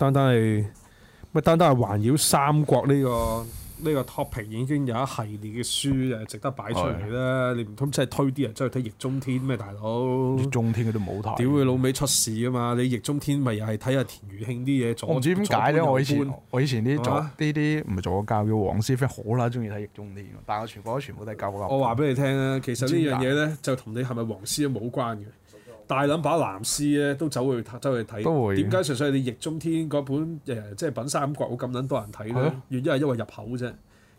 單單係乜？單單係環繞《三國》呢個呢個 topic 已經有一系列嘅書誒，值得擺出嚟啦！的你唔通真係推啲人真係睇易中天咩大佬？易中天佢都冇睇，屌佢老味出事啊嘛？你易中天咪又係睇下田餘慶啲嘢做？唔知點解咧？我以前我以前啲做啲唔係做個教嘅黃師 friend 好啦，中意睇易中天，但係我，我全部都全部都係舊舊。我話俾你聽啊，其實呢樣嘢咧就同你是是係咪黃師都冇關嘅。大撚把藍絲咧都走去走去睇，點解？純粹你《易中天》嗰本誒，即係《品三國》，好咁撚多人睇咧，啊、原因係因為入口啫。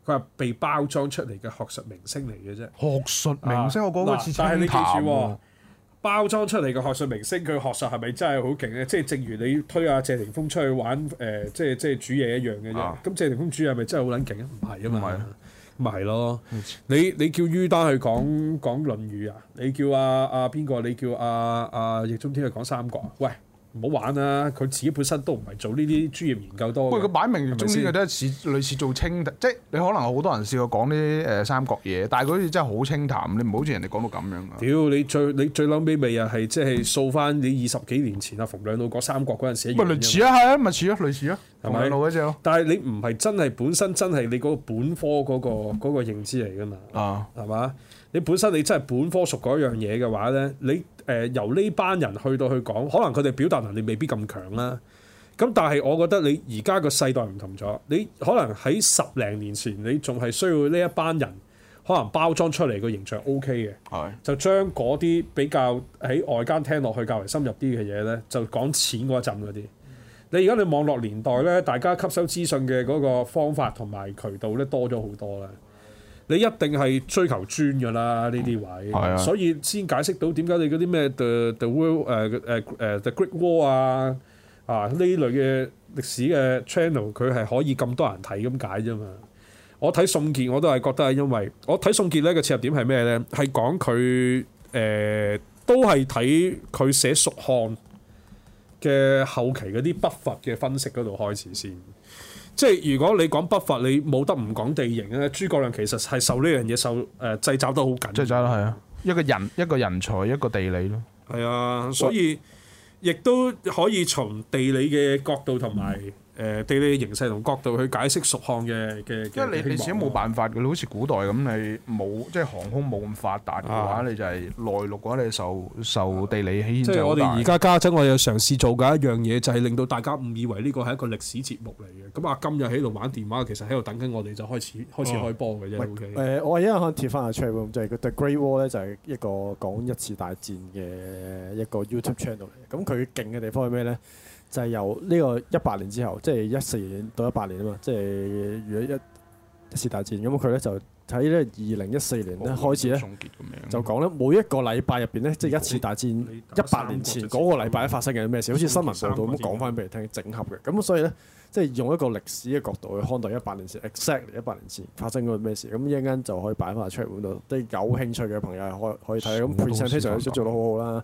佢係被包裝出嚟嘅學術明星嚟嘅啫。學術明星，我講過一次清談，但係你記住，包裝出嚟嘅學術明星，佢學術係咪真係好勁咧？即係正如你推阿、啊、謝霆鋒出去玩誒，即係即係煮嘢一樣嘅啫。咁、啊、謝霆鋒煮係咪真係好撚勁啊？唔係啊嘛。咪係咯，你你叫于丹去講講論語啊？你叫阿阿邊個？你叫阿、啊、阿、啊、易中天去講三國啊？喂！唔好玩啊！佢自己本身都唔係做呢啲專業研究多。不喂，佢擺明中啲嘅都似類似做清，係咪即係你可能好多人試過講啲誒三國嘢，但係好似真係好清淡，你唔好似人哋講到咁樣啊！屌你最你最諗，俾咪又係即係掃翻你二十幾年前啊，伏兩到嗰三國嗰陣時。咪類似啊，係啊，咪似啊？類似啊？係咪？嗰隻、啊、但係你唔係真係本身真係你嗰個本科嗰、嗰個嗰、嗰個、認知嚟噶嘛？啊、嗯，係嘛？你本身你真係本科熟嗰樣嘢嘅話呢，你誒、呃、由呢班人去到去講，可能佢哋表達能力未必咁強啦。咁但係我覺得你而家個世代唔同咗，你可能喺十零年前你仲係需要呢一班人可能包裝出嚟個形象 OK 嘅，的就將嗰啲比較喺外間聽落去較為深入啲嘅嘢呢，就講淺嗰陣嗰啲。你而家你網絡年代呢，大家吸收資訊嘅嗰個方法同埋渠道呢，多咗好多啦。你一定係追求專嘅啦，呢啲位，是的 所以先解釋到點解你嗰啲咩 the the world 誒誒誒 the great war 啊啊呢、uh, 類嘅歷史嘅 channel，佢係可以咁多人睇咁解啫嘛。我睇宋傑我都係覺得係因為我睇宋傑呢個切入點係咩呢？係講佢誒都係睇佢寫蜀漢嘅後期嗰啲北伐嘅分析嗰度開始先。即係如果你講北伐，你冇得唔講地形咧。諸葛亮其實係受呢樣嘢受誒制詐得好緊，制詐咯，係啊，一個人一個人才一個地理咯，係啊，所以哇亦都可以從地理嘅角度同埋、嗯。誒地理形勢同角度去解釋屬項嘅嘅，因為你平時都冇辦法嘅，嗯、你好似古代咁你冇，即、就、係、是、航空冇咁發達嘅話，啊、你就係內陸嘅話，你受受地理牽制、啊、即係我哋而家家陣，我有嘗試做緊一樣嘢，就係、是、令到大家誤以為呢個係一個歷史節目嚟嘅。咁啊，今日喺度玩電話，其實喺度等緊我哋就開始、啊、開始開波嘅啫。誒、啊呃，我而家想貼翻個 channel 就係個 The Great War 咧，就係、是、一個講一次大戰嘅一個 YouTube channel 嚟嘅。咁佢勁嘅地方係咩咧？就係由呢個一八年之後，即係一四年到一八年啊嘛，即係如果一一次大戰，咁佢咧就喺呢二零一四年咧開始咧，就講咧每一個禮拜入邊咧，即係一次大戰一百年前嗰個禮拜發生嘅咩事，好似新聞報道咁講翻俾你聽，整合嘅。咁所以咧即係用一個歷史嘅角度去看待一百年前，exactly 一百年前發生過咩事，咁一間就可以擺翻出 channel 度，有興趣嘅朋友可可以睇，咁 presentation 做得好好啦。嗯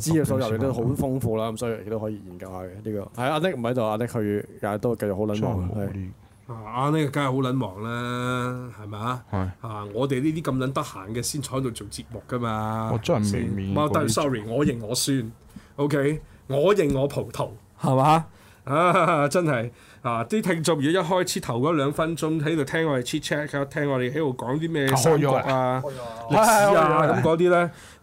知嘅所有嘢都好豐富啦，咁所以你都可以研究下嘅呢個。係阿 Nick 唔喺度，阿 Nick 佢日日都繼續好撚忙，係。阿 Nick 梗係好撚忙啦，係咪？啊，我哋呢啲咁撚得閒嘅先坐喺度做節目㗎嘛。我真係未免。唔得，sorry，我認我酸，OK，我認我葡萄，係嘛？啊，真係啊！啲聽眾如果一開始頭嗰兩分鐘喺度聽我哋 chat chat，咁聽我哋喺度講啲咩？開咗啊！歷史啊，咁嗰啲咧。千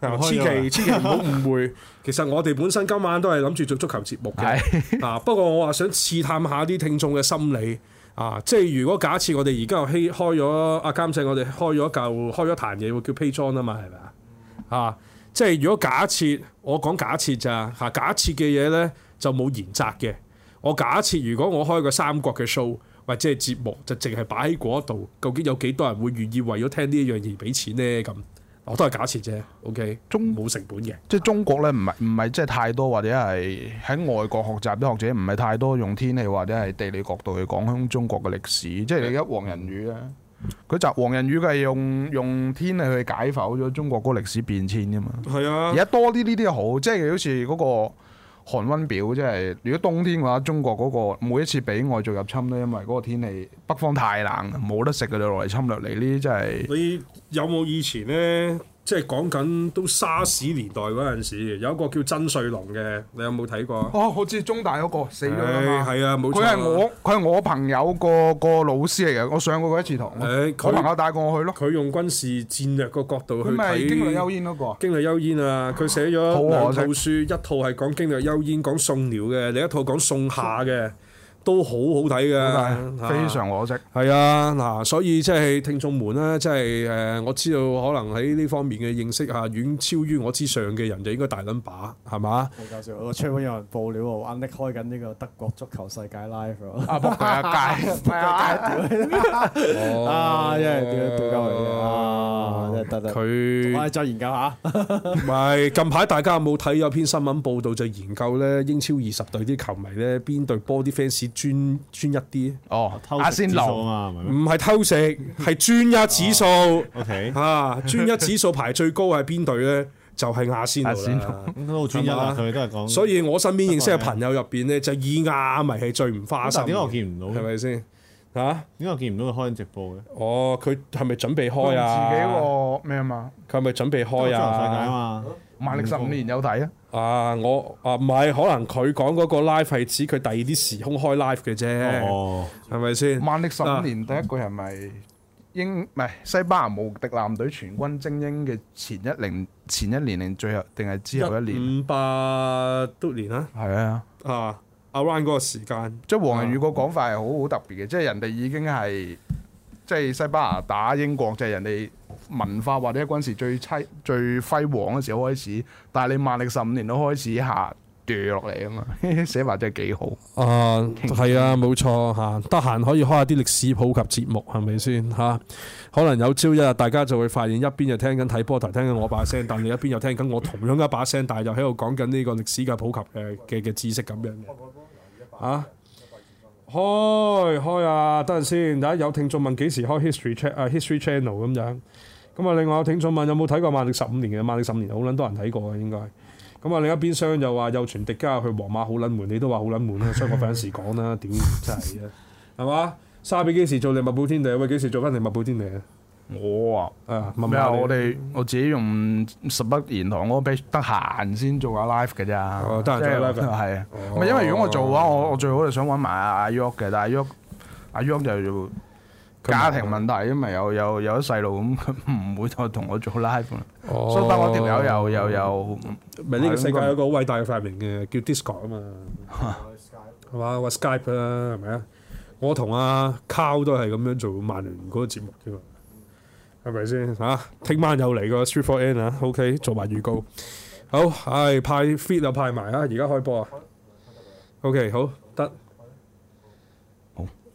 祈千祈唔好誤會， 其實我哋本身今晚都係諗住做足球節目嘅， 啊！不過我話想試探下啲聽眾嘅心理，啊！即係如果假設我哋而家又希開咗阿監製，啊、監製我哋開咗嚿開咗壇嘢，叫 pay 莊啊嘛，係咪啊？即係如果假設我講假設咋吓？假設嘅嘢呢就冇原則嘅。我假設如果我開個三國嘅 show 或者係節目，就淨係擺喺嗰度，究竟有幾多人會願意為咗聽呢一樣嘢俾錢咧？咁。我、哦、都係假設啫，OK 中。中冇成本嘅，即係中國咧，唔係唔係即係太多或者係喺外國學習啲學者，唔係太多用天氣或者係地理角度去講香中國嘅歷史。即係你而家黃仁宇咧，佢集、就是、黃仁宇嘅係用用天氣去解剖咗中國嗰個歷史變遷啫嘛。係啊，而家多啲呢啲好，即係好似嗰、嗰個。寒温表即係，如果冬天嘅話，中國嗰個每一次俾外族入侵呢，因為嗰個天氣北方太冷，冇得食嘅就落嚟侵略，你呢啲真係。你有冇以前呢？即係講緊都沙士年代嗰陣時，有一個叫曾瑞龍嘅，你有冇睇過？哦，好似中大嗰、嗰個死咗啦、欸、係啊，冇錯。佢係我，佢係我朋友個個老師嚟嘅，我上過佢一次堂。誒、欸，我朋友帶過我去咯。佢用軍事戰略個角度去睇。經略幽燕嗰個經略幽燕啊，佢、啊、寫咗 兩套書，一套係講經略幽燕講宋遼嘅，另一套講宋夏嘅。都好好睇嘅，非常可惜。係啊，嗱，所以即係聽眾們咧，即係誒，我知道可能喺呢方面嘅認識下遠超於我之上嘅人就應該大捻把，係嘛？好搞笑，我吹波有人報料話啱開緊呢個德國足球世界 live 啊！撲街，撲街，啊，真係屌屌交嚟嘅，真係得得。佢我哋再研究下。唔係，近排大家有冇睇有篇新聞報道就研究咧英超二十隊啲球迷咧邊隊波啲 fans？專專一啲，哦，偷阿仙奴啊嘛，唔係偷食，係專一指數。O K 嚇，專一指數排最高係邊隊咧？就係阿仙奴，專一啦，佢都係講。所以，我身邊認識嘅朋友入邊咧，就以亞迷係最唔花心。但點解我見唔到？係咪先嚇？點解我見唔到佢開緊直播嘅？哦，佢係咪準備開啊？自己個咩嘛？佢係咪準備開啊？《天堂啊嘛。萬歷十五年、嗯、有睇看啊！啊，我啊唔係，可能佢講嗰個 life 係指佢第二啲時空開 life 嘅啫，哦，係咪先？萬歷十五年第一個係咪英唔係、啊嗯、西班牙無敵艦隊全軍精英嘅前一零前一年零最後定係之後一年？五百多年啦。係啊，啊 around 嗰個時間，即係黃仁宇個講法係好好特別嘅，即係人哋已經係即係西班牙打英國，即係 人哋。文化或者軍事最輝最輝煌嗰時候開始，但係你萬歷十五年都開始下跌落嚟啊嘛！寫法真係幾好、呃、起啊，係啊，冇錯嚇。得、啊、閒可以開下啲歷史普及節目，係咪先嚇？可能有朝一日大家就會發現一邊就聽緊睇波台，聽緊我把聲，但係一邊又聽緊我同樣一把聲，但係又喺度講緊呢個歷史嘅普及誒嘅嘅知識咁樣嘅啊，開開啊，等陣先。大家有聽眾問幾時開 History Ch 啊 Ch，History Channel 咁、啊、樣。咁啊！另外，有聽眾問有冇睇過萬《萬曆十五年》嘅《萬曆十年》？好撚多人睇過嘅應該。咁啊！另一邊廂又話又傳迪迦去皇馬好撚悶，你都話好撚悶啦。所以我費事講啦，屌真係啊，係嘛？ 沙比幾時做利物浦天地？喂，幾時做翻利物浦天地啊？我啊，啊問，問下我哋，我自己用十不言堂嗰得閒先做下 live 㗎咋。得閒、哦、做下 live 係啊。唔、就是嗯、因為如果我做嘅話，我我最好就想揾埋阿 Yo 嘅，但阿 Yo 阿 Yo 就要。家庭問題，因為有有有啲細路咁，佢唔會再同我做 live 啦。Oh，所以得我條友又又又，咪呢、嗯嗯、個世界有個好偉大嘅發明嘅叫 Discord 啊嘛，係嘛，話 Skype 啦，係咪啊？我同阿 Cow 都係咁樣做曼聯嗰個節目添，係咪先嚇？聽、啊、晚又嚟個 Street for n 啊，OK，做埋預告，好，唉派 fit 又派埋啊，而家開波啊，OK，好得。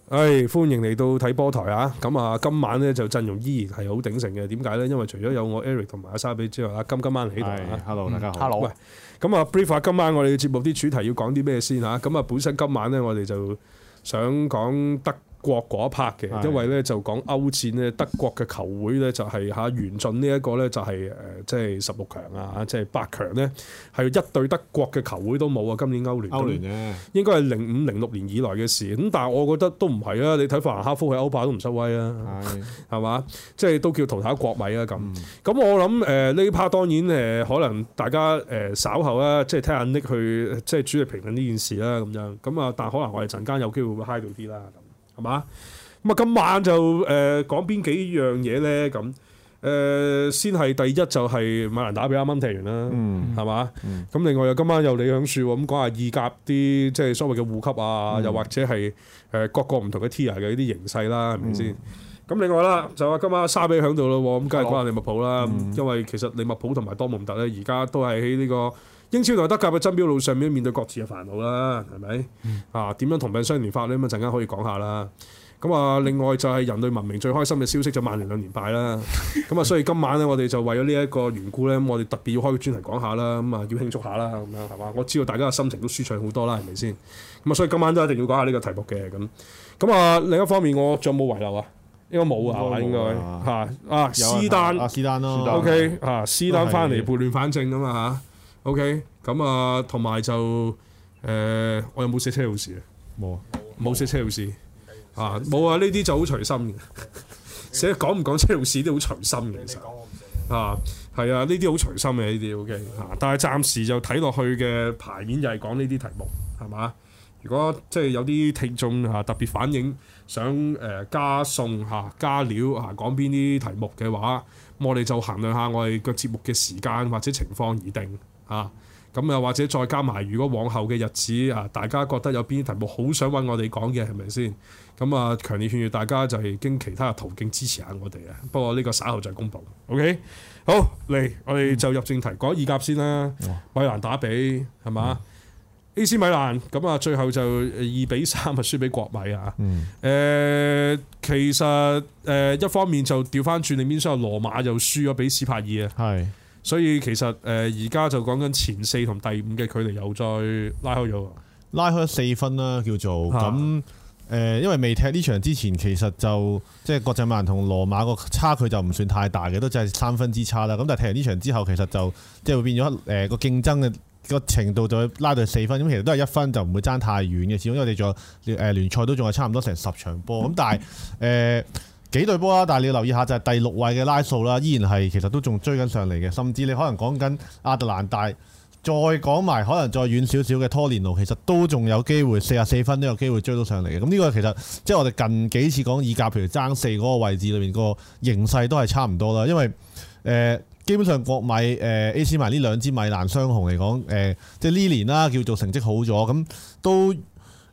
唉、哎，歡迎嚟到體波台啊！咁啊，今晚呢就陣容依然係好鼎盛嘅。點解呢？因為除咗有我 Eric 同埋阿莎比之外，阿金今晚喺度，Hello，大家好。Hello。咁啊，brief 下今晚我哋嘅節目啲主題要講啲咩先嚇？咁啊，本身今晚呢，我哋就想講德。國嗰一 part 嘅，因為咧就講歐戰咧，德國嘅球會咧就係嚇完進呢、就是、一個咧就係誒，即係十六強啊，即係八強咧，係一隊德國嘅球會都冇啊！今年歐聯歐聯嘅應該係零五零六年以來嘅事，咁但係我覺得都唔係啊！你睇法蘭克福喺歐霸都唔失威啊，係嘛是？即、就、係、是、都叫淘汰國米啊咁。咁我諗誒呢 part 當然誒、呃、可能大家誒稍後啊，即係聽下 Nick 去即係主力評論呢件事啦咁樣。咁啊，但係可能我哋陣間有機會會 high 到啲啦。係嘛？咁啊今晚就誒、呃、講邊幾樣嘢咧？咁、呃、誒先係第一就係馬蘭打，俾啱啱踢完啦，係嘛？咁另外又今晚有理想樹喎，咁講下意甲啲即係所謂嘅護級啊，嗯、又或者係誒各個唔同嘅 tier 嘅呢啲形勢啦，係咪先？咁、嗯、另外啦，就話今晚沙比喺度咯，咁梗係講下利物浦啦，嗯嗯、因為其實利物浦同埋多蒙特咧，而家都係喺呢個。英超同德甲嘅爭標路上面面對各自嘅煩惱啦，係咪啊？點樣同病相憐法呢？咁啊，陣間可以講下啦。咁啊，另外就係人類文明最開心嘅消息就曼聯兩連敗啦。咁啊，所以今晚咧，我哋就為咗呢一個緣故咧，咁我哋特別要開個專題講下啦。咁啊，要慶祝下啦，咁樣係嘛？我知道大家嘅心情都舒暢好多啦，係咪先？咁啊，所以今晚都一定要講下呢個題目嘅。咁咁啊，另一方面我仲有冇遺留啊？應該冇啊，應該吓啊，斯丹啊，斯丹咯，OK 吓，斯丹翻嚟撥亂反正啊嘛吓。O K. 咁啊，同埋、okay，就誒、呃，我有冇寫車路士啊？冇啊，冇有寫車路士是啊，冇啊。呢啲就好隨心嘅， 寫講唔講車路士都好隨心嘅，其實啊，係啊，呢啲好隨心嘅呢啲。O、okay、K. 啊，但係暫時就睇落去嘅牌面就係講呢啲題目，係嘛？如果即係、就是、有啲聽眾啊特別反映想誒、呃、加餸、嚇、加料嚇、啊，講邊啲題目嘅話，咁我哋就衡量下我哋個節目嘅時間或者情況而定。啊，咁又或者再加埋，如果往後嘅日子啊，大家覺得有邊啲題目好想揾我哋講嘅，係咪先？咁啊，強烈勸喻大家就係經其他嘅途徑支持下我哋啊。不過呢個稍後再公佈。OK，好嚟，我哋就入正題講意甲先啦。嗯、米蘭打比係嘛、嗯、？AC 米蘭咁啊，最後就二比三啊，輸俾國米啊。嗯、呃。其實誒、呃、一方面就調翻轉，另一方面，羅馬又輸咗俾斯帕爾啊。係。所以其實誒而家就講緊前四同第五嘅距離又再拉開咗，拉開咗四分啦，叫做咁誒、呃，因為未踢呢場之前其實就即係、就是、國際曼同羅馬個差距就唔算太大嘅，都淨係三分之差啦。咁但係踢完呢場之後，其實就即係變咗誒個競爭嘅個程度就會拉到四分。咁其實都係一分就唔會差太遠嘅。始終因為我哋仲有誒聯、呃、賽都仲係差唔多成十場波咁，但係誒。呃 幾隊波啦，但係你要留意下就係、是、第六位嘅拉素啦，依然係其實都仲追緊上嚟嘅，甚至你可能講緊亞特蘭大，再講埋可能再遠少少嘅拖連奴，其實都仲有機會四十四分都有機會追到上嚟嘅。咁、這、呢個其實即係、就是、我哋近幾次講意甲譬如爭四嗰個位置裏面個形勢都係差唔多啦，因為誒、呃、基本上國米誒、呃、AC 埋呢兩支米蘭雙雄嚟講誒，即係呢年啦叫做成績好咗，咁都誒、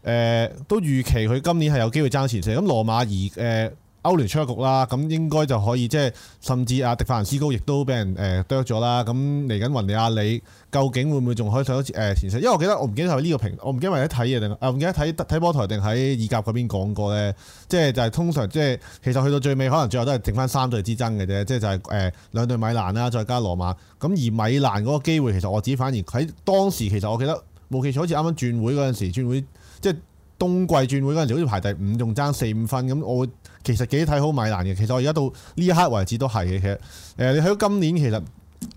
呃、都預期佢今年係有機會爭前四。咁羅馬二誒。呃呃歐聯出咗局啦，咁應該就可以即係，甚至阿迪凡斯高亦都俾人誒剁咗啦。咁嚟緊雲尼亞里，究竟會唔會仲可以上一誒前線？因為我記得我唔記得係呢個評，我唔記得係喺睇嘢定啊，唔記得睇睇波台定喺意甲嗰邊講過咧。即係就係、是、通常即係，其實去到最尾可能最後都係剩翻三隊之爭嘅啫。即係就係、是、誒兩隊米蘭啦，再加羅馬。咁而米蘭嗰個機會，其實我自己反而喺當時其實我記得冇記錯，好似啱啱轉會嗰陣時轉會，即、就、係、是、冬季轉會嗰陣時好似排第五，仲爭四五分咁，我會。其實幾睇好米蘭嘅，其實我而家到呢一刻為止都係嘅。其實誒，你睇到今年其實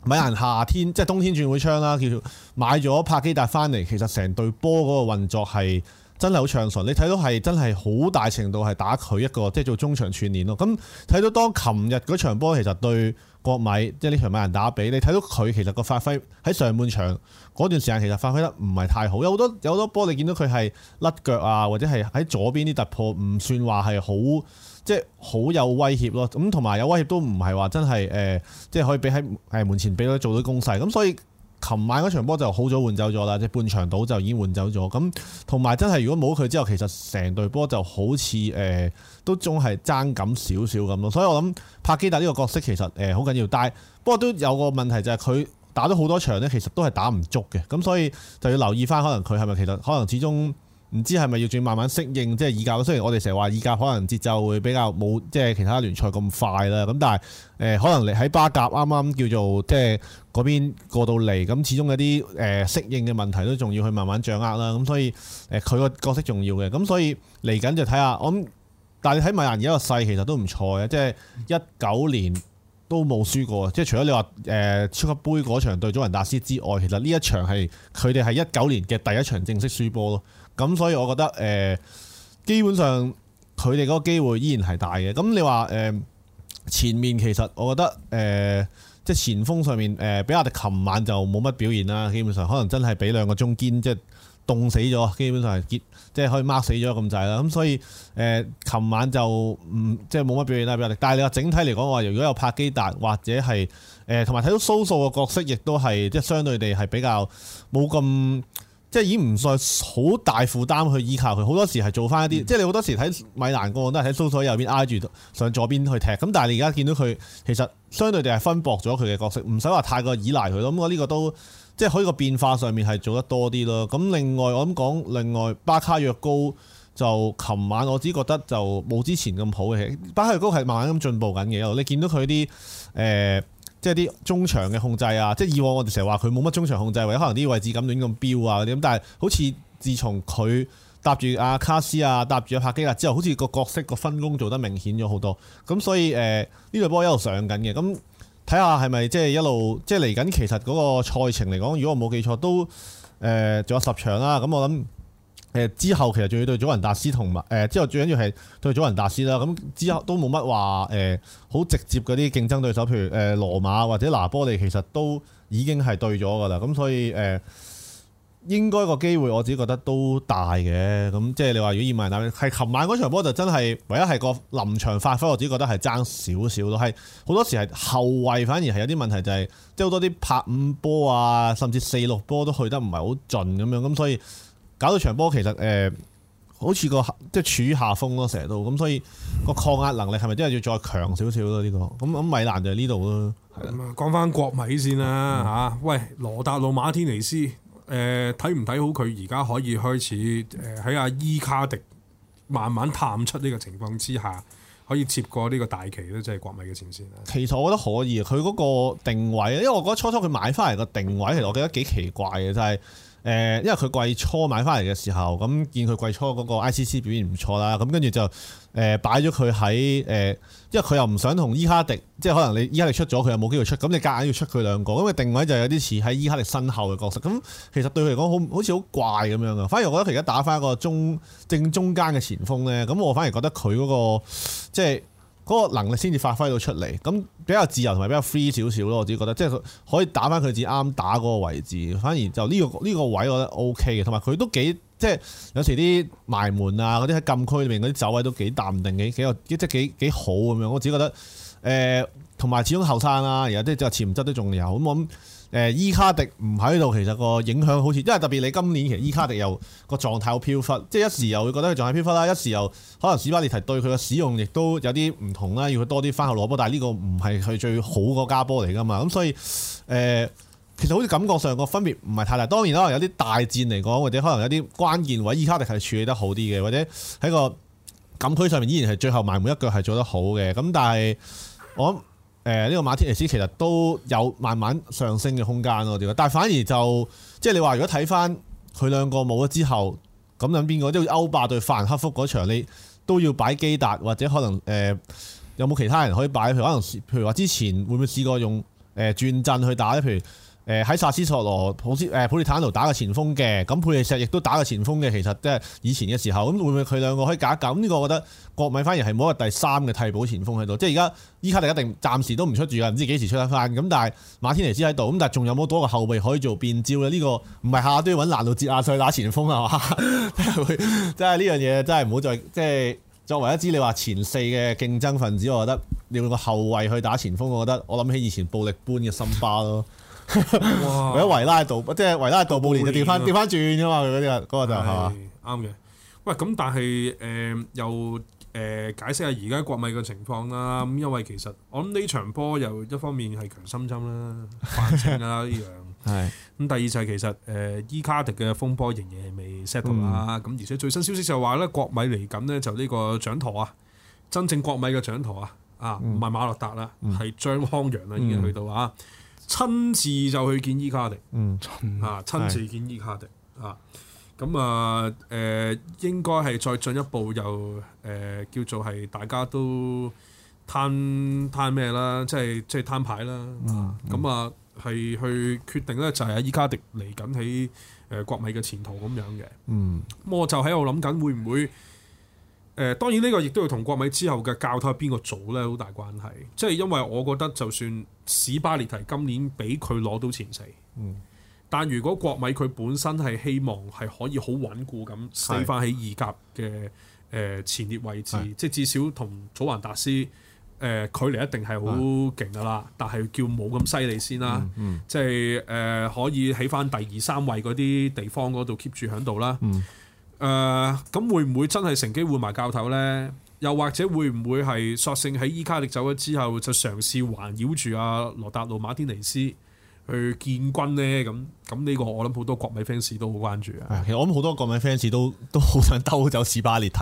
米蘭夏天即係冬天轉會窗啦，叫做買咗帕基達翻嚟，其實成隊波嗰個運作係真係好暢順。你睇到係真係好大程度係打佢一個，即係做中場串連咯。咁睇到當琴日嗰場波，其實對國米即係呢場米蘭打比，你睇到佢其實個發揮喺上半場嗰段時間其實發揮得唔係太好，有好多有好多波你見到佢係甩腳啊，或者係喺左邊啲突破唔算話係好。即係好有威脅咯，咁同埋有威脅都唔係話真係誒，即係可以俾喺誒門前俾佢做到攻勢。咁所以，琴晚嗰場波就好早換走咗啦，即係半場到就已經換走咗。咁同埋真係如果冇佢之後，其實成隊波就好似誒、呃、都仲係爭咁少少咁咯。所以我諗帕基達呢個角色其實誒好緊要，但係不過都有個問題就係佢打咗好多場呢，其實都係打唔足嘅。咁所以就要留意翻，可能佢係咪其實可能始終。唔知係咪要轉慢慢適應，即係意甲。雖然我哋成日話意甲可能節奏會比較冇，即係其他聯賽咁快啦。咁但係誒，可能你喺巴甲啱啱叫做即係嗰邊過到嚟，咁始終有啲誒適應嘅問題都仲要去慢慢掌握啦。咁所以誒，佢個角色重要嘅。咁所以嚟緊就睇下我。但係睇米蘭而家個勢其實都唔錯嘅，即係一九年都冇輸過。即係除咗你話誒超級杯嗰場對祖雲達斯之外，其實呢一場係佢哋係一九年嘅第一場正式輸波咯。咁所以我覺得誒、呃，基本上佢哋嗰個機會依然係大嘅。咁你話誒、呃，前面其實我覺得誒，即、呃、係前鋒上面誒，俾阿迪琴晚就冇乜表現啦。基本上可能真係俾兩個中堅即係凍死咗，基本上係結即係、就是、可以 mark 死咗咁滯啦。咁所以誒，琴、呃、晚就唔即係冇乜表現啦，比阿迪。但係你話整體嚟講話，如果有帕基達或者係誒，同埋睇到蘇蘇嘅角色，亦都係即係相對地係比較冇咁。即係已經唔再好大負擔去依靠佢，好多時係做翻一啲，嗯、即係你好多時睇米蘭個個都係喺蘇索右邊挨住上左邊去踢，咁但係你而家見到佢其實相對地係分薄咗佢嘅角色，唔使話太過依賴佢咯。咁我呢個都即係可以個變化上面係做得多啲咯。咁另外我諗講，另外巴卡約高就琴晚我只覺得就冇之前咁好嘅，巴卡約高係慢慢咁進步緊嘅。你見到佢啲誒、呃即係啲中場嘅控制啊！即係以往我哋成日話佢冇乜中場控制，或者可能啲位置咁亂咁飆啊啲咁，但係好似自從佢搭住阿卡斯啊、搭住阿帕基亞之後，好似個角色個分工做得明顯咗好多。咁所以誒，呢隊波一路上緊嘅，咁、就、睇、是、下係咪即係一路即係嚟緊。其實嗰個賽程嚟講，如果我冇記錯，都誒仲、呃、有十場啦、啊。咁我諗。誒之後其實仲要對祖雲達斯同埋，誒，之後最緊要係對祖雲達斯啦。咁之後都冇乜話誒，好直接嗰啲競爭對手，譬如誒羅馬或者拿波利，其實都已經係對咗噶啦。咁所以誒，應該個機會我自己覺得都大嘅。咁即係你話如果意萬拿，係琴晚嗰場波就真係唯一係個臨場發揮，我自己覺得係爭少少咯。係好多時係後衞反而係有啲問題，就係即係好多啲拍五波啊，甚至四六波都去得唔係好盡咁樣，咁所以。搞到場波，其實誒、呃、好似個即係處於下風咯，成日都咁，所以個抗壓能力係咪真係要再強少少咯？呢、呢個咁咁，米蘭就係呢度咯。咁啊、嗯，講翻國米先啦、啊、嚇、啊。喂，羅達魯馬天尼斯誒，睇唔睇好佢而家可以開始誒喺、呃、阿伊卡迪慢慢探出呢個情況之下，可以接過呢個大旗咧，即係國米嘅前線啦、啊。其實我覺得可以佢嗰個定位，因為我覺得初初佢買翻嚟個定位，其實我覺得幾奇怪嘅，就係、是。誒，因為佢季初買翻嚟嘅時候，咁見佢季初嗰個 ICC 表現唔錯啦，咁跟住就誒擺咗佢喺誒，因為佢又唔想同伊哈迪，即係可能你伊哈迪出咗，佢又冇機會出，咁你夾硬要出佢兩個，咁個定位就有啲似喺伊哈迪身後嘅角色。咁其實對佢嚟講好好似好怪咁樣啊！反而我覺得佢而家打翻一個中正中間嘅前鋒咧，咁我反而覺得佢嗰個即係。嗰個能力先至發揮到出嚟，咁比較自由同埋比較 free 少少咯，我自己覺得即係佢可以打返佢自己啱打嗰個位置，反而就呢、個呢、個位我覺得 OK 嘅，同埋佢都幾即係有時啲埋門啊嗰啲喺禁區裏面嗰啲走位都幾淡定，幾幾有即係幾幾好咁樣，我自己覺得誒，同、呃、埋始終後生啦，而家啲就潛質都仲有，咁、嗯、我諗。誒、嗯、伊卡迪唔喺度，其實個影響好似，因為特別你今年其實伊卡迪又個狀態有飄忽，即係一時又會覺得佢狀態飄忽啦，一時又可能史巴列提對佢嘅使用亦都有啲唔同啦，要佢多啲返後攞波，但係呢個唔係佢最好個加波嚟㗎嘛，咁、嗯、所以誒、呃，其實好似感覺上個分別唔係太大。當然啦，有啲大戰嚟講，或者可能有啲關鍵位，伊卡迪係處理得好啲嘅，或者喺個禁區上面依然係最後埋門一腳係做得好嘅。咁但係我諗。誒呢個馬天尼斯其實都有慢慢上升嘅空間咯，啲但係反而就即係你話，如果睇翻佢兩個冇咗之後，咁諗邊個？即係歐霸對法蘭克福嗰場，你都要擺基達，或者可能誒、呃、有冇其他人可以擺？譬如可能譬如話之前會唔會試過用誒、呃、轉陣去打咧？譬如。誒喺薩斯索羅普斯誒、呃、普利坦奴打過前鋒嘅，咁佩利錫亦都打過前鋒嘅，其實即係以前嘅時候，咁會唔會佢兩個可以搞一搞？咁呢個我覺得國米反而係冇一個第三嘅替補前鋒喺度，即係而家伊卡迪就一定暫時都唔出住嘅，唔知幾時出得翻。咁但係馬天尼斯喺度，咁但係仲有冇多一個後備可以做變招咧？呢、呢個唔係下下都要揾難度接阿帥打前鋒係嘛？ 真係會，真係呢樣嘢真係唔好再即係作為一支你話前四嘅競爭分子，我覺得用個後衛去打前鋒，我覺得我諗起以前暴力般嘅森巴咯。為咗維拉度，即係維拉度布林就掉翻掉翻轉噶嘛？佢嗰啲個就係啱嘅。喂，咁但係誒，又、呃、誒、呃、解釋下而家國米嘅情況啦。咁因為其實我諗呢場波又一方面係強心針啦，反正啦呢樣。係咁 是，第二就係其實誒、呃，伊卡迪嘅風波仍然係未 settle 啦。咁、嗯、而且最新消息就話咧，國米嚟緊呢就呢個掌舵啊，真正國米嘅掌舵啊，啊唔係馬洛達啦，係張康陽啦，已經去到啊。嗯嗯親自就去見伊卡迪，嗯，親啊，親自見伊卡迪啊，咁啊、嗯，誒、嗯、應該係再進一步又誒、呃、叫做係大家都攤攤咩啦，即係即係攤牌啦，咁啊係去決定咧就係阿伊卡迪嚟緊喺誒國米嘅前途咁樣嘅，嗯，咁我就喺度諗緊會唔會？誒、呃、當然呢個亦都要同國米之後嘅教頭邊個做呢好大關係。即係因為我覺得，就算史巴列提今年俾佢攞到前四，嗯，但如果國米佢本身係希望係可以好穩固咁升翻喺意甲嘅誒、呃、前列位置，是即係至少同祖雲達斯誒、呃、距離一定係好勁㗎喇。是但係叫冇咁犀利先啦、啊，嗯嗯、即係誒、呃、可以喺翻第二三位嗰啲地方嗰度 keep 住喺度啦。嗯誒，咁、呃、會唔會真係乘機換埋教頭呢？又或者會唔會係索性喺伊卡力走咗之後，就嘗試環繞住阿、啊、羅達路馬天尼斯去建軍呢？咁。咁呢個我諗好多國米 fans 都好關注啊。其實我諗好多國米 fans 都都好想兜走史巴列提，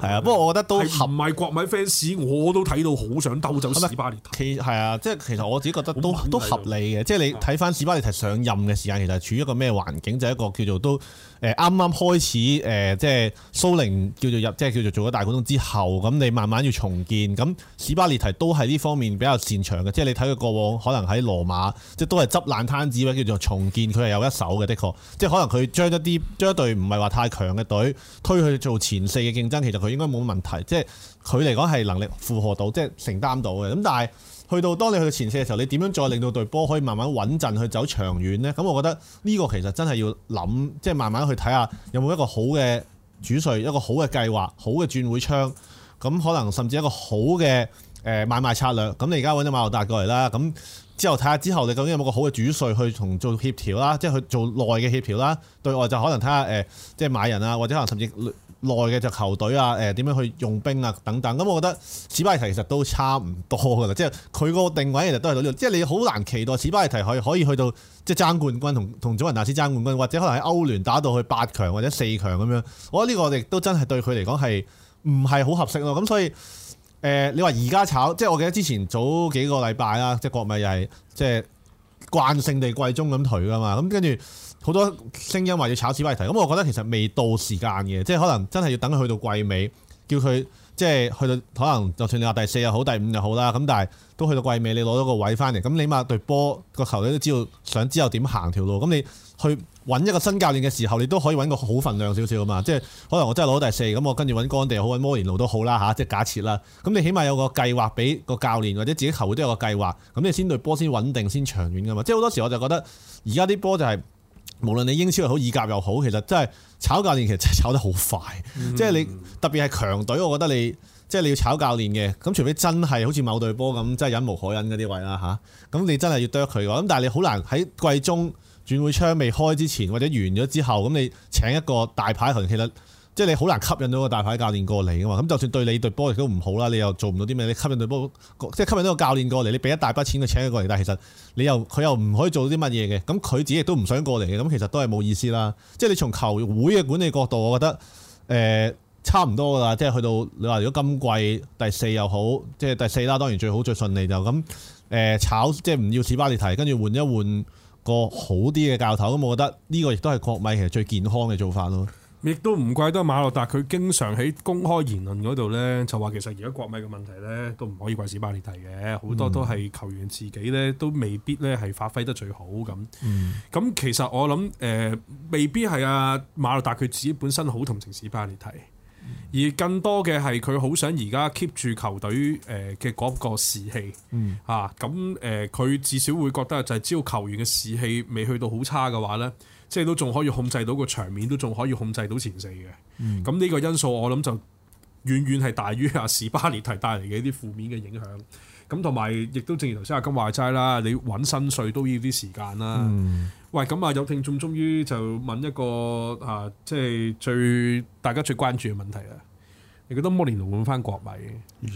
係啊。不過我覺得都含埋國米 fans，我都睇到好想兜走史巴列提。係啊，即係其實我自己覺得都都合理嘅。即係你睇翻史巴列提上任嘅時間，其實係處於一個咩環境？就係、是、一個叫做都誒啱啱開始誒，即係蘇寧叫做入，即係叫做做咗大股東之後，咁你慢慢要重建。咁史巴列提都係呢方面比較擅長嘅，即係你睇佢過往可能喺羅馬，即係都係執爛攤子，或者叫做重建佢。有一手嘅，的確，即係可能佢將一啲將一隊唔係話太強嘅隊推去做前四嘅競爭，其實佢應該冇問題。即係佢嚟講係能力負荷到，即係承擔到嘅。咁但係去到當你去到前四嘅時候，你點樣再令到隊波可以慢慢穩陣去走長遠呢？咁我覺得呢個其實真係要諗，即係慢慢去睇下有冇一個好嘅主帥，一個好嘅計劃，好嘅轉會窗，咁可能甚至一個好嘅誒買賣策略。咁你而家揾咗馬洛達過嚟啦，咁。之後睇下之後你究竟有冇個好嘅主帥去同做協調啦，即係去做內嘅協調啦，對外就可能睇下誒，即係買人啊，或者可能甚至內嘅隻球隊啊，誒、呃、點樣去用兵啊等，等。等。係咁，我覺得史巴列提其實都差唔多㗎啦，即係佢個定位其實都係呢度。即係你好難期待史巴列提可以去到即係爭冠軍同同祖雲達斯爭冠軍，或者可能喺歐聯打到去八強或者四強咁樣。我覺得呢個我哋都真係對佢嚟講係唔係好合適咯。咁、嗯、所以。誒、呃，你話而家炒，即係我記得之前早幾個禮拜啦，即係國米又係即係慣性地季中咁退噶嘛，咁跟住好多聲音話要炒斯巴提，咁我覺得其實未到時間嘅，即係可能真係要等佢去到季尾，叫佢即係去到可能就算你話第四又好，第五又好啦，咁但係都去到季尾，你攞咗個位翻嚟，咁起碼對波個球隊都知道想知道點行條路，咁你去。揾一個新教練嘅時候，你都可以揾個好份量少少啊嘛，即係可能我真係攞第四，咁我跟住揾乾地又好，揾摩連奴都好啦吓，即係假設啦。咁你起碼有個計劃俾個教練，或者自己球會都有個計劃，咁你先對波先穩定，先長遠噶嘛。即係好多時我就覺得、就是，而家啲波就係無論你英超又好，意甲又好，其實真係炒教練其實真係炒得好快。即係、嗯、你特別係強隊，我覺得你即係、就是、你要炒教練嘅。咁除非真係好似某隊波咁，真係忍無可忍嗰啲位啦吓，咁你真係要剁佢嘅，咁但係你好難喺季中轉會窗未開之前，或者完咗之後，咁你請一個大牌球員，其實即係你好難吸引到個大牌教練過嚟噶嘛。咁就算對你隊波亦都唔好啦，你又做唔到啲咩？你吸引隊波，即係吸引到個教練過嚟，你俾一大筆錢佢請佢過嚟，但係其實你又佢又唔可以做啲乜嘢嘅。咁佢自己亦都唔想過嚟嘅。咁其實都係冇意思啦。即係你從球會嘅管理角度，我覺得誒差唔多噶啦。即係去到你話如果今季第四又好，即係第四啦，當然最好最順利就咁誒炒，即係唔要似巴列提，跟住換一換。個好啲嘅教頭咁，我覺得呢個亦都係國米其實最健康嘅做法咯。亦都唔怪得馬洛達佢經常喺公開言論嗰度咧，就話其實而家國米嘅問題咧都唔可以怪史巴列提嘅，好多都係球員自己咧都未必咧係發揮得最好咁。咁其實我諗誒，未必係阿馬洛達佢自己本身好同情史巴列提，而更多嘅係佢好想而家 keep 住球隊誒嘅嗰個士氣，嚇咁誒佢至少會覺得就係只要球員嘅士氣未去到好差嘅話咧，即係都仲可以控制到個場面，都仲可以控制到前四嘅。嗯，咁呢個因素我諗就遠遠係大於阿斯巴列提帶嚟嘅一啲負面嘅影響。咁同埋，亦都正如頭先阿金話齋啦，你揾新帥都要啲時間啦。嗯、喂，咁啊有聽眾終於就問一個啊，即係最大家最關注嘅問題啦。你覺得摩連奴換翻國米？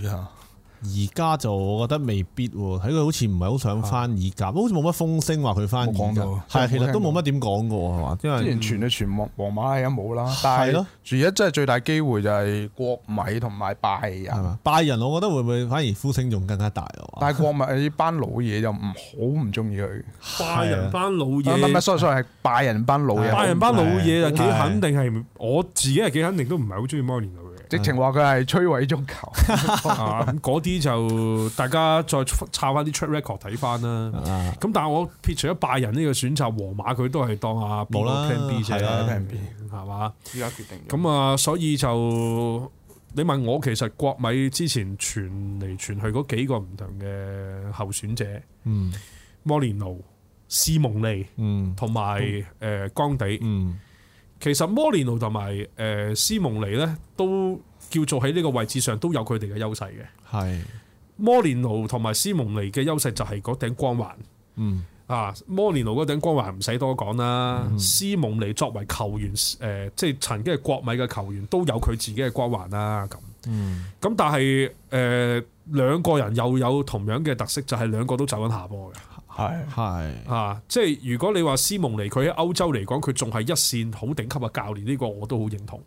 而家就我覺得未必喎，睇佢好似唔係好想翻意甲，好似冇乜風聲話佢翻意甲。係對其實都冇乜點講過係嘛？因為之前傳都傳冇，皇馬係咁冇啦。但係咯，而家真係最大機會就係國米同埋拜仁。拜仁我覺得會唔會反而呼聲仲更加大？但係國米呢 班老嘢就唔好唔中意佢。拜仁、嗯、班老嘢，唔係唔係係拜仁班老嘢。拜仁班老嘢就幾肯定係我自己係幾肯定都唔係好中意直情話佢係摧毀足球，嗰啲就大家再抄翻啲出 record 睇翻啦。咁 但係我撇除咗拜仁呢個選擇，皇馬佢都係當下冇啦，係啦，平、啊、B 係嘛？依家決定。咁啊，所以就你問我，其實國米之前傳嚟傳去嗰幾個唔同嘅候選者，嗯，摩連奴、斯蒙利，同埋誒江底，嗯。其實摩連奴同埋誒斯蒙尼咧，都叫做喺呢個位置上都有佢哋嘅優勢嘅。係是摩連奴同埋斯蒙尼嘅優勢就係嗰頂光環。嗯啊，摩連奴嗰頂光環唔使多講啦。嗯、斯蒙尼作為球員誒、呃，即係曾經係國米嘅球員，都有佢自己嘅光環啦。咁咁、嗯、但係誒、呃、兩個人又有同樣嘅特色，就係、是、兩個都走緊下坡。㗎。係係啊，即係如果你話斯蒙尼佢喺歐洲嚟講，佢仲係一線好頂級嘅教練，呢個我都好認同。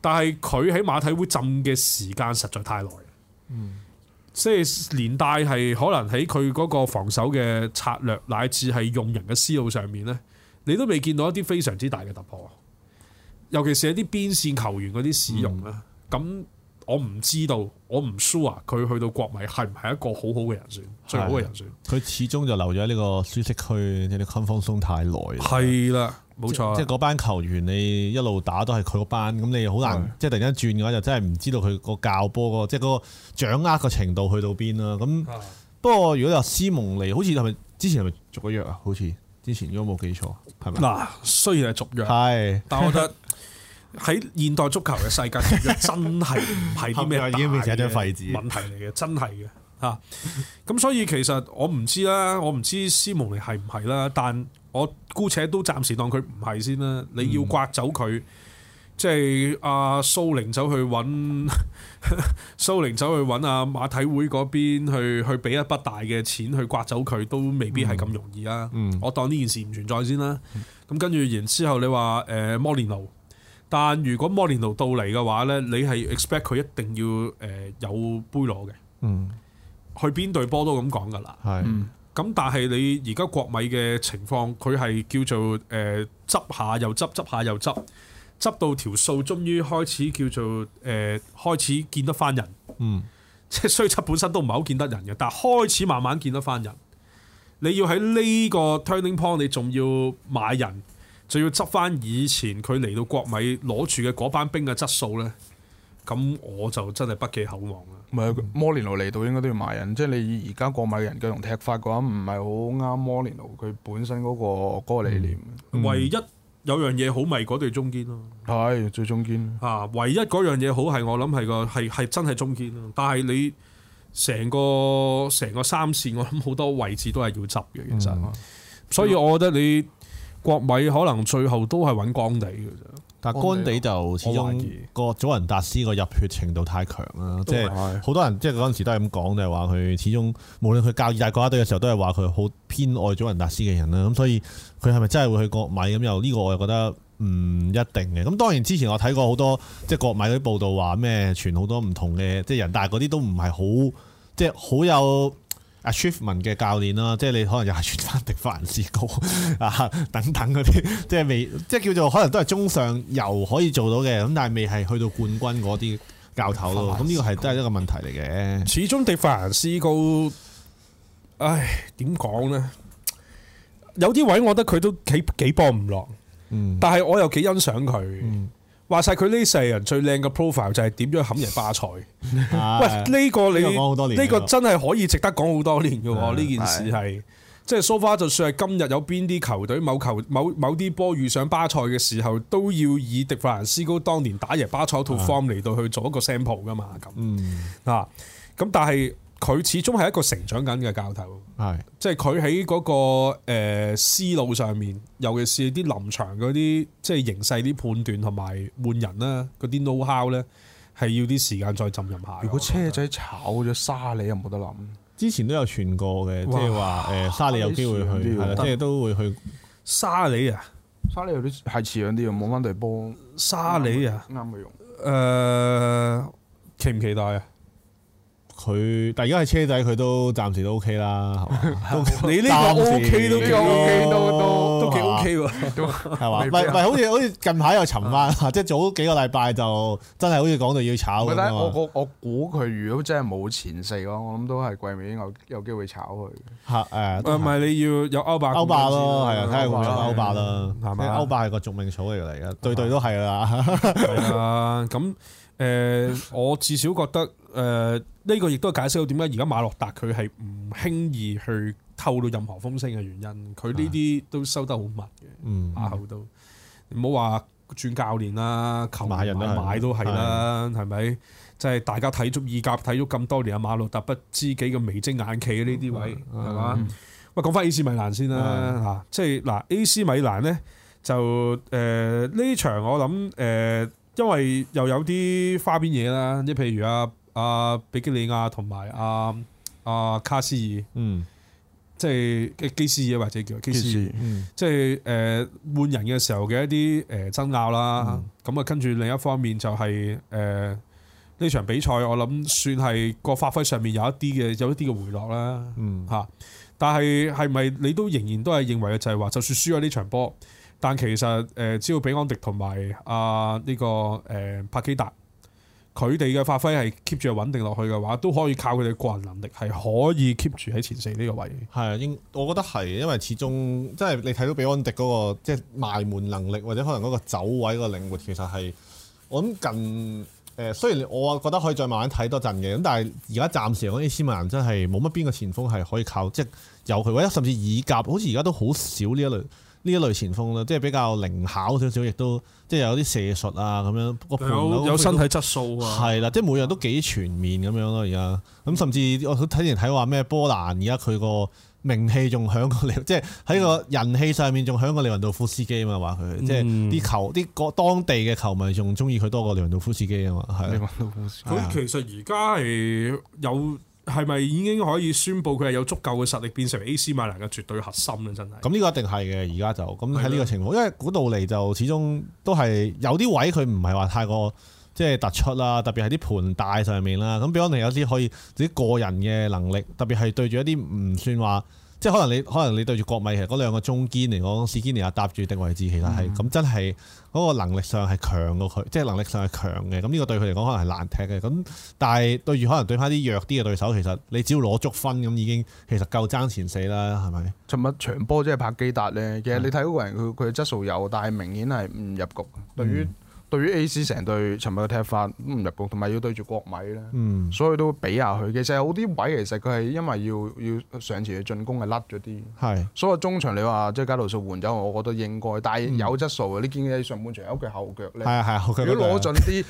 但係佢喺馬體會浸嘅時間實在太耐，嗯、即係連帶係可能喺佢嗰個防守嘅策略，乃至係用人嘅思路上面呢，你都未見到一啲非常之大嘅突破，尤其是一啲邊線球員嗰啲使用啦，咁、嗯。我唔知道，我唔 sure 佢去到國米係唔係一個好好嘅人選，最好嘅人選。佢始終就留咗喺呢個舒適區，即係你放鬆太耐。係啦，冇錯即。即係嗰班球員，你一路打都係佢嗰班，咁你好難，是的 即係突然間轉嘅話，就真係唔知道佢個教波個，即係嗰個掌握嘅程度去到邊啦。咁是的 不過，如果有施蒙尼，好似係咪之前係咪續咗約啊？好似之前如果冇記錯，係咪？嗱，雖然係續約，係，但我覺得。 喺現代足球嘅世界，其實真係唔係啲咩大問題嚟嘅，真係嘅嚇。咁、啊、所以其實我唔知啦，我唔知斯蒙尼係唔係啦，但我姑且都暫時當佢唔係先啦。你要刮走佢，嗯、即係阿蘇寧走去揾，蘇寧走去揾阿、啊、馬體會嗰邊去去俾一筆大嘅錢去刮走佢，都未必係咁容易啊。嗯、我當呢件事唔存在先啦。咁跟住然之後你，你話誒摩連奴。但如果摩連奴到嚟嘅話呢，你係 expect 佢一定要誒、呃、有杯攞嘅，嗯，去邊隊波都咁講噶啦，係是，咁、嗯、但係你而家國米嘅情況，佢係叫做誒、呃、執下又執，執下又執，執到條數，終於開始叫做誒、呃、開始見得翻人，嗯，即係雖則本身都唔係好見得人嘅，但係開始慢慢見得翻人，你要喺呢個 turning point，你仲要買人。就要執翻以前佢嚟到國米攞住嘅嗰班兵嘅質素咧，咁我就真係不寄厚望啦。唔係、嗯啊、摩連奴嚟到應該都要買人，即係你而家國米嘅人腳同踢法嘅話，唔係好啱摩連奴佢本身嗰、嗰個嗰個理念。嗯、唯一有樣嘢好咪嗰對中堅咯，係、嗯、最中堅。啊，唯一嗰樣嘢好係我諗係個係係真係中堅咯。但係你成個成個三線，我諗好多位置都係要執嘅。其實、嗯，所以我覺得你。國米可能最後都係搵干地嘅啫，但係干地就始終個祖雲達斯個入血程度太強啦，即係好多人即係嗰陣時都係咁講，就係話佢始終無論佢教意大利國家隊嘅時候，都係話佢好偏愛祖雲達斯嘅人啦。咁所以佢係咪真係會去國米咁？又呢個我又覺得唔一定嘅。咁當然之前我睇過好多即係、就是、國米嗰啲報道話咩傳好多唔同嘅即係人，但係嗰啲都唔係好即係好有。achievement 嘅教練啦，即係你可能又係轉翻迪法蘭斯高啊等等嗰啲，即係未即係叫做可能都係中上游可以做到嘅，咁但係未係去到冠軍嗰啲教頭咯，咁呢個係都係一個問題嚟嘅。始終迪法蘭斯高，唉，點講呢？有啲位我覺得佢都幾幾幫唔落，嗯，但係我又幾欣賞佢。嗯話晒佢呢世人最靚嘅 profile 就係點樣冚贏巴塞， 喂呢、這個你呢 個,個真係可以值得講好多年嘅喎，呢 件事係 即係 so far，就算係今日有邊啲球隊某球某某啲波遇上巴塞嘅時候，都要以迪法蘭斯高當年打贏巴塞套 form 嚟到去做一個 sample 噶嘛咁，啊咁、 嗯、但係。佢始終係一個成長緊嘅教頭，係是的 即係佢喺嗰個誒思、呃、路上面，尤其是啲臨場嗰啲即係形勢啲判斷同埋換人啦、啊，嗰啲 know how 咧，係要啲時間再浸入下。如果車仔炒咗沙里有冇得諗？之前都有傳過嘅、就是呃，即係話誒沙里有機會去即係都會去沙里啊，沙里有啲係遲啲啲啊，冇翻地幫沙里啊，啱佢用誒，期唔期待啊？佢但而家係車仔，佢都暫時都 OK 啦，係你呢個 OK 都 OK 都都都幾 OK 喎，係嘛？唔係唔係好似好似近排又沉翻，即係早幾個禮拜就真係好似講到要炒咁，我我估佢如果真係冇前四嘅話，我諗都係季尾有有機會炒佢。係誒，唔係你要有歐霸歐霸咯，係啊，睇下會唔會歐霸啦？歐霸係個續命草嚟嘅，對對都係啦。係啊，咁。誒、呃，我至少覺得誒，呢、呃呢個亦都解釋到點解而家馬洛達佢係唔輕易去透露任何風聲嘅原因。佢呢啲都收得好密嘅，把口都。唔好話轉教練啦，購買，買人都係啦，係咪？即係、就係、大家睇足意甲，睇咗咁多年阿馬洛達，不知幾嘅眉精眼企啊！呢啲位係嘛？喂，講翻吧、嗯、AC 米蘭先啦，嚇的，即係嗱、呃、AC 米蘭呢，就誒呢、呃呃呃、場我諗誒。呃呃呃呃因為又有啲花邊嘢啦，即譬如阿、啊、阿比基里亞同埋阿阿卡斯爾、嗯，嗯，即係基斯爾或者叫基斯，即係誒換人嘅時候嘅一啲誒爭拗啦，咁啊跟住另一方面就係誒呢場比賽我諗算係個發揮上面有一啲嘅有一啲嘅回落啦，嗯吓，但係係咪你都仍然都係認為就係話就算輸咗呢場波？但其實誒，只要比安迪同埋阿呢個誒帕基達，佢哋嘅發揮係 keep 住穩定落去嘅話，都可以靠佢哋個人能力係可以 keep 住喺前四呢個位。係啊，應我覺得係，因為始終即係你睇到比安迪嗰、嗰個即係埋門能力，或者可能嗰個走位嗰個靈活，其實係我諗近誒。雖然我覺得可以再慢慢睇多陣嘅，咁但係而家暫時講啲、欸、斯文人真係冇乜邊個前鋒係可以靠即係由佢或者甚至以甲好似而家都好少呢一類。呢一類前鋒咧，即係比較靈巧少少，亦都即係有啲射術啊咁樣。個盤有有身體質素啊。係啦，即係每樣都幾全面咁樣咯而家。咁甚至我睇之前睇話咩波蘭，而家佢個名氣仲響過你，嗯、即係喺個人氣上面仲響過利雲度夫斯基啊嘛話佢。嗯、即係啲球啲國、那個、當地嘅球迷仲中意佢多過利雲度夫斯基啊嘛。係。咁的其實而家係有。係咪已經可以宣布佢係有足夠嘅實力變成 AC 米蘭嘅絕對核心咧？真係咁，呢個一定係嘅，而家就咁喺呢個情況，因為古道嚟就始終都係有啲位佢唔係話太過即係突出啦，特別係啲盤帶上面啦，咁可能有啲可以自己個人嘅能力，特別係對住一啲唔算話。即係可能你可能你對住國米其實嗰兩個中堅嚟講，史堅尼亞搭住定位置，其實係咁，嗯、真係嗰個能力上係強過佢，即、就、係、是、能力上係強嘅。咁呢個對佢嚟講可能係難踢嘅。咁但係對住可能對翻啲弱啲嘅對手，其實你只要攞足分咁已經，其實夠爭前四啦，係咪？尋日場波即係拍基達咧，其實你睇嗰個人佢佢質素有，但係明顯係唔入局。對於、嗯對於 A.C 成隊尋日嘅踢法都唔入局，同埋要對住國米咧，嗯、所以都畀下佢。其實有啲位其實佢係因為要要上前去進攻係甩咗啲。係是，所以中場你話即係加路數換走，我覺得應該。但係有質素啊！嗯、你見上半場有腳後腳咧。係啊，係啊，如果攞盡啲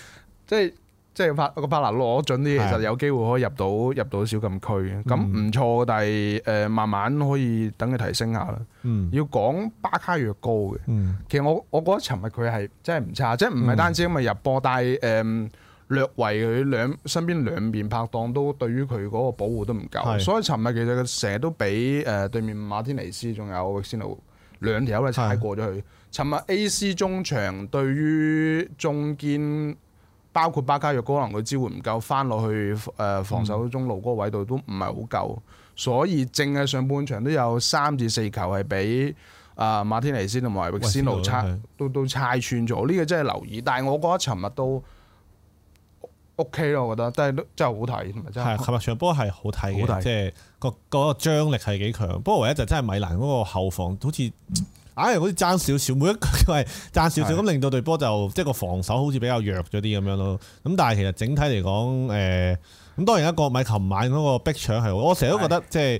即係。 就是即係拍個拍拿攞準啲，其實有機會可以入到入到小禁區嘅，咁唔的錯但係誒、呃，慢慢可以等佢提升下啦。嗯、要講巴卡越高嘅，嗯、其實我我覺得尋日佢係真係唔差，嗯、即係唔係單止因為入波，但係誒、呃、略為佢兩身邊兩邊拍檔都對於佢嗰個保護都唔夠，的所以尋日其實佢成日都俾誒、呃、對面馬天尼斯仲有沃先奴兩條友啊踩過咗佢。尋的日 A C 中場對於中堅。包括巴卡若哥可能佢支援唔夠，翻落去誒防守中路嗰個位度都唔係好夠，嗯、所以淨係上半場都有三至四球係俾啊馬天尼斯同埋沃克辛奴差，都都拆穿咗，呢、這個真係留意。但係我覺得尋日都 OK 咯，我覺得都真係好睇同埋尋日場波係好睇嘅，即係個嗰個張力係幾強。不過唯一就真係米蘭嗰個後防好似。嗯反而、哎、好似爭少少，每一個係爭少少，咁令到隊波就即係個防守好似比較弱咗啲咁樣咯。咁但係其實整體嚟講，誒、呃，咁當然一國米琴晚嗰個逼搶係，我成日都覺得即係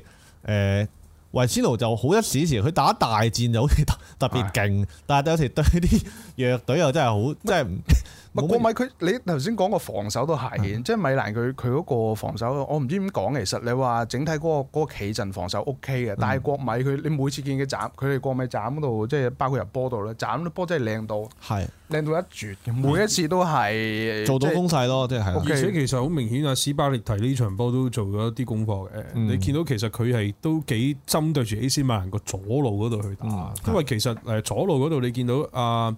誒維斯奴就好一時時，佢打大戰就好似特別勁，但係有時對啲弱隊又真係好，即係麼 國米佢，你頭先講個防守都係，即係米蘭佢佢嗰個防守，我唔知點講。其實你話整體嗰個個企陣防守 O K 嘅，但係國米佢，你每次見佢斬，佢哋國米斬嗰度，即係包括入波度咧，斬啲波真係靚到，係靚到一絕，每一次都係做到攻勢咯，即係。而且其實好明顯，阿史巴力提呢場波都做咗啲功課嘅。你見到其實佢係都幾針對住 AC 米蘭個左路嗰度去打，因為其實誒左路嗰度你見到阿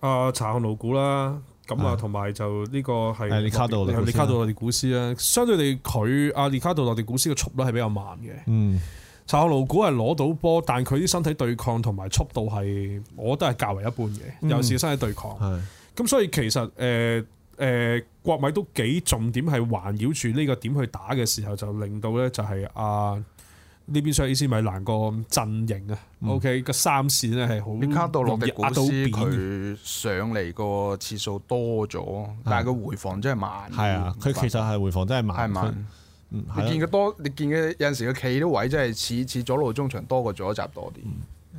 阿查汗奴古啦。咁啊，同埋就呢個係李卡杜，李卡杜諾地股師啦。相對地，佢阿李卡杜諾地股師嘅速度係比較慢嘅。嗯，炒老股係攞到波，但佢啲身體對抗同埋速度係，我覺得係較為一般嘅。尤其係、嗯、身體對抗，咁、嗯、所以其實誒誒、呃呃，國米都幾重點係環繞住呢個點去打嘅時候，就令到咧就係、是、阿。啊呢邊所以意思咪難過陣型啊？O K，個三線咧係好容易壓到邊。佢上嚟個次數多咗，嗯、但係個回防真係慢，、啊、慢。係啊吧，佢其實係回防真係慢。慢慢，你見佢多，嗯、你見佢有陣時佢企啲位真係似似左路中場多過左閘多啲、嗯。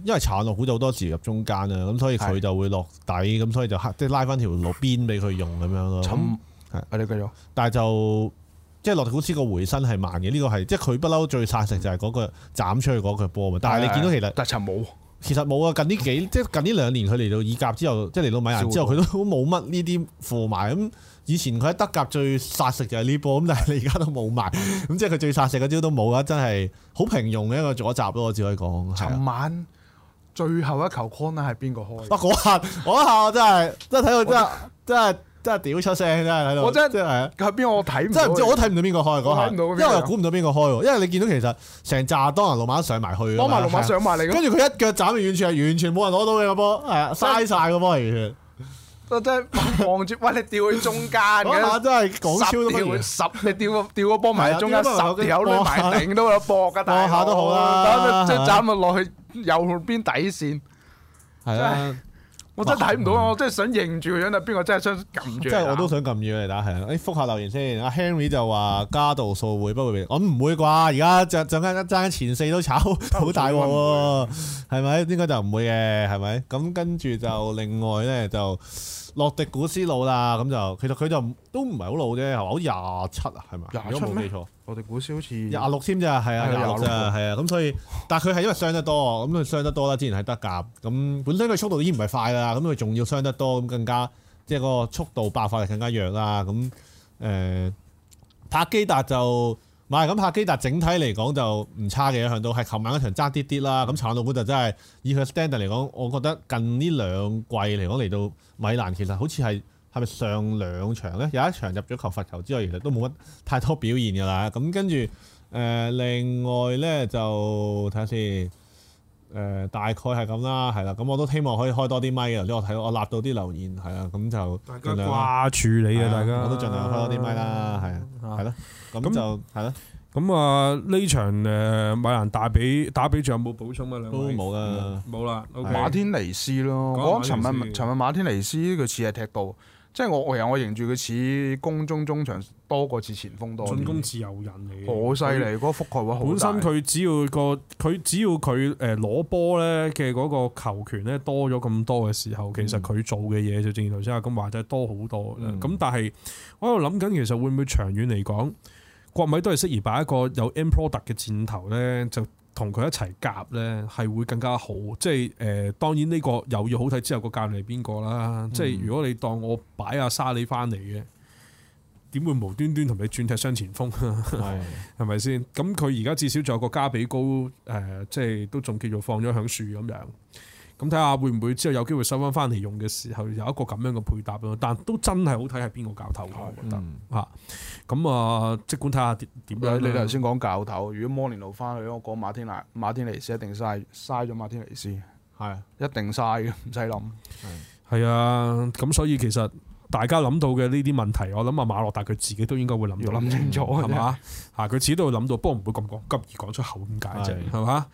因為查諾古就好多時入中間啊，咁所以佢就會落底，咁的所以就即係拉翻條路邊俾佢用咁樣咯。係陳，我哋繼續。但係就。即係洛迪古斯個回身係慢嘅，呢、這個係即係佢不嬲最殺食就係嗰個斬出去嗰個波嘛。的但係你見到其實，但係冇，其實冇啊。近呢幾即係近呢兩年，佢嚟到意甲之後，即係嚟到米蘭之後，佢都冇乜呢啲貨埋。咁以前佢喺德甲最殺食就係呢波，咁但係你而家都冇埋，咁即係佢最殺食嗰招都冇啊！真係好平庸嘅一個阻閘咯，我只可以講。琴晚最後一球 corner 係邊個開？啊， 嗰刻真好，即係真係就係。真係屌出聲，真係喺度。我真係，真係啊！佢係邊我睇唔，真係唔知，我睇唔到邊個開嗰下。因為我估唔到邊個開，因為你見到其實成扎多人龍馬上埋去，幫埋龍馬上埋嚟。跟住佢一腳斬，完全係完全冇人攞到嘅波，係啊，嘥晒個波完全。我真係望住，喂你掉去中間嘅，真係。十你掉個掉個波埋中間，十有輪埋頂都有博噶，但係考都好啦。斬咪落去右邊底線，係啊。我真係睇唔到啊！我真係想認住個樣啊！邊個真係想撳住？即係我都想撳住你。打氣啊！誒，覆下留言先。阿 Henry 就話、嗯、加度數會不會變？我唔會啩。而家陣間爭前四都炒好大鑊喎，係 咪、嗯嗯？應該就唔會嘅，係咪？咁跟住就另外咧就洛迪古斯老啦。咁就其實佢就都唔係好老啫，係嘛嗎？好似廿七啊，係咪、嗯？廿七冇記錯？我哋股市好似廿六添咋，係啊，廿六啫，係啊，咁所以，但係佢係因為傷得多，咁佢傷得多啦。之前係德甲，咁本身佢速度已經唔係快啦，咁佢仲要傷得多，咁更加即係個速度爆發力更加弱啦。咁誒、呃，柏基達就唔係咁，柏基達整體嚟講就唔差嘅，一向到係琴晚嗰場爭啲啲啦。咁陳老闆就真係以佢 standard 嚟講，我覺得近呢兩季嚟講嚟到米蘭其實好似係。係咪上兩場咧？有一場入咗球罰球之後，其實都冇乜太多表現㗎啦。咁跟住誒、呃，另外咧就睇下先。誒、呃，大概係咁啦，係啦。咁我都希望可以開多啲咪呀，頭先我睇我立到啲留言，係啊，咁就。大家掛住你嘅、啊，的大家我都盡量開多啲咪啦，係啊，係咯。咁就係咯。咁啊，呢場誒米蘭大比打比仗有冇補充啊？兩位都冇啦，冇啦、哦。Okay, 馬天尼斯咯，我尋日尋日馬天尼斯，佢似係踢到。即係我，由我迎住佢似攻中中場多過似前鋒多，進攻自由人嚟。好犀利，嗰以個覆蓋位好。本身佢只要個佢只要佢誒攞波咧嘅嗰個球權咧多咗咁多嘅時候，其實佢做嘅嘢，就正如頭先阿金華仔多好多。咁、嗯、但係我喺度諗緊，其實會唔會長遠嚟講，國米都係適宜擺一個有 end product 嘅箭頭咧就。同佢一齊夾呢，係會更加好。即係誒，當然呢個又要好睇之後個教練係邊個啦。即係如果你當我擺阿沙裏翻嚟嘅，點會無端端同你轉踢雙前鋒？係咪先？咁佢而家至少仲有個加比高誒，即係都仲叫做放咗響樹咁樣。咁睇下會唔會之後有機會收翻翻嚟用嘅時候有一個咁樣嘅配搭咯，但都真係好睇係邊個教頭，我覺得嚇。咁啊、嗯，即、嗯、管睇下點點樣。你頭先講教頭，如果摩連奴翻去，我講馬天尼，馬天尼斯一定嘥嘥咗馬天尼斯，係、啊、一定嘥嘅，唔使諗。係啊，咁所以其實大家諗到嘅呢啲問題，我諗啊馬洛達佢自己都應該會諗到諗清楚、啊，係嘛吧？嚇佢 自己都會諗到，不過唔會咁講急而講出口點解啫，係嘛的？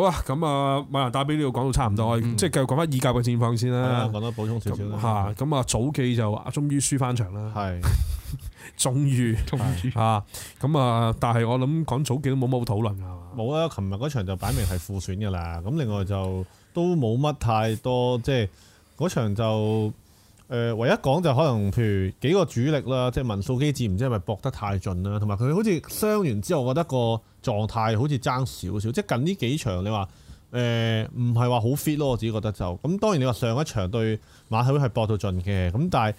好啦，咁啊，米蘭打俾呢度講到差唔多，即係繼續講翻意甲嘅戰況先啦。講得補充少少吓，咁啊、嗯嗯，早記就終於輸翻場啦。係，終於，吓，咁啊，但係我諗講早記都冇乜好討論噶。冇啊、嗯，琴日嗰場就擺明係負選噶啦。咁另外就都冇乜太多，即係嗰場就。誒、呃、唯一講就可能，譬如幾個主力啦，即係文素基治唔知係咪搏得太盡啦、啊，同埋佢好似傷完之後，覺得個狀態好似爭少少，即係近呢幾場你話誒唔係話好 fit 咯，我自己覺得就咁、嗯。當然你話上一場對馬體會係搏到盡嘅，咁但係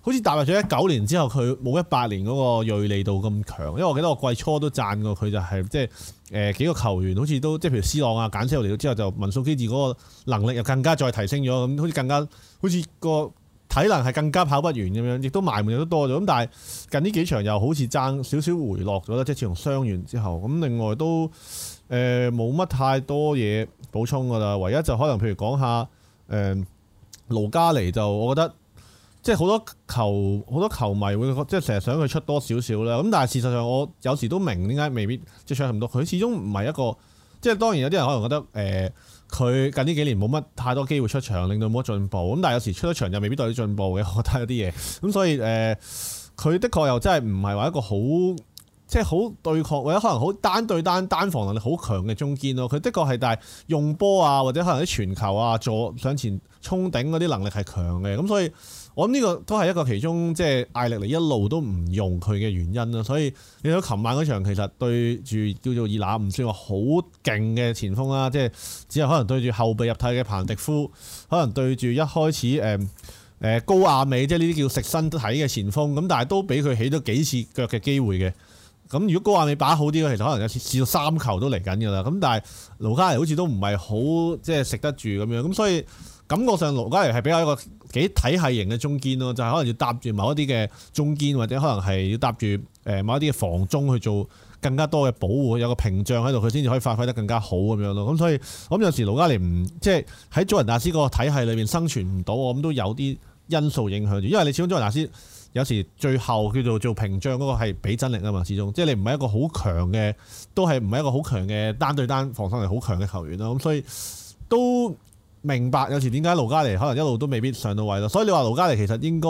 好似踏入咗一九年之後，佢冇一八年嗰個鋭利度咁強，因為我記得我季初都讚過佢就係、是、即係誒、呃、幾個球員好似都即係譬如斯朗啊、簡西奧嚟到之後，就文素基治嗰個能力又更加再提升咗，咁好似更加好似個。體能係更加跑不完咁樣，亦都埋門亦都多咗。咁但係近呢幾場又好似爭少少回落咗啦，即係自從傷完之後。咁另外都誒冇乜太多嘢補充㗎啦。唯一就可能譬如講下誒盧嘉尼就，我覺得即係好多球好多球迷會即係成日想佢出多少少啦。咁但係事實上我有時都明點解未必即係出咁多。佢始終唔係一個即係、就是、當然有啲人可能覺得誒。呃佢近呢幾年冇乜太多機會出場，令到冇乜進步。咁但係有時出咗場又未必代表進步嘅，我覺得有啲嘢。咁、嗯、所以誒，佢、呃、的確又真係唔係話一個好，即係好對抗或者可能好單對單、單防能力好強嘅中堅咯。佢的確係，但係用波啊或者可能喺全球啊、助上前衝頂嗰啲能力係強嘅。咁、嗯、所以。我諗呢個都係一個其中即係、就是、艾力尼一路都唔用佢嘅原因啦，所以你睇到琴晚嗰場其實對住叫做熱拿唔算話好勁嘅前鋒啦，即、就、係、是、只係可能對住後備入替嘅彭迪夫，可能對住一開始誒誒高亞美，即係呢啲叫食身體嘅前鋒，咁但係都俾佢起咗幾次腳嘅機會嘅。咁如果高亞美把好啲嘅，其實可能有次試到三球都嚟緊嘅啦。咁但係盧嘉尼好似都唔係好即係食得住咁樣，咁所以。感覺上盧家尼係比較一個幾體系型嘅中堅咯，就係、是、可能要搭住某一啲嘅中堅，或者可能係要搭住誒某一啲嘅防中去做更加多嘅保護，有個屏障喺度，佢先至可以發揮得更加好咁樣咯。咁所以咁有時盧家尼唔即係喺《祖雲、就是、達斯》嗰個體系裏邊生存唔到，咁都有啲因素影響住。因為你始終《祖雲達斯》有時最後叫做做屏障嗰個係俾真力啊嘛，始終即係你唔係一個好強嘅，都係唔係一個好強嘅單對單防守力好強嘅球員咯。咁所以都。明白，有時點解盧嘉利可能一路都未必上到位咯。所以你話盧嘉利其實應該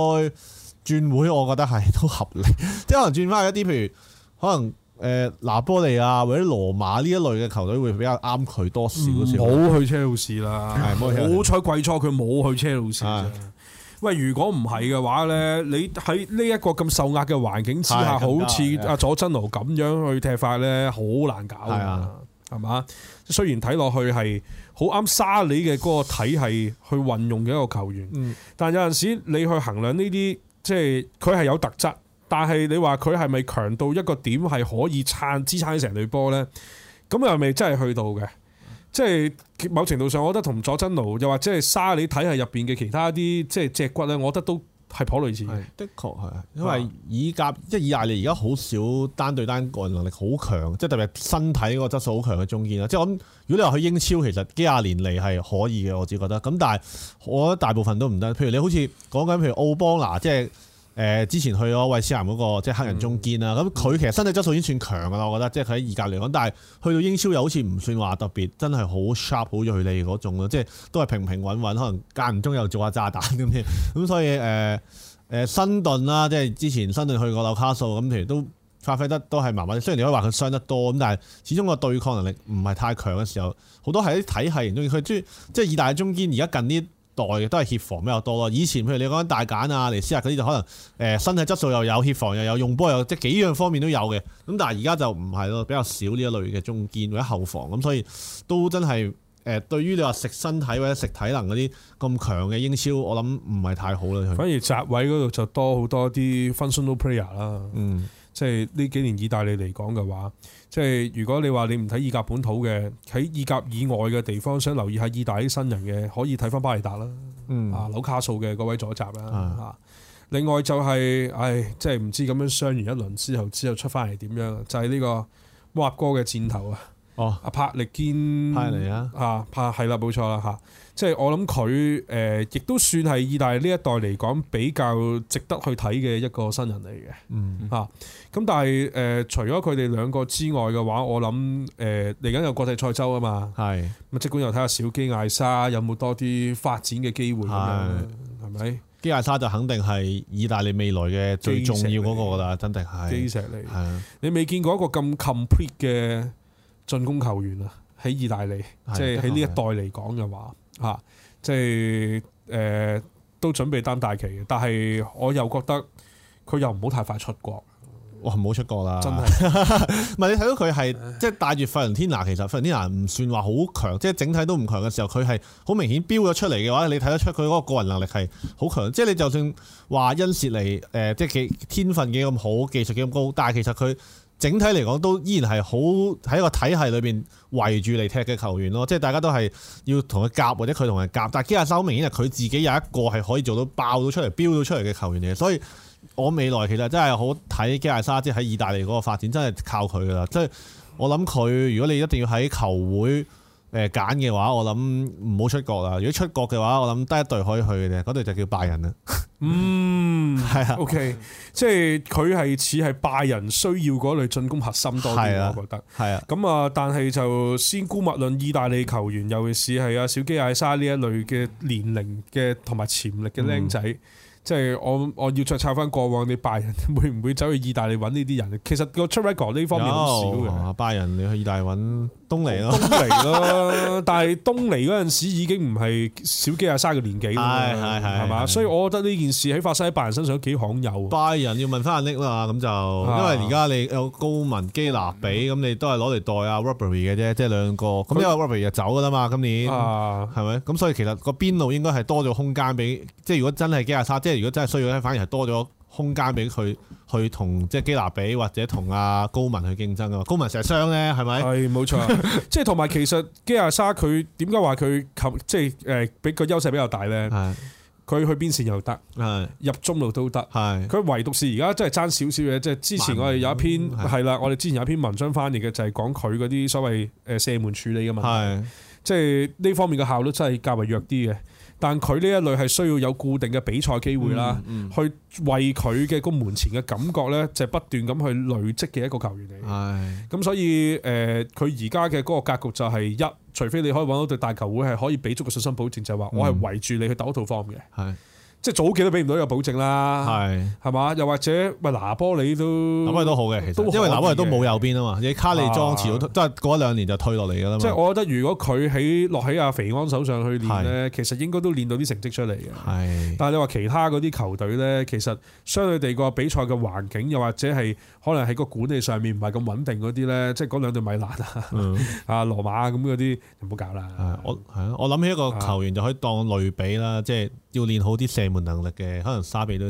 轉會，我覺得係都合理。即 係可能轉翻去一啲，譬如可能誒、拿波利啊，或者羅馬呢一類嘅球隊會比較啱佢多少少。冇去車路士啦，好彩季初佢冇去車路士。喂，的如果唔係嘅話咧，你喺呢一個咁受壓嘅環境之下，好似像阿的、啊、佐真奴咁樣去踢法咧，好難搞㗎，係啊，係嘛的？雖然睇落去係。好啱沙里嘅嗰個體系去運用嘅一個球員，嗯、但有陣時你去衡量呢啲，即係佢係有特質，但係你話佢係咪強到一個點係可以撐支撐起成隊波呢？咁又未真係去到嘅，即係某程度上，我覺得同佐真奴又或者係沙里體系入邊嘅其他啲即係脊骨咧，我覺得都係頗類似的，的確係，的因為意甲即係意大利而家好少單對單個人能力好強，即係特別身體嗰個質素好強嘅中堅啦。即係我諗，如果你話去英超，其實幾廿年嚟係可以嘅，我自己覺得。咁但係我覺得大部分都唔得。譬如你好似講緊，譬如奧邦拿，即係。誒、呃、之前去咗維斯蘭嗰、嗰個即係黑人中堅啊。咁佢、嗯、其實身體質素已經算強嘅，我覺得，即係佢喺意甲嚟講，但係去到英超又好似唔算話特別，真係好 sharp 好鋭利嗰種咯，即係都係平平穩穩，可能間唔中又做下炸彈咁咁、 嗯、所以誒誒、呃、新頓啦，即係之前新頓去過紐卡素，咁其實都發揮得都係麻麻，雖然你可以話佢傷得多，咁但係始終個對抗能力唔係太強嘅時候，好多係啲體系唔中意佢，即係意大利中堅而家近啲。代嘅都係協防比較多咯。以前譬如你講緊大簡啊、尼斯啊嗰啲，就可能誒身體質素又有協防又有用波又即係幾樣方面都有嘅。咁但係而家就唔係咯，比較少呢一類嘅中堅或者後防咁，所以都真係誒對於你話食身體或者食體能嗰啲咁強嘅英超，我諗唔係太好啦。反而閘位嗰度就多好多啲 functional player 啦。嗯，即係呢幾年意大利嚟講嘅話。即係如果你話你唔睇意甲本土嘅，喺意甲以外嘅地方想留意下意大利新人嘅，可以睇翻巴黎達啦，嗯、啊紐卡素嘅嗰位左閘啦，嚇、嗯啊。另外就係、是，唉、哎，即係唔知咁樣傷完一輪之後，之後出翻嚟點樣？就係、是、呢個摩納哥嘅箭頭啊，哦，阿帕力堅，帕啊，嚇帕係啦，冇、啊啊、錯啦嚇。啊。即係我諗佢誒，亦都算係意大利呢一代嚟講比較值得去睇嘅一個新人嚟嘅。嗯，吓咁、啊、但係誒、呃，除咗佢哋兩個之外嘅話，我諗誒嚟緊有國際賽周啊嘛。係咁是，即管又睇下小基艾莎有冇多啲發展嘅機會噉樣。係係咪？基艾莎就肯定係意大利未來嘅最重要嗰個啦，真定係基石嚟。石是你未見過一個咁 complete 嘅進攻球員啊？喺意大利，是即係喺呢一代嚟講嘅話。吓、啊，即係誒、呃，都準備擔大旗嘅，但係我又覺得佢又唔好太快出國，我唔好出國啦。真係的，唔係 你睇到佢係、呃、即係帶住費倫天拿，其實費倫天拿唔算話好強，即係整體都唔強嘅時候，佢係好明顯飆咗出嚟嘅話，你睇得出佢嗰個個人能力係好強。即係你就算話恩切尼誒，即係幾天分幾咁好，技術幾咁高，但係其實佢。整體嚟講都依然係好喺個體系裏邊圍住嚟踢嘅球員咯，即係大家都係要同佢夾或者佢同佢夾，但基亞沙好明顯係佢自己有一個係可以做到爆到出嚟、飆到出嚟嘅球員嚟，所以我未來其實真係好睇基亞沙即喺意大利嗰個發展真係靠佢噶啦，即係我諗佢如果你一定要喺球會。誒揀嘅話，我諗唔好出國啦。如果出國嘅話，我諗得一隊可以去嘅啫。嗰隊就叫拜仁啦。 嗯，係 啊。O、okay, K，即係佢係似係拜仁需要嗰類進攻核心多啲，啊、我覺得。係啊。咁啊，但係就先估物論意大利球員，尤其是係啊，小基艾莎呢一類嘅年齡嘅同埋潛力嘅靚仔。即係、嗯、我我要再拆翻過往，你拜仁會唔會走去意大利揾呢啲人？其實個出 r a 呢方面好少嘅。拜仁你去意大利揾？東尼咯，東尼咯，但係東尼嗰陣時已經唔係小基亞沙嘅年紀 吧，係係係，係嘛？所以我覺得呢件事喺發生喺拜仁身上都幾罕有。拜仁要問翻阿 Nick 啦，咁就因為而家你有高文基納比，咁、嗯、你都係攞嚟代阿 Robbery 嘅啫，即係兩個，咁因為 Robbery 又走噶啦嘛，今年係咪？咁所以其實個邊路應該係多咗空間俾，即係如果真係基亞沙，即係如果真係需要咧，反而係多咗。空間俾佢去同即係基拿比或者同阿高文去競爭啊嘛。高文成日傷咧，係咪？係冇錯，即係同埋其實基亞沙佢點解話佢近即係誒俾個優勢比較大咧？係佢是去邊線又得，係是入中路都得，係佢是唯獨是而家真係爭少少嘅，即係之前我哋有一篇係啦，我哋之前有一篇文章翻嚟嘅就係、是、講佢嗰啲所謂誒射門處理嘅問題，即係呢方面嘅效率真係較為弱啲嘅。但佢呢一類係需要有固定嘅比賽機會啦，嗯嗯、去為佢嘅嗰門前嘅感覺呢，就是、不斷咁去累積嘅一個球員嚟。咁唉所以誒，佢而家嘅嗰個格局就係、是、一，除非你可以揾到對大球會係可以俾足個信心保證，就話、是、我係圍住你去打嗰套方 o 嘅。嗯即係早期都俾唔到一個保證啦，係係嘛？又或者喂，拿、呃、波里都咁都好嘅，其實因為拿波利都冇右邊啊嘛，你的卡利莊遲早都即係過一兩年就退落嚟㗎啦嘛。的即係我覺得如果佢喺落喺阿肥安手上去練咧，的其實應該都練到啲成績出嚟嘅。係的，但係你話其他嗰啲球隊咧，其實相對地個比賽嘅環境又或者係。可能喺個管理上面唔係咁穩定嗰啲咧，即係嗰兩對米蘭 啊、啊羅馬咁嗰啲，唔好搞啦。我係啊，我諗起一個球員就可以當類比啦，即係對 要練好啲射門能力嘅，可能沙比都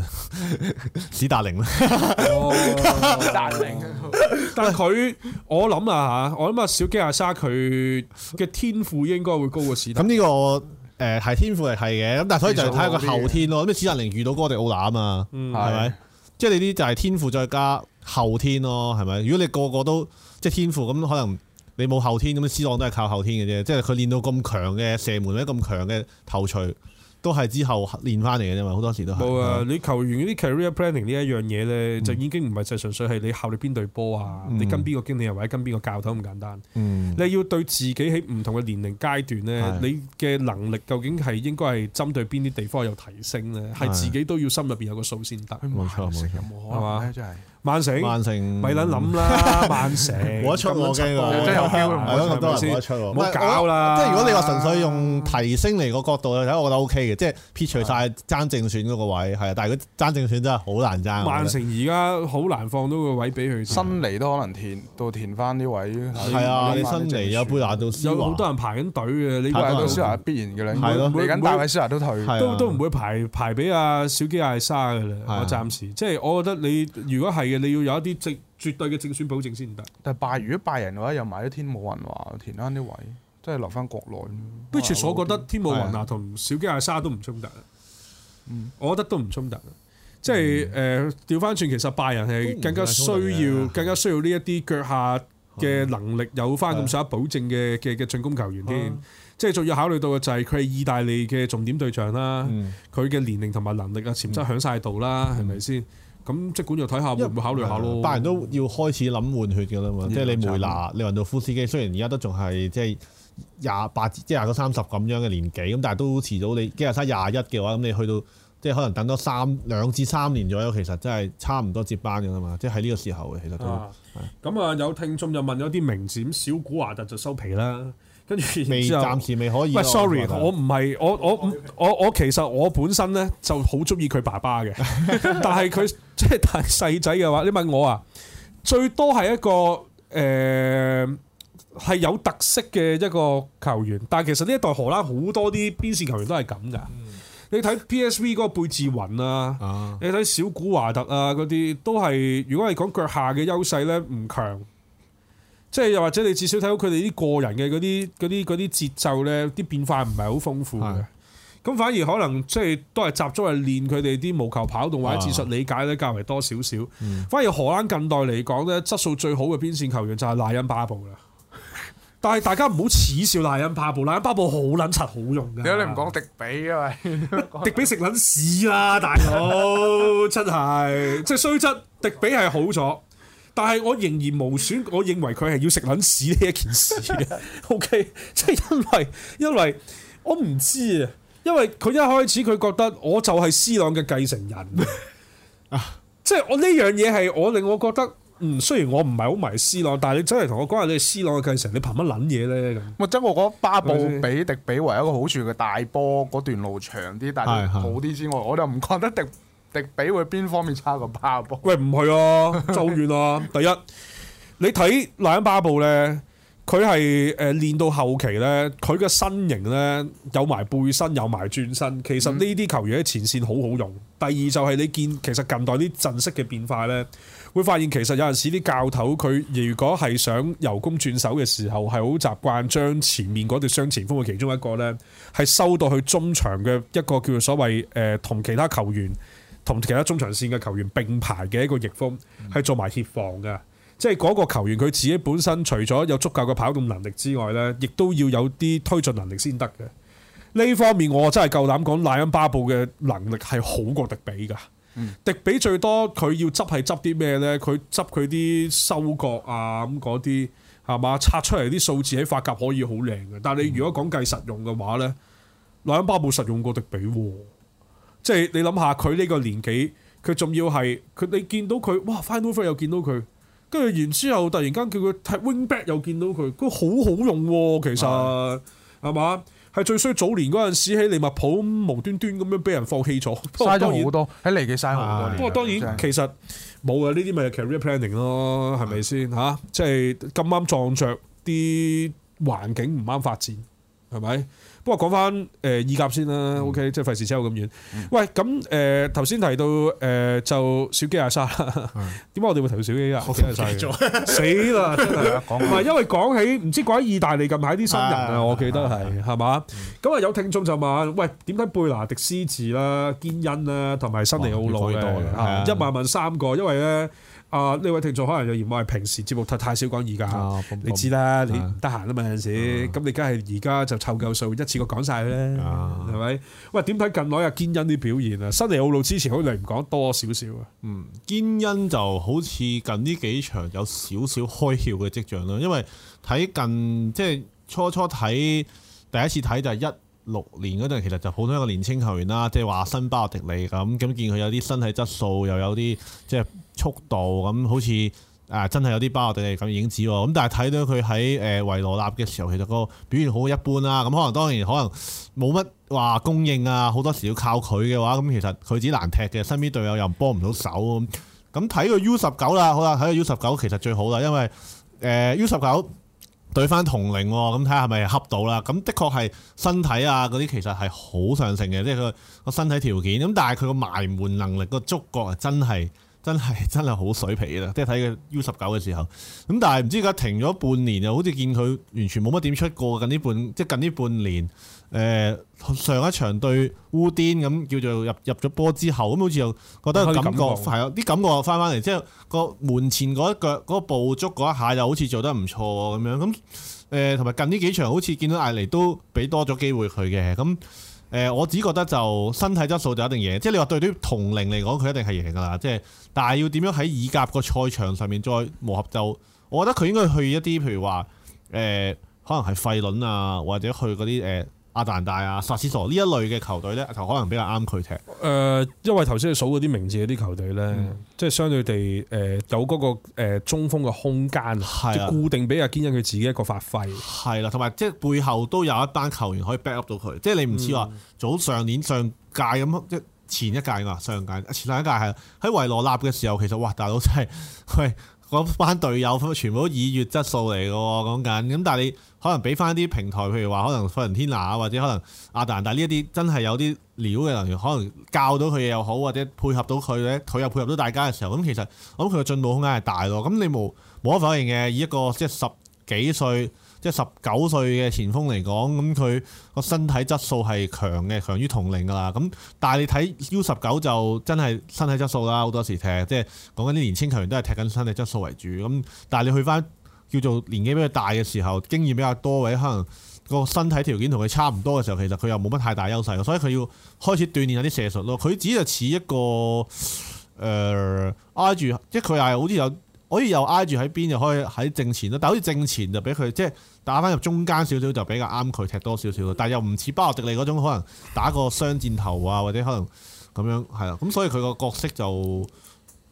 史達寧 但係佢，我諗啊嚇，我諗啊小基亞沙佢嘅天賦應該會高過史達寧。咁呢、這個誒係、呃、天賦係係嘅，咁但係所以就係睇佢後天咯。咩史達寧遇到哥迪奧拿啊，係咪？即係你啲就係天賦再加。後天咯，係咪？如果你個個都即係天賦，咁可能你冇後天咁，思想都係靠後天嘅啫。即係佢練到咁強嘅射門或咁強嘅頭錘，都係之後練翻嚟嘅啫嘛。好多時都冇啊！你球員嗰啲 career planning 呢一樣嘢咧，就已經唔係就純粹係你效力邊隊波啊，你跟邊個經理啊，或者跟邊個教頭咁簡單。嗯，你要對自己喺唔同嘅年齡階段咧，你嘅能力究竟係應該係針對邊啲地方有提升咧？係自己都要心入邊有個數先得。冇錯冇錯，係嘛？真係。曼城，曼城，咪撚諗啦！曼城，冇得出我驚我，我咁多先，唔好搞啦！即係如果你話純粹用提升嚟個角度咧，睇我覺得 O K 嘅，即係撇除晒爭正選嗰個位係，但係佢爭正選真係好難爭。曼城而家好難放到個位俾佢，新嚟都可能填到填翻啲位。係啊，你新嚟啊，貝拿都，有好多人排緊隊嘅，你貝拿都施華，必然嘅啦。係咯，每每位輸埋都退，都都唔會排排俾阿小基艾沙嘅啦。我暫時即係我覺得你如果係。你要有一啲絕絕對嘅正選保證先得。但係拜，如果拜仁嘅話,話，又買咗天慕雲華、填翻啲位，即係留翻國內。所哇覺得天慕雲華同小基亞沙都唔衝突是、啊、我覺得都唔衝突。即係誒，調翻轉，其實拜仁係更加需要、更加需要呢一啲腳下嘅能力是、啊、有翻咁上下保證嘅嘅嘅進攻球員添。是啊啊、即係仲要考慮到嘅就係佢係意大利嘅重點對象啦。佢嘅、嗯、年齡同埋能力啊，潛質響晒度啦，係咪先？咁即管又睇下，為會唔會考慮下咯？大人都要開始諗換血嘅啦嘛。即係你梅拿、利雲度夫斯基，雖然而家都仲係即係廿八、即係廿到三十咁樣嘅年紀，咁但係都遲早你基亞沙廿一嘅話，咁你去到即係可能等多三兩至三年左右，其實真係差唔多接班嘅啦嘛。即係喺呢個時候嘅，其實都。咁啊是、嗯，有聽眾就問咗啲名詞，小古華特就收皮啦。跟住未？暫時未可以。s o r r y 我唔係我我 Okay. 我我，我其實我本身咧就好中意佢爸爸嘅， 但係佢即係太細仔嘅話，你問我啊，最多係一個誒係、呃、有特色嘅一個球員，但係其實呢一代荷蘭好多啲邊線球員都係咁噶。嗯、你睇 PSV 嗰個貝志雲啊，嗯、你睇小古華特啊，嗰啲都係如果係講腳下嘅優勢咧，唔強。即係又或者你至少睇到佢哋啲個人嘅嗰啲啲啲節奏咧，啲變化唔係好豐富嘅。咁的反而可能即係都係集中係練佢哋啲無球跑動或者技術理解咧，較為多少少。的反而荷蘭近代嚟講咧，質素最好嘅邊線球員就係賴恩巴布啦。但係大家唔好恥笑賴恩巴布，賴恩巴布好撚柒好用㗎。點解你唔講迪比？因 為迪比食撚屎啦，大佬 真係即係雖則，迪比係好咗。但係我仍然無損，我認為佢係要食撚屎呢一件事嘅。 o、okay, K，即係因為因為我唔知啊，因為佢一開始佢覺得我就係 C 朗嘅繼承人啊， 即係我呢樣嘢係我令我覺得嗯，雖然我唔係好迷 C 朗，但係你真係同我講下你係 C 朗嘅繼承，你憑乜撚嘢咧咁？唔係真我覺得巴布比迪比唯一一個好處嘅大波嗰段路長啲，但係好啲之外，我就唔覺得迪。迪比會邊方面差過巴布？喂，唔係啊，就 遠啊！第一，你睇賴恩巴布咧，佢係誒練到後期咧，佢嘅身形咧有埋背身，有埋轉身，其實呢啲球員喺前線好好用。第二就係你見，其實近代啲陣式嘅變化咧，會發現其實有陣時啲教頭佢如果係想由攻轉守嘅時候，係好習慣將前面嗰對雙前鋒嘅其中一個咧，係收到去中場嘅一個叫做所謂誒、呃、同其他球員同其他中場線嘅球員並排嘅一個逆風，係做埋協防嘅，即係嗰個球員佢自己本身除咗有足夠嘅跑動能力之外呢，亦都要有啲推進能力先得嘅。呢方面我真係夠膽講，賴恩巴布嘅能力係好過迪比噶。嗯、迪比最多佢要執係執啲咩呢？佢執佢啲收割啊咁嗰啲係嘛？拆出嚟啲數字喺法甲可以好靚嘅，但係你如果講計實用嘅話呢，賴恩巴布實用過迪比喎、哦。即係你諗下佢呢個年紀，佢仲要係佢，你見到佢哇 f i n e over 又見到佢，跟住然之後突然間叫佢踢 wing back 又見到佢，佢好好用喎。其實係嘛、啊，係是的 最衰早年嗰陣時喺利物浦無端端咁樣俾人放棄咗，嘥多好多。喺利記嘥咗好多。不過是的 當然是的 其實冇、er、是的 啊，呢啲咪 career planning 咯，係咪先嚇？即係咁啱撞着啲環境唔啱發展。係咪？不過講翻誒意甲先啦，OK，即係費事扯咁遠。喂，咁誒頭先提到誒就小基亞沙啦，點解我哋會投小基亞？死啦，真係唔係因為講起唔知喺意大利近排啲新人啊，我記得係係嘛。咁啊有聽眾就問：喂，點解貝拿迪斯字啦、堅恩啦，同埋新尼奧奴多？一萬問三個，因為咧。啊！呢位聽眾可能又嫌我係平時節目太太少講而家你知啦，嗯、你唔得閒啊嘛有陣時，咁、嗯、你梗係而家就湊夠數一次過講晒佢咧，係咪、嗯？喂，點睇近耐啊堅恩啲表現啊？新地澳路之前好耐唔講多少少啊。嗯，堅恩就好似近呢幾場有少少開竅嘅跡象啦，因為睇近即係初初睇第一次睇就係一六年嗰陣其實就普通一個年青球員啦，即係話新巴洛迪利咁，咁見佢有啲身體質素，又有啲即係速度咁，好似誒真係有啲巴洛迪利咁影子喎。咁但係睇到佢喺誒維羅納嘅時候，其實個表現好一般啦。咁可能當然可能冇乜話供應啊，好多時要靠佢嘅話，咁其實佢自己難踢嘅，身邊隊友又幫唔到手。咁睇個 U 十九啦，好啦，睇個 U 十九其實最好啦，因為誒 U 十九。對翻同齡咁睇下係咪恰到啦？咁的確係身體啊嗰啲其實係好上乘嘅，即係佢個身體條件。咁但係佢個埋門能力個觸覺啊，真係真係真係好水皮啦！即係睇佢 U 十九嘅時候。咁但係唔知而家停咗半年，又好似見佢完全冇乜點出過。近呢半即係近呢半年，誒上一場對烏甸咁叫做入入咗波之後，咁好似又覺得感覺係咯，啲感，對感覺又翻翻嚟，即係個門前嗰一腳嗰、嗰個捕捉嗰一下又好似做得唔錯咁樣。咁誒同埋近呢幾場好似見到艾尼都俾多咗機會佢嘅。咁誒、呃、我只覺得就身體質素就一定贏，即係你話對啲同齡嚟講，佢一定係贏噶啦。即係但係要點樣喺以甲個賽場上面再磨合就，我覺得佢應該去一啲譬如話誒、呃，可能係費輪啊，或者去嗰啲誒。呃亞特蘭大啊，薩斯索呢一類嘅球隊咧，球可能比較啱佢踢。誒、呃，因為頭先你數嗰啲名字嗰啲球隊咧，嗯、即係相對地，誒有嗰個誒中鋒嘅空間，即係固定比較堅因佢自己一個發揮、啊。係啦、啊，同埋即係背後都有一班球員可以 back up 到佢。即係你唔似話早上年上屆咁，即、嗯、前一屆嘛，上屆前上一屆係喺維羅納嘅時候，其實哇，大佬真係，喂。班隊友全部都以月質素嚟嘅喎，講緊咁，但係你可能俾翻啲平台，譬如話可能費倫天拿啊，或者可能阿達，但係呢一啲真係有啲料嘅人員，可能教到佢又好，或者配合到佢咧，佢又配合到大家嘅時候，咁其實咁佢嘅進步空間係大咯。咁你無無可否認嘅，以一個即係十幾歲。即係十九歲嘅前鋒嚟講，咁佢個身體質素係強嘅，強於同齡㗎啦。咁但係你睇 U 十九就真係身體質素啦，好多時踢。即係講緊啲年青球員都係踢緊身體質素為主。咁但係你去翻叫做年紀比較大嘅時候，經驗比較多，或者可能個身體條件同佢差唔多嘅時候，其實佢又冇乜太大優勢。所以佢要開始鍛鍊下啲射術咯。佢只係似一個誒、呃、挨住，即係佢又係好似有可以又挨住喺邊，就可以喺正前咯。但好似正前就俾佢即係。打返入中間少少就比較啱佢踢多少少，但又唔似巴洛迪尼嗰種可能打個雙箭頭啊，或者可能咁樣係啦，咁所以佢個角色就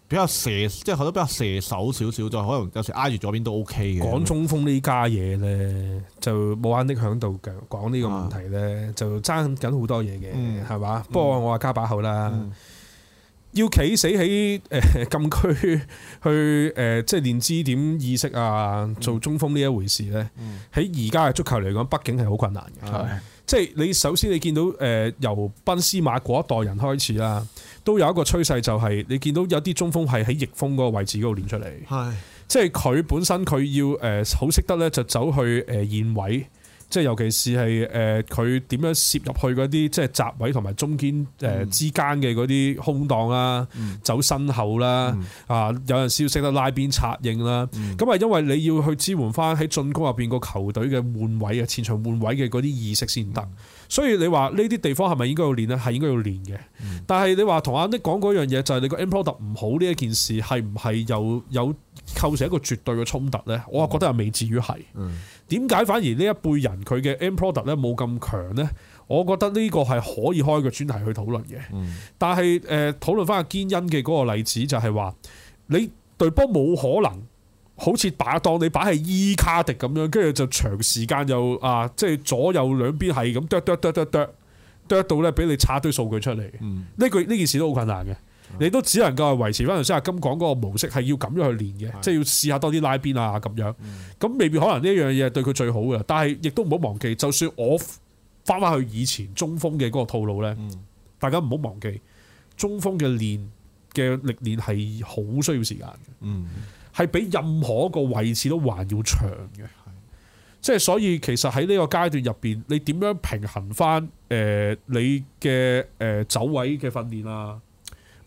比較射，即係可能比較射手少少，就可能有時挨住左邊都 OK 嘅。講中鋒家呢家嘢咧，嗯、就冇安匿響度嘅，講呢個問題咧、啊、就爭緊好多嘢嘅，係嘛？不過我話加把口啦。嗯嗯要企死喺禁區去誒，即係練知點意識啊，做中鋒呢一回事呢。喺而家嘅足球嚟講，畢竟係好困難嘅。係是的 即係你首先你見到誒由賓斯馬嗰一代人開始啦，都有一個趨勢就係你見到有啲中鋒係喺翼鋒嗰個位置嗰度練出嚟。係是的 即係佢本身佢要誒好識得呢，就走去誒現位。即係尤其是係誒佢點樣攝入去嗰啲即係閘位同埋中堅誒之間嘅嗰啲空檔啦，嗯、走身後啦，嗯、啊有陣時要識得拉邊策應啦，咁係、嗯、因為你要去支援翻喺進攻入邊個球隊嘅換位啊，前場換位嘅嗰啲意識先得。嗯、所以你話呢啲地方係咪應該要練呢？係應該要練嘅。嗯、但係你話同阿 Nick 講嗰樣嘢就係、是、你個 end product 唔好呢一件事係唔係有有構成一個絕對嘅衝突呢？我覺得又未至於係。嗯。點解反而呢一輩人佢嘅 importer 咧，冇咁強呢？我覺得呢個係可以開個專題去討論嘅。但係誒，討論翻阿堅恩嘅嗰個例子就係話，你對波冇可能好似把當你擺係伊卡迪咁樣，跟住就長時間又啊，即係左右兩邊係咁剁剁剁剁剁剁到咧，俾你插堆數據出嚟，呢個呢件事都好困難嘅。你都只能夠係維持翻頭先阿金講嗰個模式，係要咁樣去練嘅，是的 即係要試下多啲拉邊啊咁樣。咁、嗯、未必可能呢一樣嘢對佢最好嘅，但係亦都唔好忘記，就算我翻返去以前中鋒嘅嗰個套路咧，嗯、大家唔好忘記中鋒嘅練嘅歷練係好需要時間嘅，係、嗯、比任何一個位置都還要長嘅。即係是的 所以其實喺呢個階段入邊，你點樣平衡翻？誒，你嘅誒走位嘅訓練啊？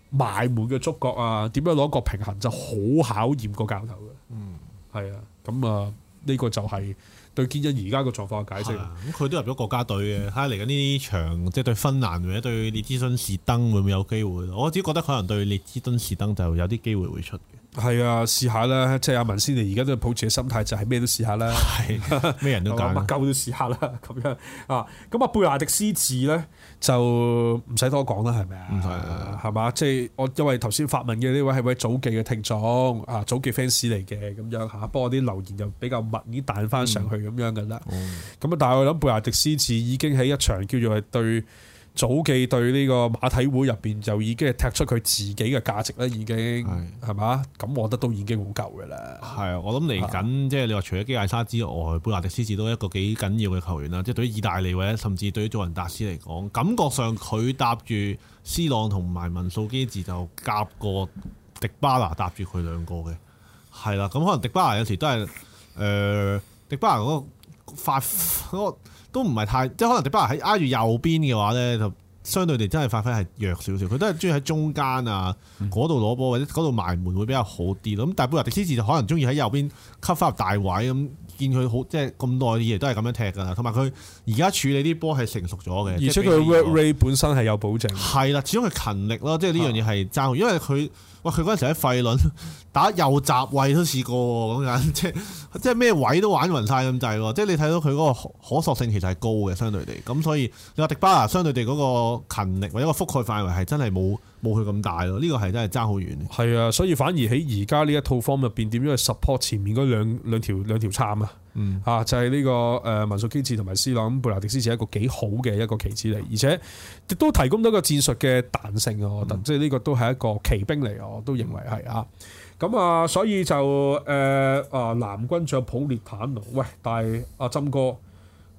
埋門嘅觸覺啊，點樣攞個平衡就好考驗個教頭嘅。嗯，係啊，咁啊呢個就係對堅韌而家個狀況嘅解釋。咁佢都入咗國家隊嘅，睇嚟緊呢場即係、就是、對芬蘭或者對列支敦士登會唔會有機會？我自己覺得可能對列支敦士登就有啲機會會出嘅。係啊，試下啦，即係阿文先，你而家都抱住嘅心態就係、是、咩都試下啦，咩人都講，乜鳩 都試下啦，咁樣啊。咁啊，貝亞迪斯子咧就唔使多講啦，係咪啊？係啊的，係嘛，即係我因為頭先發問嘅呢位係位早記嘅聽眾啊，早記 fans 嚟嘅咁樣吓，幫、啊、我啲留言又比較密，已經彈翻上去咁樣噶啦。咁啊、嗯，但係我諗貝亞迪斯子已經喺一場叫做係對。早既對呢個馬體會入邊就已經係踢出佢自己嘅價值啦，已經係嘛？咁我覺得都已經好夠嘅啦。係啊，我諗嚟緊即係你話除咗基艾沙之外，貝拿迪斯士都係一個幾緊要嘅球員啦。即係對於意大利或者甚至對於祖雲達斯嚟講，感覺上佢搭住 C 朗同埋文素基治就夾過迪巴拿搭住佢兩個嘅係啦。咁可能迪巴拿有時都係誒、呃、迪巴拿嗰個發嗰、嗰個。都唔係太，即係可能迪巴喺挨住右邊嘅話咧，就相對地真係發揮係弱少少。佢都係中意喺中間啊嗰度攞波，或者嗰度埋門會比較好啲咯。咁但係不如迪斯治就可能中意喺右邊 cut 翻入大位咁，見佢好即係咁耐嘅嘢都係咁樣踢噶啦。同埋佢而家處理啲波係成熟咗嘅，而且佢 work rate 本身係有保證。係啦，始終佢勤力咯，即係呢樣嘢係爭，因為佢。喂，佢嗰陣時喺費輪打右閘位都試過咁樣，即係即係咩位都玩勻晒咁滯喎，即係你睇到佢嗰個可塑性其實係高嘅，相對地咁，所以你話迪巴拿相對地嗰個勤力或者個覆蓋範圍係真係冇冇佢咁大咯，呢個係真係爭好遠嘅。係啊，所以反而喺而家呢一套 form 入邊，點樣去 support 前面嗰兩兩條兩條撐啊？嗯，啊，就係呢個誒文素基治同埋斯朗，咁貝萊迪斯治係一個幾好嘅一個棋子嚟，而且亦都提供到一個戰術嘅彈性啊！我覺得，即係呢個都係一個奇兵嚟，我都認為係啊。咁啊，所以就誒啊，藍軍仲有普列坦奴，喂，但係阿森哥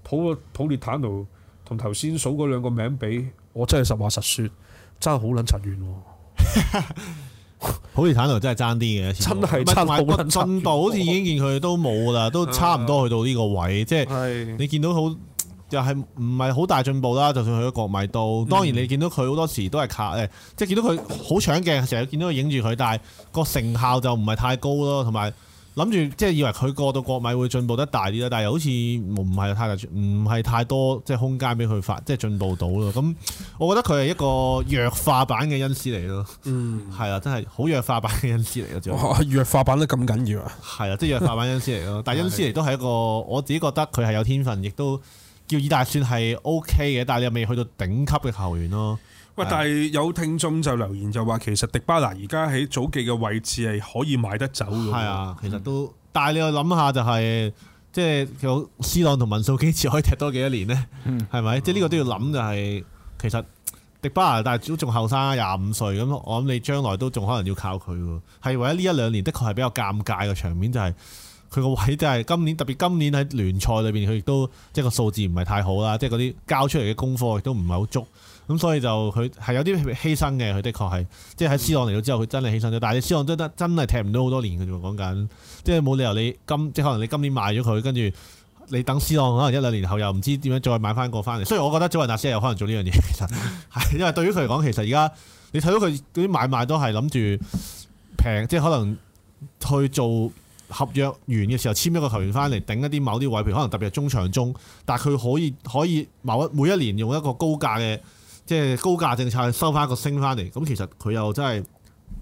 普普列坦奴同頭先數嗰兩個名比，我真係實話實説，真係好撚殘怨喎。好似坦露真係爭啲嘅， 真進度好似已經見佢都冇啦，都差唔多去到呢個位。即係你見到好又係唔係好大進步啦？就算去到國米度，當然你到、嗯、見到佢好多時都係卡誒，即係見到佢好搶鏡，成日見到佢影住佢，但係個成效就唔係太高咯，同埋。諗住即係以為佢過到國米會進步得大啲啦，但係又好似唔係太大，唔係太多即係空間俾佢發，即係進步到咯。咁我覺得佢係一個弱化版嘅恩師嚟咯。嗯，係啦，真係好弱化版嘅恩師嚟嘅啫。弱化版都咁緊要啊？係啦，即係弱化版恩師嚟咯。 但係恩師嚟都係一個，我自己覺得佢係有天分，亦都叫以大算係 OK 嘅，但你又未去到頂級嘅球員咯。喂，但係有聽眾就留言就話，其實迪巴拿而家喺祖記嘅位置係可以買得走嘅。係啊，其實都，但係你又諗下，就係即係有 C 朗同文素基次可以踢多幾多年呢？係咪？即係呢個都要諗，就係其實迪巴拿，但係都仲後生，廿五歲咁。我諗你將來都仲可能要靠佢。係為咗呢一兩年，的確係比較尷尬嘅場面，就係佢個位就係今年，特別今年喺聯賽裏邊，佢亦都即係個數字唔係太好啦，即係嗰啲交出嚟嘅功課亦都唔係好足。咁所以就佢係有啲犧牲嘅，佢的確係即係喺 C 朗嚟咗之後，佢真係犧牲咗。但係 C 朗真得真係踢唔到好多年嘅啫。講緊即係冇理由你今即可能你今年賣咗佢，跟住你等 C 朗可能一兩年後又唔知點樣再買翻個翻嚟。雖然我覺得祖雲達斯又可能做呢樣嘢，其實係因為對於佢嚟講，其實而家你睇到佢嗰啲買賣都係諗住平，即係可能去做合約完嘅時候簽一個球員翻嚟頂一啲某啲位，譬如可能特別係中場中，但係佢可以可以某一每一年用一個高價嘅。即係高價政策收翻一個升翻嚟，咁其實佢又真係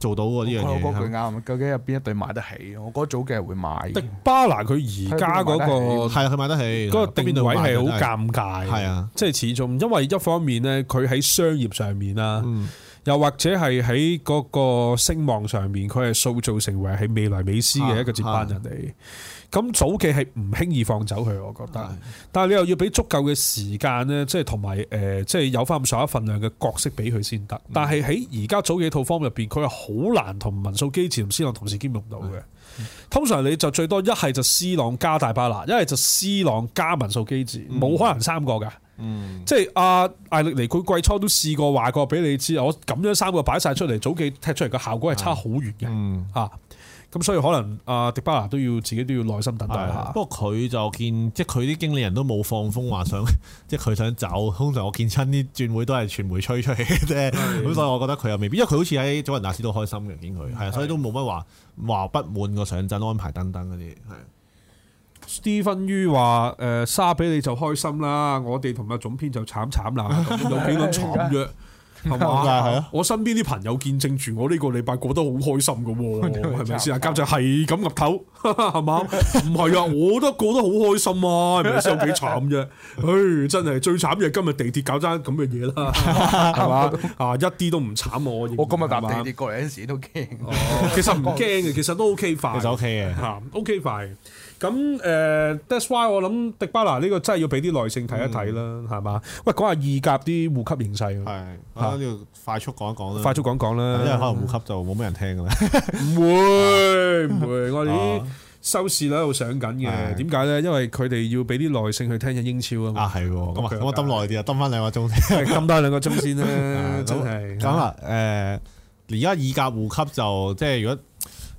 做到喎呢樣嘢。我啱，吧究竟有邊一隊買得起？我覺得早幾日會買。迪巴拿佢而家嗰個係佢買得起，嗰個定位係好尷尬。係啊，即係始終因為一方面咧，佢喺商業上面啦，嗯、又或者係喺嗰個聲望上面，佢係塑造成為喺未來美斯嘅一個接班人嚟。啊啊咁早期係唔輕易放走佢，我覺得。嗯、但係你又要俾足夠嘅時間呢，即係同埋誒，即係有翻咁、呃、上下份量嘅角色俾佢先得。嗯、但係喺而家早幾套方入邊，佢係好難民同文素基治同 C 朗同時兼顧到嘅。嗯、通常你就最多一係就 C 朗加迪巴拿，一係就 C 朗加文素基治，冇、嗯、可能三個嘅。嗯、即係、啊、阿艾力尼，佢季初都試過話過俾你知，我咁樣三個擺晒出嚟，早期踢出嚟嘅效果係差好遠嘅、嗯。嗯，咁所以可能阿迪巴拉都要自己都要耐心等待下。不過佢就見即係佢啲經理人都冇放風話想，即係佢想走。通常我見親啲轉會都係傳媒吹出嚟嘅啫，咁的 所以我覺得佢又未必，因為佢好似喺祖雲達斯都開心嘅，見佢係啊，所以都冇乜話話不滿個上陣安排等等嗰啲。Stephen Yu 話：誒、呃、沙畀你就開心啦，我哋同阿總編就慘慘啦， 有幾輪牀約。係啊！嘛我身邊啲朋友見證住我呢個禮拜過得好開心㗎，係咪先？阿嘉 慚就係咁岌頭，係、哎、嘛？唔係啊， 我都覺過得好開心啊，係咪先？有幾慘啫？唉，真係最慘嘅今日地鐵搞爭咁嘅嘢啦，係嘛？啊，一啲都唔慘我。我今日搭地鐵過嚟嗰時都驚、哦，其實唔驚嘅，其實都 OK 快，其實 OK 嘅，OK 快。咁誒，That's why 我諗迪巴拿呢個真係要俾啲耐性睇一睇啦，係嘛？喂，講下意甲啲護級形勢啊！係啊，我要快速講一講啦，快速講講啦，因為可能護級就冇咩人聽噶啦，唔會唔會，我哋啲收視率喺度上緊嘅。點解咧？因為佢哋要俾啲耐性去聽緊英超啊嘛。啊係喎，咁我等耐啲啊，等翻兩個鐘，咁多兩個鐘先啦，真係。咁啊，誒，而家意甲護級就即係如果。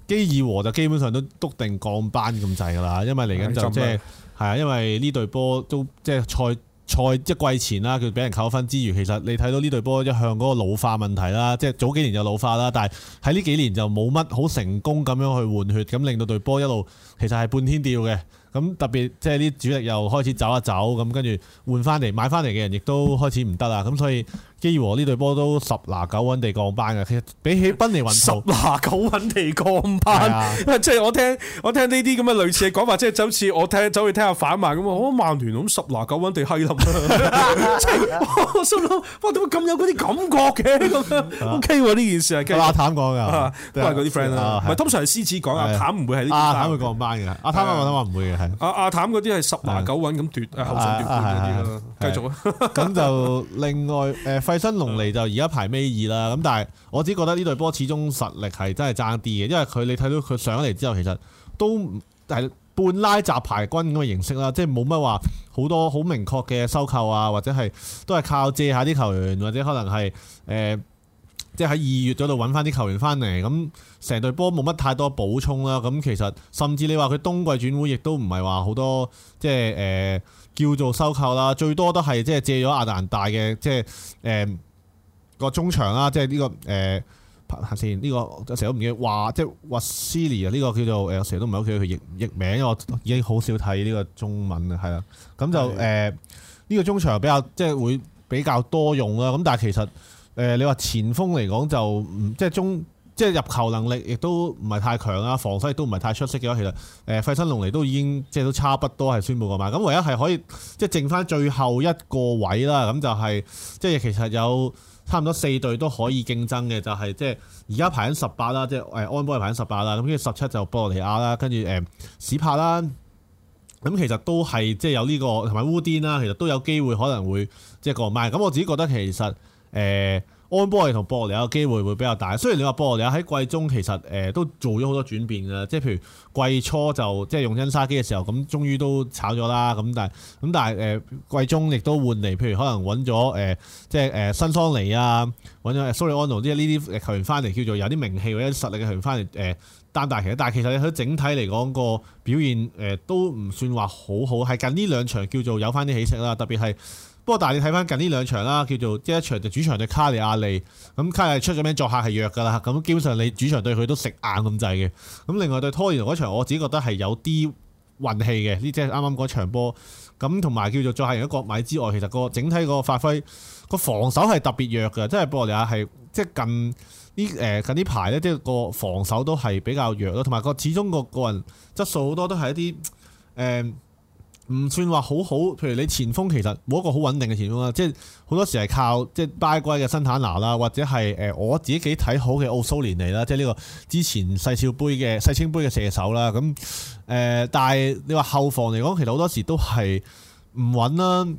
基爾和就基本上都篤定降班咁滯㗎喇，因為嚟緊就即係係啊，因為呢隊波都即係賽賽一季前啦，佢俾人扣分之餘，其實你睇到呢隊波一向嗰個老化問題啦，即係早幾年就老化啦，但係喺呢幾年就冇乜好成功咁樣去換血，咁令到隊波一路其實係半天吊嘅，咁特別即係啲主力又開始走一走，咁跟住換翻嚟買翻嚟嘅人亦都開始唔得啦，咁所以。基和呢隊波都十拿九穩地降班嘅，其實比起賓尼雲十拿九穩地降班，即係我聽我聽呢啲咁嘅類似嘅講法，即係就好似我聽走去聽下反曼咁啊，我曼聯咁十拿九穩地閪林啊，即係心諗哇，點解咁有嗰啲感覺嘅？O K 呢件事啊，阿譚講嘅都係嗰啲 friend 啊，唔係通常係獅子講阿譚唔會係啲阿譚會降班嘅，阿譚我話唔會嘅，係阿阿譚嗰啲係十拿九穩咁奪後場奪冠嗰啲繼續啊。咁就另外誒新龍嚟就而家排尾二啦，咁但係我只覺得呢隊波始終實力係真係爭啲嘅，因為佢你睇到佢上嚟之後，其實都係半拉雜牌軍咁嘅形式啦，即係冇乜話好多好明確嘅收購啊，或者係都係靠借下啲球員，或者可能係誒即係喺二月嗰度揾翻啲球員翻嚟，咁成隊波冇乜太多補充啦。咁其實甚至你話佢冬季轉會亦都唔係話好多，即係誒。呃叫做收購啦，最多都係即係借咗亞特蘭大嘅即係誒個中場啦，即係呢、呢個誒，拍下先呢個成日都唔記得話，即係 Vassili 啊，呢個叫做誒成日都唔係屋企佢譯譯名，因為我已經好少睇呢個中文啊，係啦，咁就誒呢是的、呃呢個中場比較即係會比較多用啦，咁但係其實誒、呃、你話前鋒嚟講就唔即係中。即係入球能力亦都唔係太強啦，防守亦都唔係太出色嘅。其實，誒費新龍尼都已經即係都差不多係宣布過買。咁唯一係可以即係剩翻最後一個位啦。咁就係、是、即係其實有差唔多四隊都可以競爭嘅，就係即係而家排緊十八啦，即係誒安波係排緊十八啦。咁跟住十七就波洛提亞啦，跟住誒史帕啦。咁其實都係即係有呢、這個同埋烏甸啦。Din, 其實都有機會可能會即係過買。咁我自己覺得其實誒。欸安波尼同波羅尼嘅機會會比較大，雖然你話波羅尼喺季中其實誒都做咗好多轉變嘅，即係譬如季初就即係用因沙基嘅時候，咁終於都炒咗啦。咁但係，咁但係誒季中亦都換嚟，譬如可能揾咗誒即係誒新桑尼啊，揾咗蘇利安奴即係呢啲球員翻嚟叫做有啲名氣或者實力嘅球員翻嚟誒擔大旗。但係其實佢整體嚟講個表現誒都唔算話好好，係近呢兩場叫做有翻啲起色啦，特別係。不過，但係你睇翻近呢兩場啦，叫做即一場就主場對卡利亞利，咁卡利亞利出咗名作客係弱噶啦。咁基本上你主場對佢都食硬咁滯嘅。咁另外對拖連嗰場，我自己覺得係有啲運氣嘅。呢即係啱啱嗰場波。咁同埋叫做作客贏一國米之外，其實個整體個發揮個防守係特別弱嘅。即係波羅利亞係即係近呢誒近呢排呢，即係個防守都係比較弱咯。同埋個始終個個人質素好多都係一啲誒。呃唔算話好好，譬如你前鋒其實冇一，呃呃、一個好穩定嘅前鋒啦，即係好多時係靠即係拜圭嘅新坦拿啦，或者係誒我自己幾睇好嘅奧蘇連尼啦，即係呢個之前世少杯嘅世青杯嘅射手啦。咁誒，但係你話後防嚟講，其實好多時都係唔穩啦。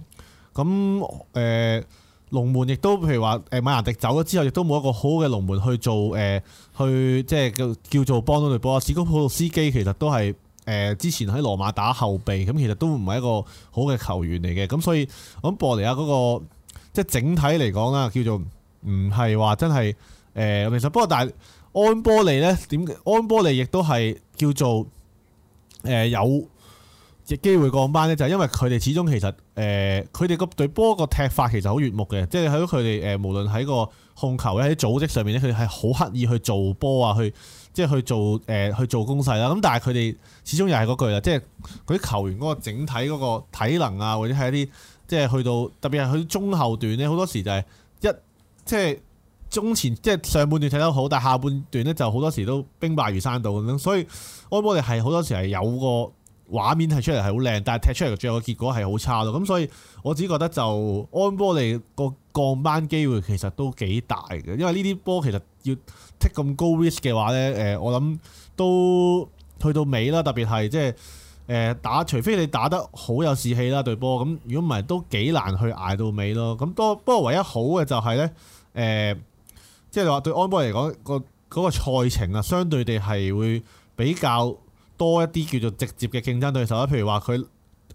咁誒龍門亦都譬如話誒馬蘭迪走咗之後，亦都冇一個好好嘅龍門去做誒、呃、去即係叫叫做幫到隊波。史高普洛斯基其實都係。誒，之前喺羅馬打後備，咁其實都唔係一個好嘅球員嚟嘅，咁所以我諗博尼亞嗰個即係整體嚟講啦，叫做唔係話真係誒、呃，其實不過但係安波利呢，點？安波利亦都係叫做誒、呃、有嘅機會降班呢就係、因為佢哋始終其實誒，佢哋個隊波個踢法其實好悅目嘅，即係喺佢哋誒，無論喺個控球喺組織上面咧，佢哋係好刻意去做波啊去。即係去做誒、呃、去做攻勢啦，咁但係佢哋始終又係嗰句啦，即係嗰啲球員嗰個整體嗰個體能啊，或者係一啲即係去到特別係去到中後段咧，好多時就係一即係中前即係上半段踢得好，但係下半段咧就好多時都兵敗如山倒咁。所以安波利係好多時係有個畫面睇出嚟係好靚，但係踢出嚟嘅最後嘅結果係好差咯。咁所以我自己覺得就安波利個降班機會其實都幾大嘅，因為呢啲波其實要，take 咁高 risk 嘅話咧，誒、呃、我諗都去到尾啦，特別係即係誒打，除非你打得好有士氣啦，對波咁，如果唔係都幾難去捱到尾咯。咁多不過唯一好嘅就係、是、咧，誒即係你話對安波嚟講個嗰、那個賽程啊，相對地係會比較多一啲叫做直接嘅競爭對手啦。譬如話佢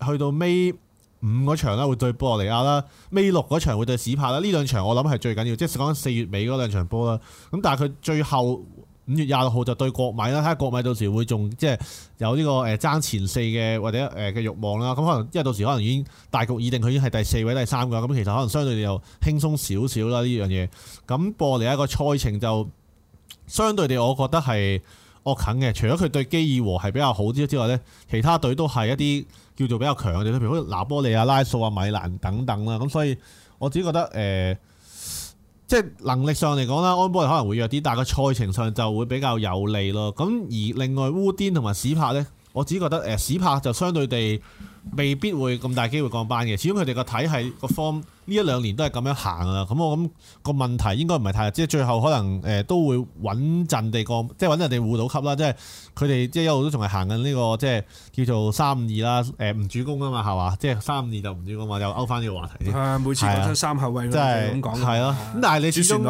去到尾五嗰場啦，會對波羅尼亞啦，尾六嗰場會對史帕啦。呢兩場我諗係最緊要，即係講四月尾嗰兩場波啦。咁但係佢最後五月廿六號就對國米啦。睇下國米到時會仲即係有呢、這個誒、呃、爭前四嘅或者誒嘅慾望啦。咁可能因為到時可能已經大局已定，佢已經係第四位第三個。咁其實可能相對地又輕鬆少少啦呢樣嘢。咁波羅尼亞個賽程就相對地我覺得係惡狠嘅。除咗佢對基爾和係比較好之之外呢其他隊都係一啲。叫做比較強啲，譬如好似拿波利啊、拉素啊、米蘭等等啦，咁所以我只覺得誒、呃，即係能力上嚟講啦，安波利可能會弱啲，但係個賽程上就會比較有利咯。咁而另外烏甸同埋史柏呢，我只覺得誒史柏就相對地未必會咁大機會降班嘅，始終佢哋個體系、嗰個 form。呢一兩年都係咁樣行啊！咁我諗個問題應該唔係太，即係最後可能誒都會穩陣地、這個，即係揾人哋護到級啦。即係佢哋即係一路都仲係行緊呢個即係叫做三五二啦，誒唔主攻啊嘛，係嘛、呃？即係三五二就唔主攻嘛，又勾翻呢個話題。每次講出三後位，即係咁講。係咯、就是，咁但係你始終，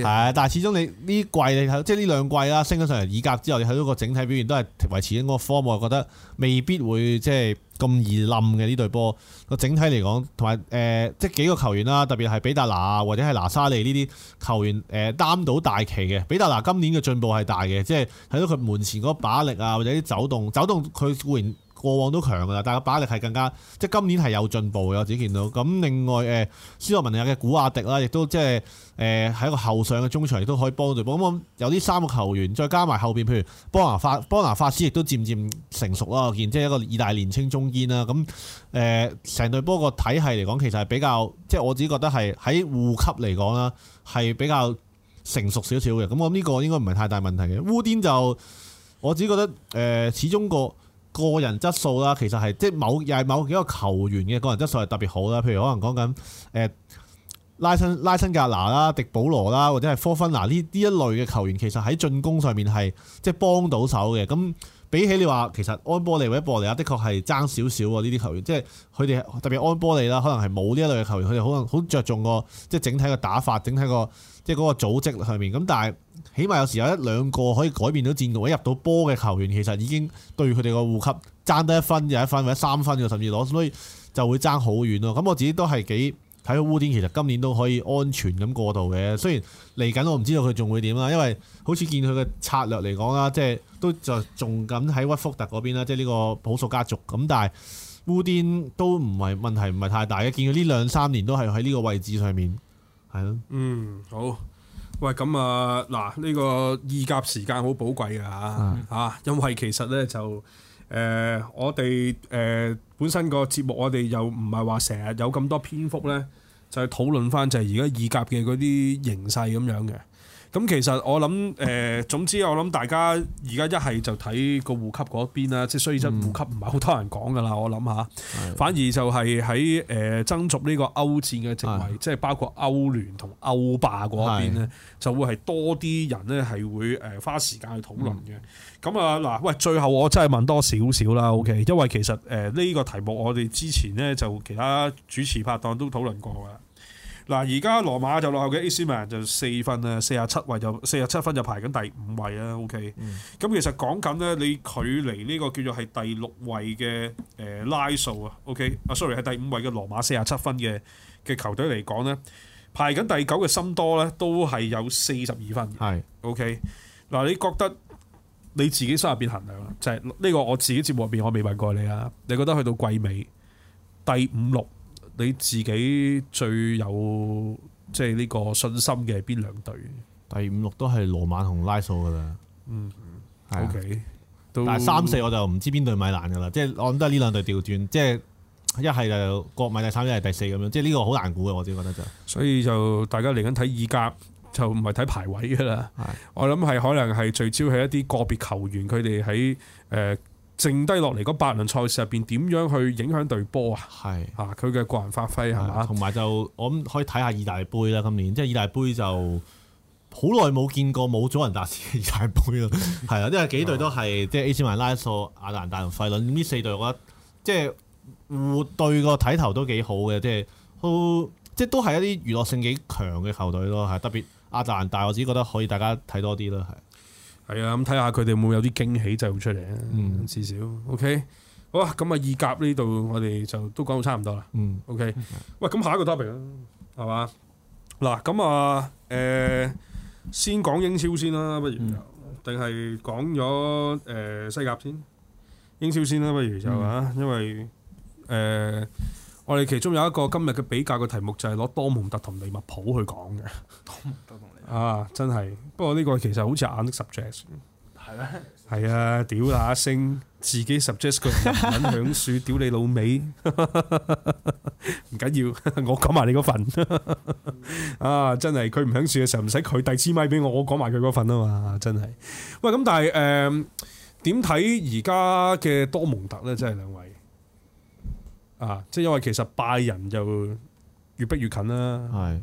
係啊，但係始終你呢季你睇，即係呢兩季啦，升咗上嚟以格之後，你睇到個整體表現都係維持緊嗰個 form，我覺得未必會即係咁易冧嘅呢隊波。個整體嚟講，同埋誒即係幾個球員啦，特別係比達拿或者係拿沙利呢啲球員誒、呃、擔到大旗嘅。比達拿今年嘅進步係大嘅，即係睇到佢門前嗰把力啊，或者啲走動走動佢固然。過往都強噶啦，但係個把力係更加，即係今年係有進步嘅。我自己見到咁，另外誒，斯洛文尼亞嘅古阿迪啦，亦都即係誒係一個後上嘅中場，亦都可以幫到隊波。咁、嗯、我諗有啲三個球員，再加埋後邊，譬如波拿法、波拿法斯，亦都漸漸成熟啦。我見即係、就是、一個意大年青中堅啦。咁、嗯、誒，成、呃、隊波個體系嚟講，其實係比較即係我自己覺得係喺護級嚟講啦，係比較成熟少少嘅。咁、嗯、我諗呢個應該唔係太大問題嘅。烏甸就我自己覺得誒、呃，始終個。個人質素啦，其實係即係某又係某幾個球員嘅個人質素係特別好啦。譬如可能講緊誒拉辛拉辛格納啦、迪保羅啦，或者係科芬納呢呢一類嘅球、球員，其實喺進攻上面係即係幫到手嘅。咁比起你話其實安波利或者博利亞的確係爭少少啊。呢啲球員即係佢哋特別安波利啦，可能係冇呢一類嘅球員，佢哋可能好着重個即係整體嘅打法，整體個。即係嗰個組織上面咁，但係起碼有時有一兩個可以改變到戰局，一入到波嘅球員，其實已經對佢哋個護級爭得一分又一分，分，或者三分啊，甚至攞，所以就會爭好遠咯。咁我自己都係幾睇到，烏甸，其實今年都可以安全咁過渡嘅。雖然嚟緊我唔知道佢仲會點啦，因為好似見佢嘅策略嚟講啦，即係都就仲咁喺屈福特嗰邊啦，即係呢個普素家族。咁但係烏甸都唔係問題，唔係太大嘅。見佢呢兩三年都係喺呢個位置上面。係咯，是嗯好，喂咁啊嗱呢、這個意甲時間好寶貴噶吓吓，因為其實咧就誒、呃、我哋誒、呃、本身個節目我哋又唔係話成日有咁多篇幅咧，就係討論翻就係而家意甲嘅嗰啲形勢咁樣嘅。咁其實我諗誒、呃，總之我諗大家而家一係就睇個護級嗰邊啦，即係所以真護級唔係好多人講噶啦，我諗嚇，嗯、反而就係喺誒爭逐呢個歐戰嘅席位，嗯、即係包括歐聯同歐霸嗰邊咧，嗯、就會係多啲人咧係會誒花時間去討論嘅。咁、嗯、啊嗱，喂，最後我真係問多少少啦，OK？因為其實誒呢個題目我哋之前咧就其他主持拍檔都討論過啦。嗱，而家羅馬就落後嘅 AC Man 就四分啊，四十七位就四十七分就排緊第五位啦。OK，咁、嗯、其實講緊呢，你距離呢個叫做係第六位嘅誒、呃、拉數啊。OK，啊 sorry 係第五位嘅羅馬四十七分嘅嘅球隊嚟講呢，排緊第九嘅森多呢都係有四十二分。係是 OK，嗱你覺得你自己心入邊衡量啦，就係、是、呢個我自己節目入邊我未問過你啊，你覺得去到季尾第五六？你自己最有即係呢個信心嘅邊兩隊？第五六都係羅馬同拉素噶啦。嗯，O K。的 okay, 但係三四我就唔知邊隊米蘭噶啦，即係我諗都係呢兩隊調轉，即係一係就國米第三，一係第四咁樣。即係呢個好難估嘅，我自己覺得就。所以就大家嚟緊睇意甲，就唔係睇排位噶啦。的我諗係可能係聚焦喺一啲個別球員，佢哋喺誒。呃剩低落嚟嗰八輪賽事入邊，點樣去影響隊波啊？係是啊，佢嘅個人發揮係嘛？同埋是吧就我可以睇下意大利杯啦，今年即係意大利杯就好耐冇見過冇祖雲達斯嘅意大利杯啦。係啦， 因為幾隊都係 即係 AC 米蘭、拉素、阿特蘭大同費倫呢四隊，我覺得即係互對個睇頭都幾好嘅，即係都即係都係一啲娛樂性幾強嘅球隊咯。係特別阿特蘭大，我自己覺得可以大家睇多啲啦。係。係啊，咁睇下佢哋會唔會有啲驚喜就出嚟啊？嗯、至少，OK，好啊，咁啊意甲呢度我哋就都講到差唔多啦。嗯，OK，喂，咁下一個 topic 啦，係嘛？嗱，咁啊，誒，先講英超先啦，不如？定係講咗誒西甲先？英超先啦，不如就啊？嗯、因為誒、呃，我哋其中有一個今日嘅比較嘅題目就係攞多蒙特同利物浦去講嘅。多蒙特啊！真係，不過呢個其實好似眼硬 suggest 嗎。係咩？係啊，屌下星，自己 suggest 佢唔響住， 屌你老味，唔 緊要，我講埋你嗰份， 啊份、呃。啊！真係，佢唔響住嘅時候，唔使佢遞支咪俾我，我講埋佢嗰份啊嘛！真係。喂，咁但係誒點睇而家嘅多蒙特咧？真係兩位啊！即係因為其實拜仁就越逼越近啦。係。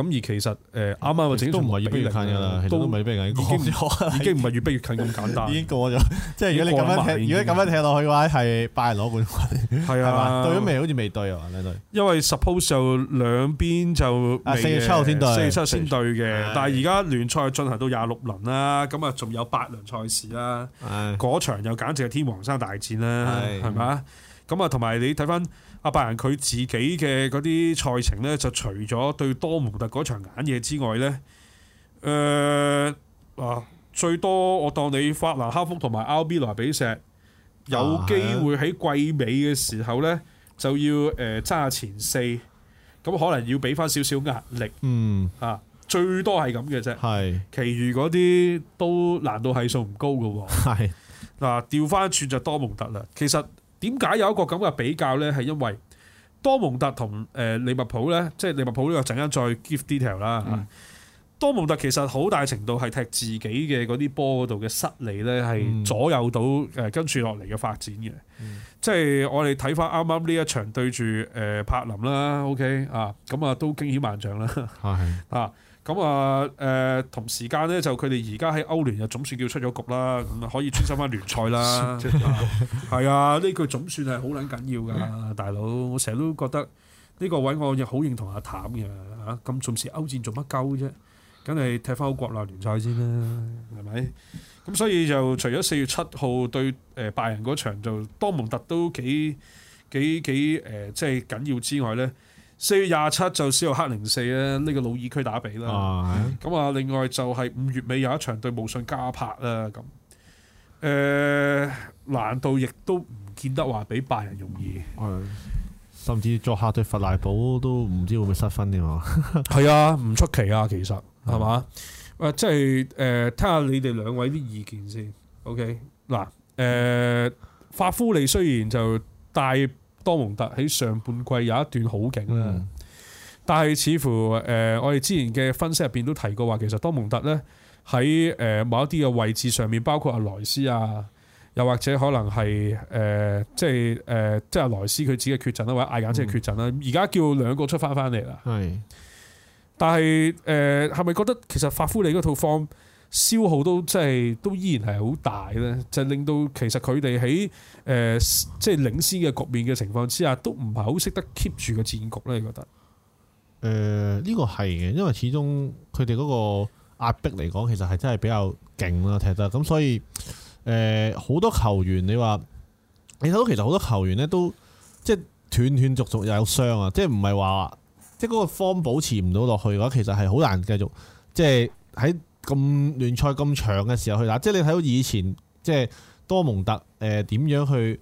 咁而其實誒啱啱都唔係越逼越近噶啦，都唔係逼越近，已經唔已經唔係越逼越近咁簡單，已經過咗，過即係如果你咁樣，樣踢，如果咁樣踢落去嘅話，係拜仁攞冠軍，係啊，對咗未？好似未對啊，對因為 suppose 就兩邊就四月七號先對，四月七號先對嘅，但係而家聯賽進行到廿六輪啦，咁啊仲有八輪賽事啦，嗰場又簡直係天王山大戰啦，係咪？咁啊同埋你睇返。阿伯仁佢自己嘅嗰啲賽程呢，就除咗對多蒙特嗰場硬嘢之外呢，誒、呃、啊最多我當你法蘭克福同埋 RB 萊比錫有機會喺季尾嘅時候呢，就要誒、呃、爭下前四，咁可能要俾翻少少壓力，嗯啊最多係咁嘅啫，係是，其餘嗰啲都難度係數唔高嘅喎，係嗱，調翻轉就多蒙特啦，其實。點解有一個咁嘅比較呢？係因為多蒙特同誒、呃、利物浦呢，即係利物浦呢個陣間再 give detail 啦。嗯、多蒙特其實好大程度係踢自己嘅嗰啲波度嘅失利呢，係左右到誒、嗯、跟住落嚟嘅發展嘅。嗯、即係我哋睇翻啱啱呢一場對住誒柏林啦，OK 啊，咁啊都驚險萬丈啦，係 啊。咁啊，誒同時間咧，就佢哋而家喺歐聯就總算叫出咗局啦，咁啊可以專心翻聯賽啦。係啊，呢句總算係好撚緊要噶，大佬。我成日都覺得呢個位我亦好認同阿譚嘅嚇。咁重視歐戰做乜鳩啫？梗係踢翻好國內聯賽先啦，係咪？咁所以就除咗四月七號對誒拜仁嗰場，就多蒙特都幾幾幾誒，即係緊要之外咧。四月廿七就斯洛克零四咧，呢、這個老二區打比啦。咁啊，另外就係五月尾有一場對慕遜加柏啦。咁、呃、誒，難度亦都唔見得話比拜仁容易。啊、甚至作客對佛萊堡都唔知會唔會失分添啊？係 啊，唔出奇啊，其實係嘛？誒的、啊，即係誒、呃，聽下你哋兩位啲意見先。OK，嗱，誒，法夫利雖然就帶。多蒙特喺上半季有一段好景，啦、嗯，但係似乎誒、呃，我哋之前嘅分析入邊都提過話，其實多蒙特呢喺誒、呃、某一啲嘅位置上面，包括阿萊斯啊，又或者可能係誒、呃、即係誒、呃、即係阿、呃呃、萊斯佢自己嘅缺陣啦，或者艾眼自己嘅缺陣啦，而家、嗯、叫兩個出翻翻嚟啦。係、嗯，但係誒係咪覺得其實法夫利嗰套方消耗都即係都依然係好大呢？就令到其實佢哋喺誒，即係領先嘅局面嘅情況之下，都唔係好識得 keep 住個戰局咧。你覺得？誒，呢個係嘅，因為始終佢哋嗰個壓迫嚟講，其實係真係比較勁啦。踢得咁，所以誒好、呃、多球員你，你話你睇到，其實好多球員咧都即係斷斷續續有傷啊。即係唔係話即係嗰個 form 保持唔到落去嘅話，其實係好難繼續即係喺咁聯賽咁長嘅時候去打。即係你睇到以前即係。多蒙特誒點、呃、樣去誒、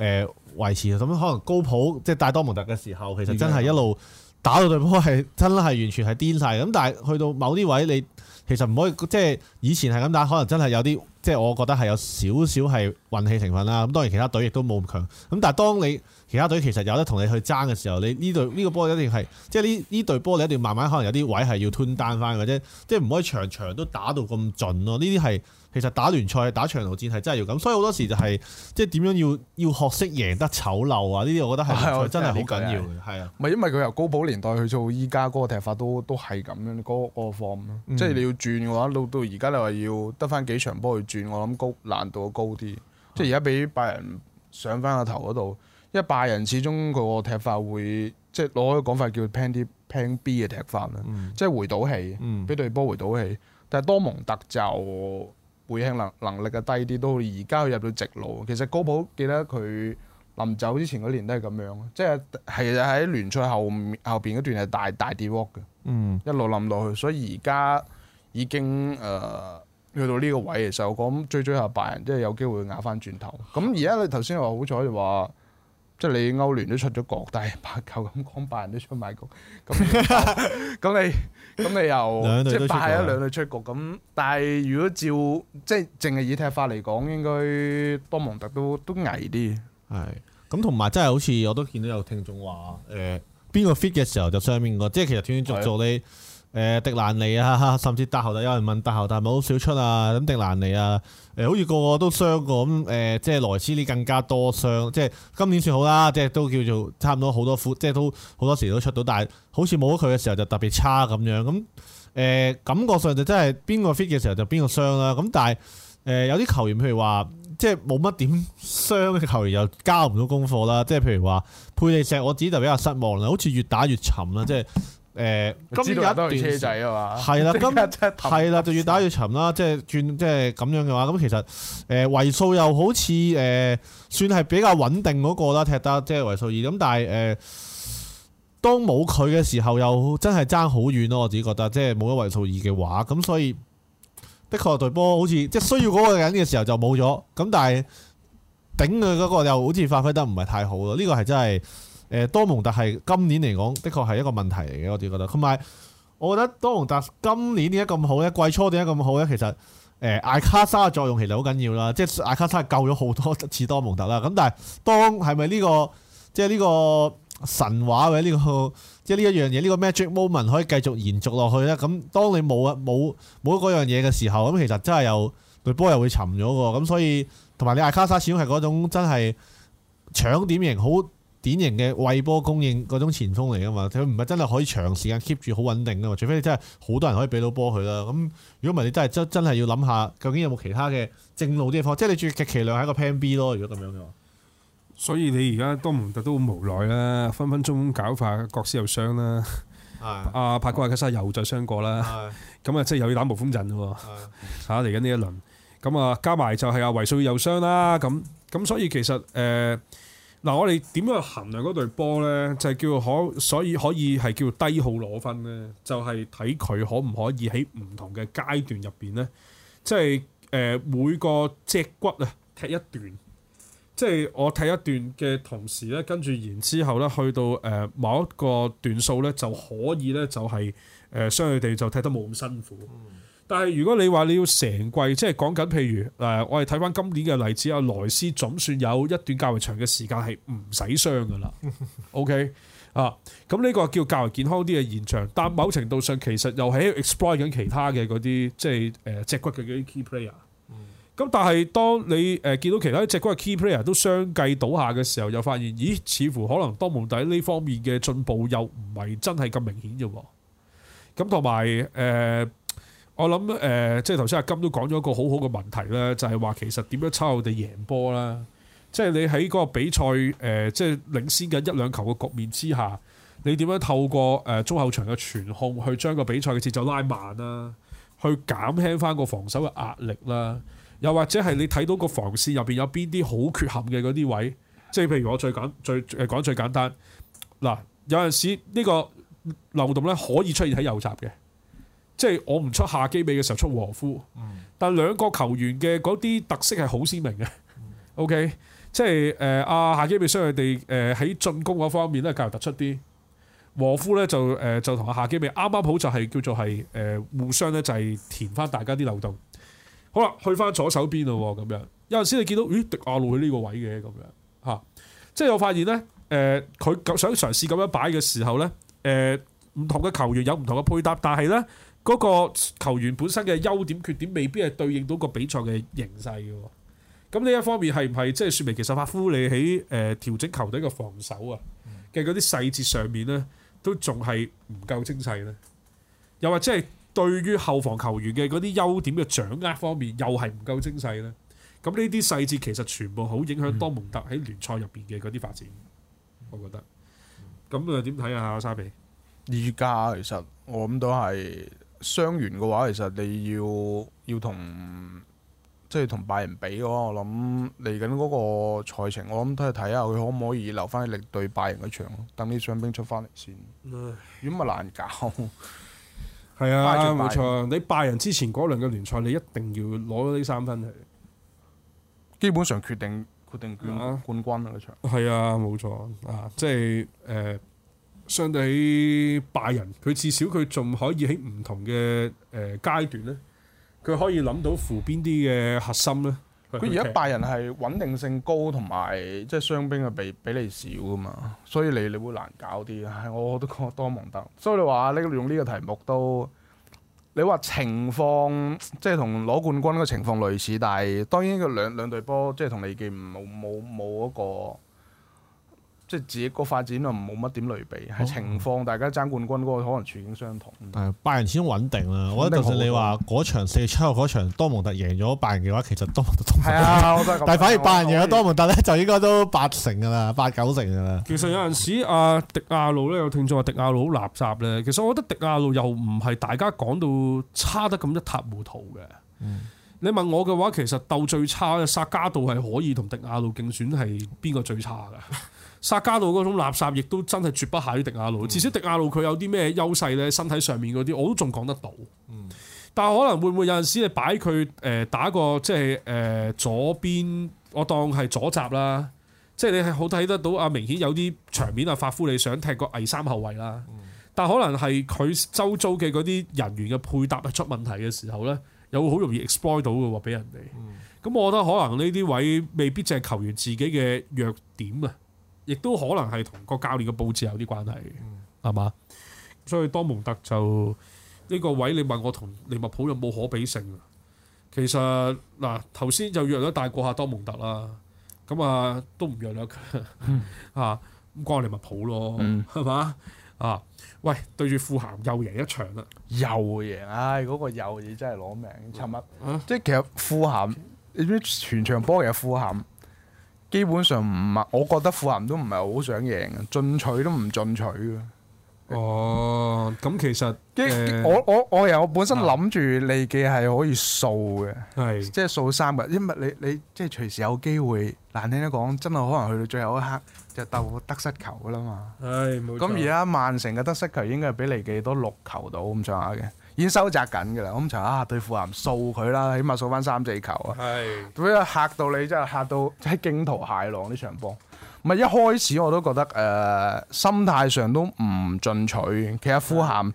呃、維持？咁可能高普即係帶多蒙特嘅時候，其實真係一路打到對波，係真係完全係癲晒。咁但係去到某啲位，你其實唔可以即係以前係咁打，可能真係有啲即係我覺得係有少少係運氣成分啦。咁當然其他隊亦都冇咁強。咁但係當你其他隊其實有得同你去爭嘅時候，你呢隊呢、呢個波一定係即係呢呢隊波你一定慢慢可能有啲位係要 turn down 翻嘅啫，即係唔可以場場都打到咁盡咯。呢啲係。其實打聯賽打長途戰係真係要咁，所以好多時就係、是、即係點樣要要學識贏得醜陋啊！呢啲我覺得係真係好緊要嘅。係啊，唔係，因為佢由高普年代去到依家嗰個踢法都都係咁樣，嗰、那、嗰個 form，即係你要轉嘅話，嗯、到到而家你話要得翻幾場波去轉，我諗高難度嘅高啲。即係而家俾拜仁上翻個頭嗰度，因為拜仁始終佢個踢法會即係攞一個講法叫 pen D pen B 嘅踢法啦，即係、嗯、回倒氣，俾、嗯、對波回倒氣。但係多蒙特就背向能能力嘅低啲，都到而家去入到直路。其實高普記得佢臨走之前嗰年都係咁樣，即係係就喺聯賽後面後邊嗰段係大大跌落嘅，walk 嗯、一路冧落去。所以而家已經誒去、呃、到呢個位，就講追追下拜仁，即係有機會咬翻轉頭。咁而家你頭先話好彩就話，即、就、係、是、你歐聯都出咗局，但係白球咁講拜仁都出埋局，咁你？ 咁你又即係派咗兩隊出局，咁、啊、但係如果照即係淨係以踢法嚟講，應該多蒙特都都危啲。係，咁同埋真係好似我都見到有聽眾話誒邊個 fit 嘅時候就上邊個，即係其實斷斷續續咧。誒、呃、迪蘭尼啊，甚至達豪達有人問達豪係咪好少出啊，咁、嗯、迪蘭尼啊，誒、呃、好似個，個個都傷過咁，誒、呃、即係萊斯呢更加多傷，即係今年算好啦，即係都叫做差唔多好多副，即係都好多時都出到，但係好似冇咗佢嘅時候就特別差咁樣，咁、嗯、誒、呃、感覺上就真係邊個 fit 嘅時候就邊個傷啦，咁但係誒有啲球員譬如話即係冇乜點傷嘅球員又交唔到功課啦，即係譬如話佩利石我自己就比較失望啦，好似越打越沉啦，即係。誒，只有、呃、知道 一段車仔啊嘛，係啦，今日係啦、啊，就越打越沉啦，即、就、係、是、轉，即係咁樣嘅話，咁其實誒位數又好似誒、呃，算係比較穩定嗰、那個啦，踢得即係位數二咁，就是、2，但係誒、呃，當冇佢嘅時候，又真係爭好遠咯，我自己覺得，即係冇咗位數二嘅話，咁所以的確隊波好似即係需要嗰個人嘅時候就冇咗，咁但係頂佢嗰個又好似發揮得唔係太好咯，呢、這個係真係。誒多蒙特係今年嚟講，的確係一個問題嚟嘅，我哋覺得。同埋我覺得多蒙特今年點解咁好呢？季初點解咁好呢？其實誒艾卡莎嘅作用其實好緊要啦，即係艾卡莎救咗好多次多蒙特啦。咁但係當係咪呢個即係呢個神話或者呢個即係呢一樣嘢？呢個 magic moment 可以繼續延續落去呢？咁當你冇啊冇冇嗰樣嘢嘅時候，咁其實真係又隊波又會沉咗嘅。咁所以同埋你艾卡莎始終係嗰種真係搶點型好。典型嘅喂波供應嗰種前鋒嚟噶嘛，佢唔係真係可以長時間 keep 住好穩定噶嘛，除非你真係好多人可以俾到波佢啦。咁如果唔係，你真係真真係要諗下，究竟有冇其他嘅正路啲嘢放？即係你最極其量係一個 Plan B 咯。如果咁樣嘅話，所以你而家多蒙特都好無奈啦，分分鐘搞法各司又傷啦。阿帕奎阿卡沙又再傷過啦，咁啊即係又要打無鋒陣喎。嚇嚟緊呢一輪，咁啊加埋就係阿維帥又傷啦。咁咁所以其實誒。呃嗱、啊，我哋點樣衡量嗰隊波咧？就係、是、叫可，所以可以係叫低耗攞分咧，就係睇佢可唔可以喺唔同嘅階段入邊咧，即係誒每個隻骨啊踢一段，即、就、係、是、我踢一段嘅同時咧，跟住然之後咧去到誒、呃、某一個段數咧，就可以咧就係誒相對地就踢得冇咁辛苦。但係如果你話你要成季，即係講緊譬如誒、呃，我哋睇翻今年嘅例子啊，萊斯總算有一段較為長嘅時間係唔使傷噶啦。 OK 啊，咁、嗯、呢、這個叫較為健康啲嘅現場。但某程度上其實又喺 exploit 緊其他嘅嗰啲即係誒、呃、脊骨嘅嗰啲 key player。咁、嗯、但係當你誒見、呃、到其他脊骨嘅 key player 都相繼倒下嘅時候，又發現咦，似乎可能多蒙特呢方面嘅進步又唔係真係咁明顯啫。咁同埋誒。嗯我諗誒、呃，即係頭先阿金都講咗個好好嘅問題咧，就係、是、話其實點樣差我哋贏波啦？即係你喺嗰個比賽誒、呃，即係領先緊一兩球嘅局面之下，你點樣透過誒、呃、中後場嘅傳控去將個比賽嘅節奏拉慢啦，去減輕翻個防守嘅壓力啦。又或者係你睇到個防線入邊有邊啲好缺陷嘅嗰啲位，即係譬如我最簡最誒、呃、講最簡單，嗱有陣時呢個漏洞咧可以出現喺右閘嘅。即係我唔出夏基美嘅時候出和夫，但兩個球員嘅嗰啲特色係好鮮明嘅。O、okay? K，即係誒阿夏基美想佢哋誒喺進攻嗰方面咧較為突出啲，和夫咧就誒、呃、就同阿夏基美啱啱好就係叫做係誒、呃、互相咧就係、是、填翻大家啲漏洞。好啦，去翻左手邊咯咁樣，有陣時你見到咦迪亞路去呢個位嘅咁樣吓、啊，即係我發現咧誒佢想嘗試咁樣擺嘅時候咧，誒、呃、唔同嘅球員有唔同嘅配搭，但係咧。嗰個球員本身嘅優點缺點，未必係對應到個比賽嘅形勢嘅。咁呢一方面係唔係即係説明其實法夫你喺誒調整球隊嘅防守啊嘅嗰啲細節上面呢，都仲係唔夠精細呢？又或者係對於後防球員嘅嗰啲優點嘅掌握方面，又係唔夠精細呢？咁呢啲細節其實全部好影響多蒙特喺聯賽入邊嘅嗰啲發展，嗯、我覺得。咁啊？點睇啊？阿沙比，而家其實我諗都係。傷完嘅話，其實你要要同即係同拜仁比嘅話，我諗嚟緊嗰個賽程，我諗都係睇下佢可唔可以留翻力對拜仁嘅場等啲傷兵出翻嚟先。如果咁咪難搞。係 啊，冇錯。你拜仁之前嗰輪嘅聯賽，你一定要攞呢三分去，基本上決定決定權啦，啊、冠軍啊嘅場。係啊，冇錯啊，啊即係誒。呃相對拜仁，佢至少佢仲可以喺唔同嘅誒階段咧，佢可以諗到扶邊啲嘅核心咧。佢而家拜仁係穩定性高，同埋即係傷兵嘅比比你少噶嘛，所以你你會難搞啲。係，我都覺多蒙特。所以你話呢，用呢個題目都，你話情況即係同攞冠軍嘅情況類似，但係當然個兩兩隊波即係同利記冇冇冇嗰個。即係自己個發展啊，冇乜點類比，係、哦、情況大家爭冠軍嗰個可能處境相同。但係拜仁始終穩定啦，穩定我覺得其實你話嗰沒錯 場四七，嗰場多蒙特贏咗拜仁嘅話，其實多蒙特都係啊，但係反而拜仁贏咗多蒙特咧，就應該都八成噶啦，八九成噶啦。其實有陣時阿迪亞路咧，有聽眾話迪亞路好垃圾咧。其實我覺得迪亞路又唔係大家講到差得咁一塌糊塗嘅。嗯、你問我嘅話，其實鬥最差嘅薩加道係可以同迪亞路競選係邊個最差噶？沙加路嗰種垃圾，亦都真係絕不下於迪亞路。嗯、至少迪亞路佢有啲咩優勢咧，身體上面嗰啲，我都仲講得到。嗯、但係可能會唔會有陣時你擺佢誒、呃、打個即係誒左邊，我當係左閘啦。即係你係好睇得到啊！明顯有啲場面啊，法夫你想踢個偽三後衞啦。嗯、但可能係佢周遭嘅嗰啲人員嘅配搭出問題嘅時候咧，又會好容易 exploit 到嘅喎，俾人哋。咁我覺得可能呢啲位未必淨係球員自己嘅弱點啊。亦都可能係同個教練嘅佈置有啲關係吧，係嘛？所以多蒙特就呢、這個位，你問我同利物浦有冇可比性啊？其實嗱，頭先就弱咗大過下多蒙特啦，咁啊都唔弱咗佢啊，咁過嚟利物浦咯，係嘛、嗯？啊，喂，對住富咸又贏一場啦，又贏，唉、哎，嗰、那個又字真係攞命，尋日、嗯啊、即係其實富咸，你全場波其實富咸？基本上唔係，我覺得富咸都唔係好想贏嘅，進取都唔進取哦，咁、嗯、其實，呃、我我我又我本身諗住利記係可以掃嘅，係是即係掃三日，因為你你，你即係隨時有機會，難聽啲講，真係可能去到最後一刻就鬥得失球噶啦嘛。唉，咁而家曼城嘅得失球應該係比利記多六球度咁上下嘅。已經收窄緊嘅啦，咁就啊對富鹹掃佢啦，起碼掃翻三四球啊！咁樣的嚇到你，真係嚇到喺驚濤駭浪呢場波。唔係一開始我都覺得誒、呃、心態上都唔進取。其實富鹹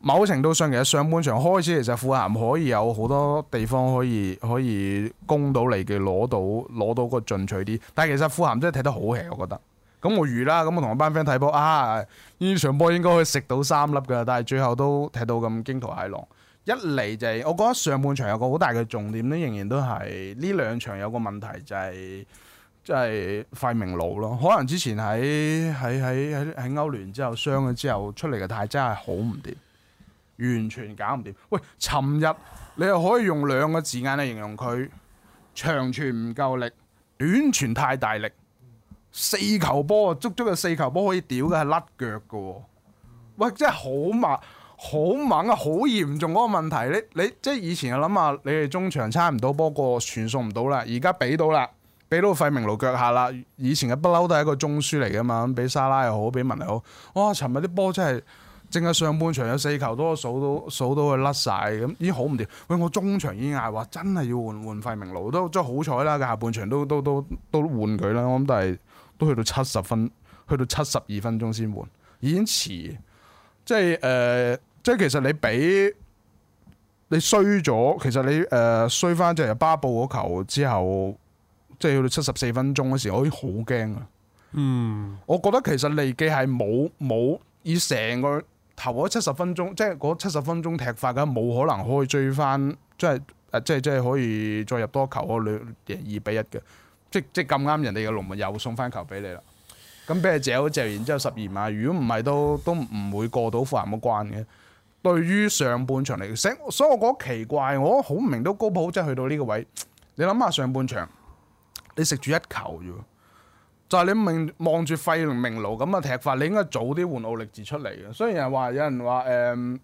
某程度上其實上半場開始，其實富鹹可以有好多地方可以可以攻到嚟嘅，攞到攞到個進取啲。但係其實富鹹真係睇得好 hea，我覺得。咁我預啦，咁我同我班 friend 睇波啊，呢場波應該可以食到三粒㗎。但係最後都踢到咁驚濤駭浪。一嚟就係、是、我覺得上半場有個好大嘅重點呢，仍然都係呢兩場有個問題就係，即係費明路咯。可能之前喺喺喺喺喺歐聯之後傷咗之後出嚟嘅態真係好唔掂，完全搞唔掂。喂，尋日你又可以用兩個字眼嚟形容佢：長傳唔夠力，短傳太大力。四球波啊，足足有四球波可以屌嘅，係甩腳嘅喎。喂，真係好猛、好猛啊！好嚴重嗰個問題，你你即係以前係諗下，你哋中場差唔多波，個傳送唔到啦。而家俾到啦，俾到費明奴腳下啦。以前嘅不嬲都係一個中樞嚟嘅嘛。咁俾沙拉又好，俾文又好。哇！尋日啲波真係，淨係上半場有四球都數到數到佢甩晒，咁已經好唔掂。喂，我中場已經嗌話真係要換換費明奴，都即係好彩啦。下半場都都都都，都，都換佢啦。我諗都係。都去到七十分，去到七十二分鐘先換，已經遲。即係誒、呃，即係其實你俾你衰咗，其實你誒衰翻，即、呃、係巴布嗰球之後，即係去到七十四分鐘嗰時，我已經好驚啊！嗯，我覺得其實利記係冇冇以成個頭嗰七十分鐘，即係嗰七十分鐘踢法嘅，冇可能可以追翻，即係誒，即係即係可以再入多球，我兩二比一嘅。即即咁啱人哋嘅龍門又送翻球俾你啦，咁俾佢借好借然，然之後十二碼，如果唔係都都唔會過到富咸呢關嘅。對於上半場嚟講，所以我覺得奇怪，我好唔明都高普真係去到呢個位。你諗下上半場，你食住一球啫喎，就係、是、你明望住費明奴咁嘅踢法，你應該早啲換奧力治出嚟嘅。雖然人話有人話誒。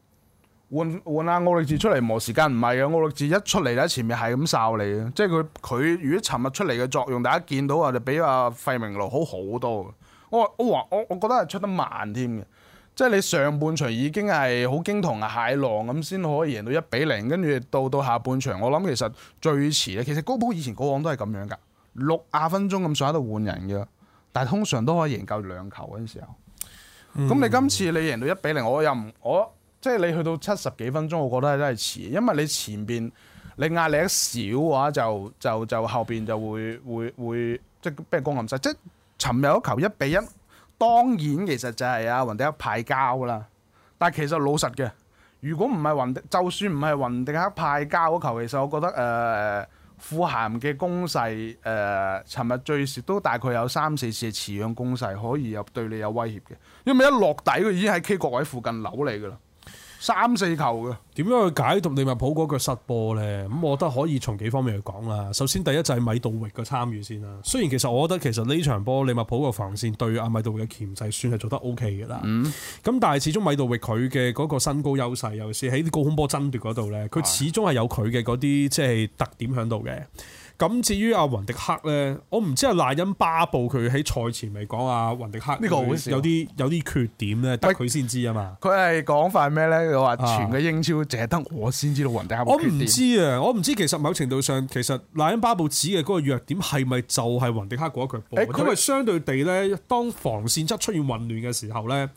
換換下奧力治出嚟磨時間唔係啊。奧力治一出嚟咧，前面係咁哨你嘅，即係佢佢如果尋日出嚟嘅作用，大家見到啊，就比阿費明路好好多。我我話我我覺得係出得慢添嘅，即係你上半場已經係好驚同啊蟹浪咁先可以贏到一比零，跟住到到下半場，我諗其實最遲咧，其實高普以前過往都係咁樣噶，六啊分鐘咁上喺度換人嘅，但係通常都可以贏夠兩球嗰陣時候。咁、嗯、你今次你贏到一比零，我又唔我。即係你去到七十幾分鐘，我覺得係真係遲，因為你前邊你壓力一少嘅話，就就就後邊就會會會俾人攻冧曬。即係尋日嗰球一比一，當然其實就係阿雲迪克派膠啦。但係其實老實嘅，如果唔係雲迪，就算唔係雲迪克派膠嘅球，其實我覺得誒、呃、富咸嘅攻勢誒，呃、尋日最少都大概有三四次嘅持養攻勢，可以有對你有威脅嘅，因為一落底佢已經喺 K 國位附近扭你噶啦。三四球嘅，點樣去解讀利物浦嗰個失波呢？咁我覺得可以從幾方面去講啦。首先第一就係米杜域嘅參與先啦。雖然其實我覺得其實呢場波利物浦嘅防線對阿米杜域嘅鉗制算係做得 OK 嘅啦。咁、嗯、但係始終米杜域佢嘅嗰個身高優勢，尤其是喺啲高空波爭奪嗰度呢，佢始終係有佢嘅嗰啲即係特點喺度嘅。咁至於阿雲迪克咧，我唔知阿賴恩巴布佢喺賽前咪講阿雲迪克呢個有啲有啲缺點咧，得佢先知啊嘛。佢係講塊咩咧？佢話全嘅英超淨係得我先知道雲迪克。我唔知啊，我唔知，我唔知其實某程度上其實賴恩巴布指嘅嗰個弱點係咪就係雲迪克嗰一腳波？欸、因為相對地咧，當防線質出現混亂嘅時候咧，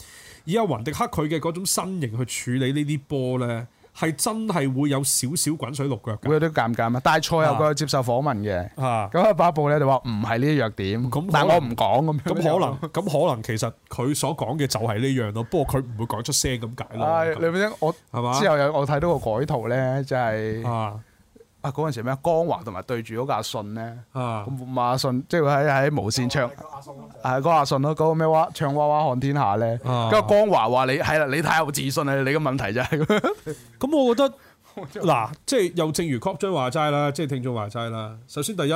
以阿雲迪克佢嘅嗰種身形去處理呢啲波咧。係真係會有少少滾水淥腳，會有啲尷尬，但賽後佢去接受訪問嘅，咁啊發佈咧就話唔係呢啲弱點，但係我唔講咁。咁可能，咁可能其實佢所講嘅就係呢樣咯。不過佢唔會講出聲咁解咯。係你咪聽我係嘛？之後有我睇到個改圖咧，就係。嗰陣時咩？江華同埋對住嗰個阿信咧，咁、啊、馬、嗯啊、信即係喺喺無線唱，係個阿信咯，嗰個咩娃唱娃娃看天下咧，咁江華話你係啦，你太有自信係你嘅問題就係咁。咁、啊、我覺得嗱，即係又正如柯張話齋啦，即係聽眾話齋啦。首先第一，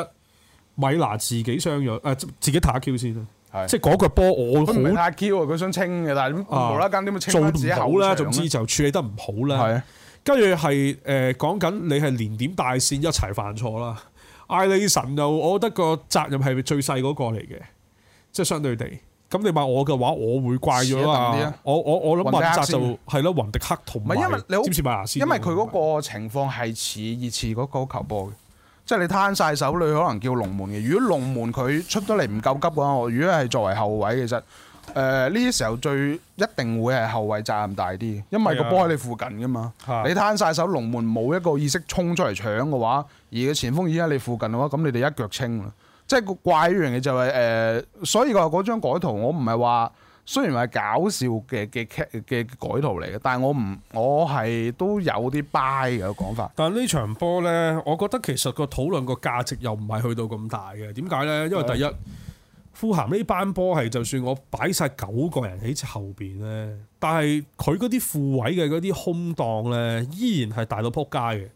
米娜自己相槓，誒、啊、自己打 Q 先啊，即係嗰腳波我，佢唔打 Q 啊，佢想清嘅，但係無啦啦點樣清唔到啦，總之就處理得唔好啦。跟住係誒講緊你係連點大線一齊犯錯啦，艾利臣就我覺得個責任係最細嗰個嚟嘅，即係相對地。咁你問我嘅話，我會怪咗啊！我我我諗問責就係咯，雲迪克同埋。因為你，知知你好似麥亞斯，因為佢嗰個情況係似熱刺嗰個球波，是即係你攤晒手，你可能叫龍門嘅。如果龍門佢出得嚟唔夠急嘅話，我如果係作為後位其實。誒，呢啲、呃、時候最一定會係後衛責任大啲，因為個波喺你附近噶嘛，啊啊、你攤晒手，龍門冇一個意識衝出嚟搶嘅話，而個前鋒已經喺你附近嘅話，咁你哋一腳清啦。即係怪呢樣嘢就係、是、誒、呃，所以話嗰張改圖，我唔係話，雖然係搞笑嘅嘅嘅改圖嚟嘅，但係我唔，我係都有啲 bias 嘅講法。但係呢場波呢，我覺得其實個討論個價值又唔係去到咁大嘅，點解呢？因為第一。富咸呢班波係就算我擺晒九個人喺後邊咧，但係佢嗰啲副位嘅嗰啲空檔咧，依然係大到撲街嘅。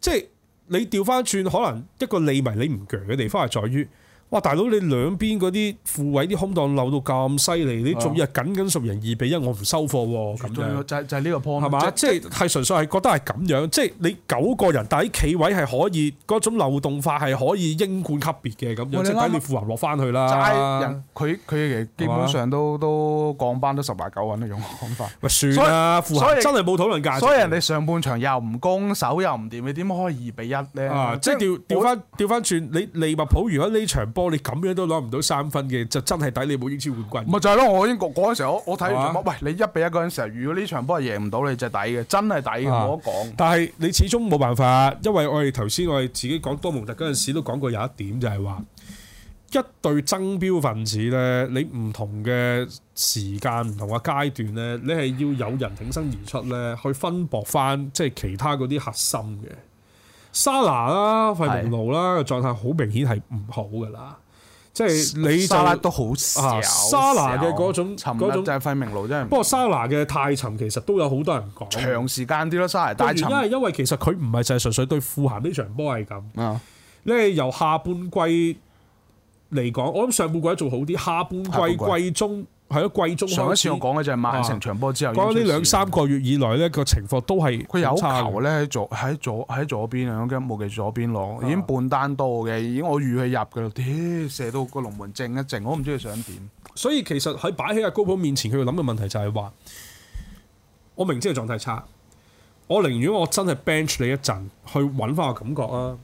即係你調翻轉可能一個利迷你唔鋸嘅地方係在於。哇！大佬，你兩邊嗰啲副位啲空檔漏到咁犀利，你仲要係僅僅十人二比一，我唔收貨喎。咁就就係呢個 point 係嘛？即係係純粹係覺得係咁樣，即係你九個人，但係企位係可以嗰種漏洞化係可以英冠級別嘅咁樣，即係你副人落翻去啦。人佢佢其實基本上都都降班都十八九揾嗰種講法。算啦，所以真係冇討論價值。所以人哋上半場又唔攻手又唔掂，你點可以二比一咧？即係調調翻調翻轉，你利物浦如果呢場？波你咁樣都攞唔到三分嘅，就真係抵你冇英超冠軍。咪就係咯，我英國嗰陣時候，我睇咗場波。喂，你一比一個人成日，如果呢場波贏唔到，你就抵嘅，真係抵嘅，我講。但係你始終冇辦法，因為我哋頭先我哋自己講多蒙特嗰陣時都講過有一點就係話，一隊爭標分子咧，你唔同嘅時間唔同嘅階段咧，你係要有人挺身而出咧，去分薄翻即係其他嗰啲核心嘅。沙拿啦，費明奴啦，個狀態好明顯係唔好噶啦，即係你就、啊、沙都好沙拿嘅嗰種嗰種就係費明奴啫。不過沙拿嘅太沉，其實都有好多人講長時間啲啦。沙拿太沉係因，因為其實佢唔係淨係純粹對富咸呢場波係咁。你由下半季嚟講，我諗上半季做好啲，下半季下半季中。係咯，貴中上一次我講嘅就係曼城場波之後，講呢、啊、兩三個月以來咧個情況都係佢有球咧喺左喺左喺左邊啊！我驚冇記住左邊攞，已經半單刀嘅，已經我預佢入嘅啦。天射到個龍門靜一靜，我唔知佢想點。所以其實喺擺喺阿高普面前，佢諗嘅問題就係、是、話：我明知佢狀態差，我寧願我真係 bench 你一陣，去揾翻個感覺啊！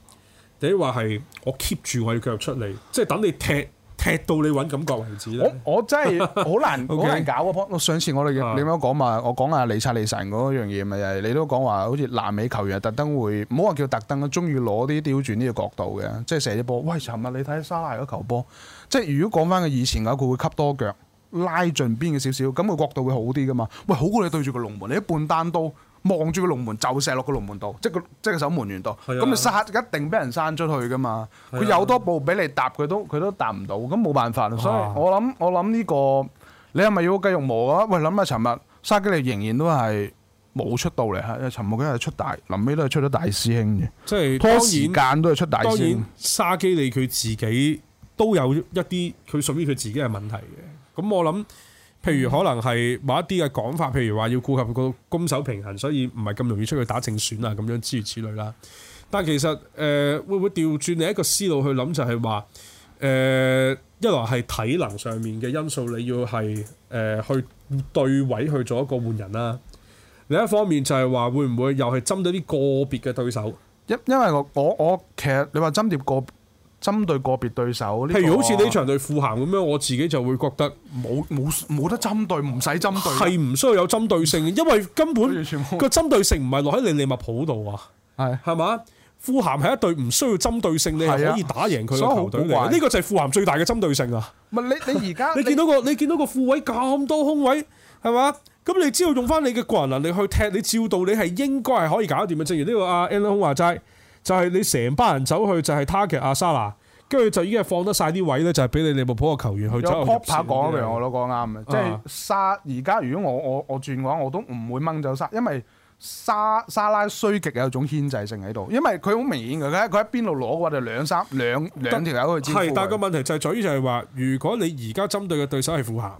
你者話係我 keep 住我嘅腳出嚟，即係等你踢。踢到你揾感覺為止啦！我我真係好難好難搞我 上次我哋 你唔好講嘛，我講下李察利神嗰樣嘢咪你都講話，好似南美球員特登會，唔好話叫特登，中意攞啲刁轉呢個角度嘅，即係射啲波。喂，尋日你睇沙拉嗰球波，即係如果講翻佢以前嘅話，佢會吸多腳拉盡邊嘅少少，咁個角度會好啲噶嘛？喂，好過你對住個龍門，你一半單刀。望住個龍門就射落個龍門度，即係個即係個守門員度，咁你的殺一定俾人閂出去噶嘛？佢的有多步俾你踏，佢都佢都踏唔到，咁冇辦法。所以我諗、哦、我諗呢、呢個你係咪要繼續磨啊？喂，諗下尋日沙基利仍然都係冇出到嚟嚇，因為尋日佢出大，臨尾都係出咗大師兄嘅。即係拖時間都係出大師兄當。當然沙基利佢自，自己都有一啲佢屬於佢自己嘅問題嘅，咁我諗。譬如可能係某一啲嘅講法，譬如話要顧及個攻守平衡，所以唔係咁容易出去打正選啊，咁樣諸如此類啦。但其實誒、呃、會唔會調轉你一個思路去諗、就係，就係話誒一來係體能上面嘅因素，你要係誒、呃、去對位去做一個換人啦。另一方面就係話會唔會又係針對啲個別嘅對手，因因為我我我其實你話針對個。針對個別對手，譬如好似呢場對富鹹咁樣，我自己就會覺得冇冇冇得針對，唔使針對，係唔需要有針對性，因為根本個針對性唔係落喺你利物浦度啊，係係嘛？富鹹係一隊唔需要針對性，你係可以打贏佢嘅球隊。呢個就係富鹹最大嘅針對性啊。唔，你你而家你見到個你見到個副位咁多空位係嘛？咁你只要用翻你嘅個人能力去踢，你照到你係應該係可以搞得掂嘅。正如呢個阿 Nelson 話齋。就係你成班人走去，就係 target 阿莎娜。跟住就已經放得晒啲位咧，就係俾你利物浦個球員去走去入。有拍拍講明我都講啱嘅，即係沙而家如果我我我轉嘅話，我都唔會掹走沙，因為沙沙拉衰極有種牽制性喺度，因為佢好明顯嘅，佢喺一邊度攞嘅話就是、兩三兩得兩條友去係，但係個問題就在、是、於就係話，如果你而家針對嘅對手係富咸，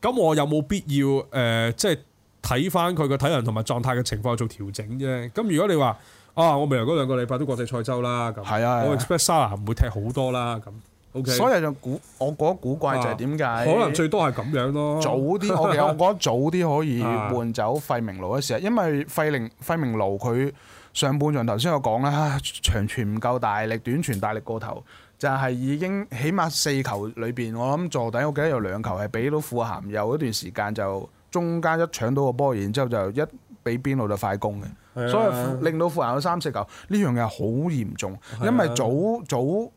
咁我有冇必要誒、呃，即係睇翻佢個體能同埋狀態嘅情況做調整啫？咁如果你話。啊！我未年嗰兩個禮拜都國際賽周啦，咁、啊啊、我 expect 沙拿唔會踢好多啦，咁。Okay、所以就古，我覺得古怪就係點解？可能最多係咁樣咯。早啲點， 我其覺得早啲可以換走費明奴嘅時候，因為費明費明奴佢上半場頭先我講啦，長傳唔夠大力，短傳大力過頭，就係、是、已經起碼四球裏邊，我諗坐底，我記得有兩球係俾到富涵，有一段時間就中間一搶到一個波，然之後就一。俾邊路就快攻嘅，的所以令到富近有三四球呢樣嘢好嚴重，因為早的早，早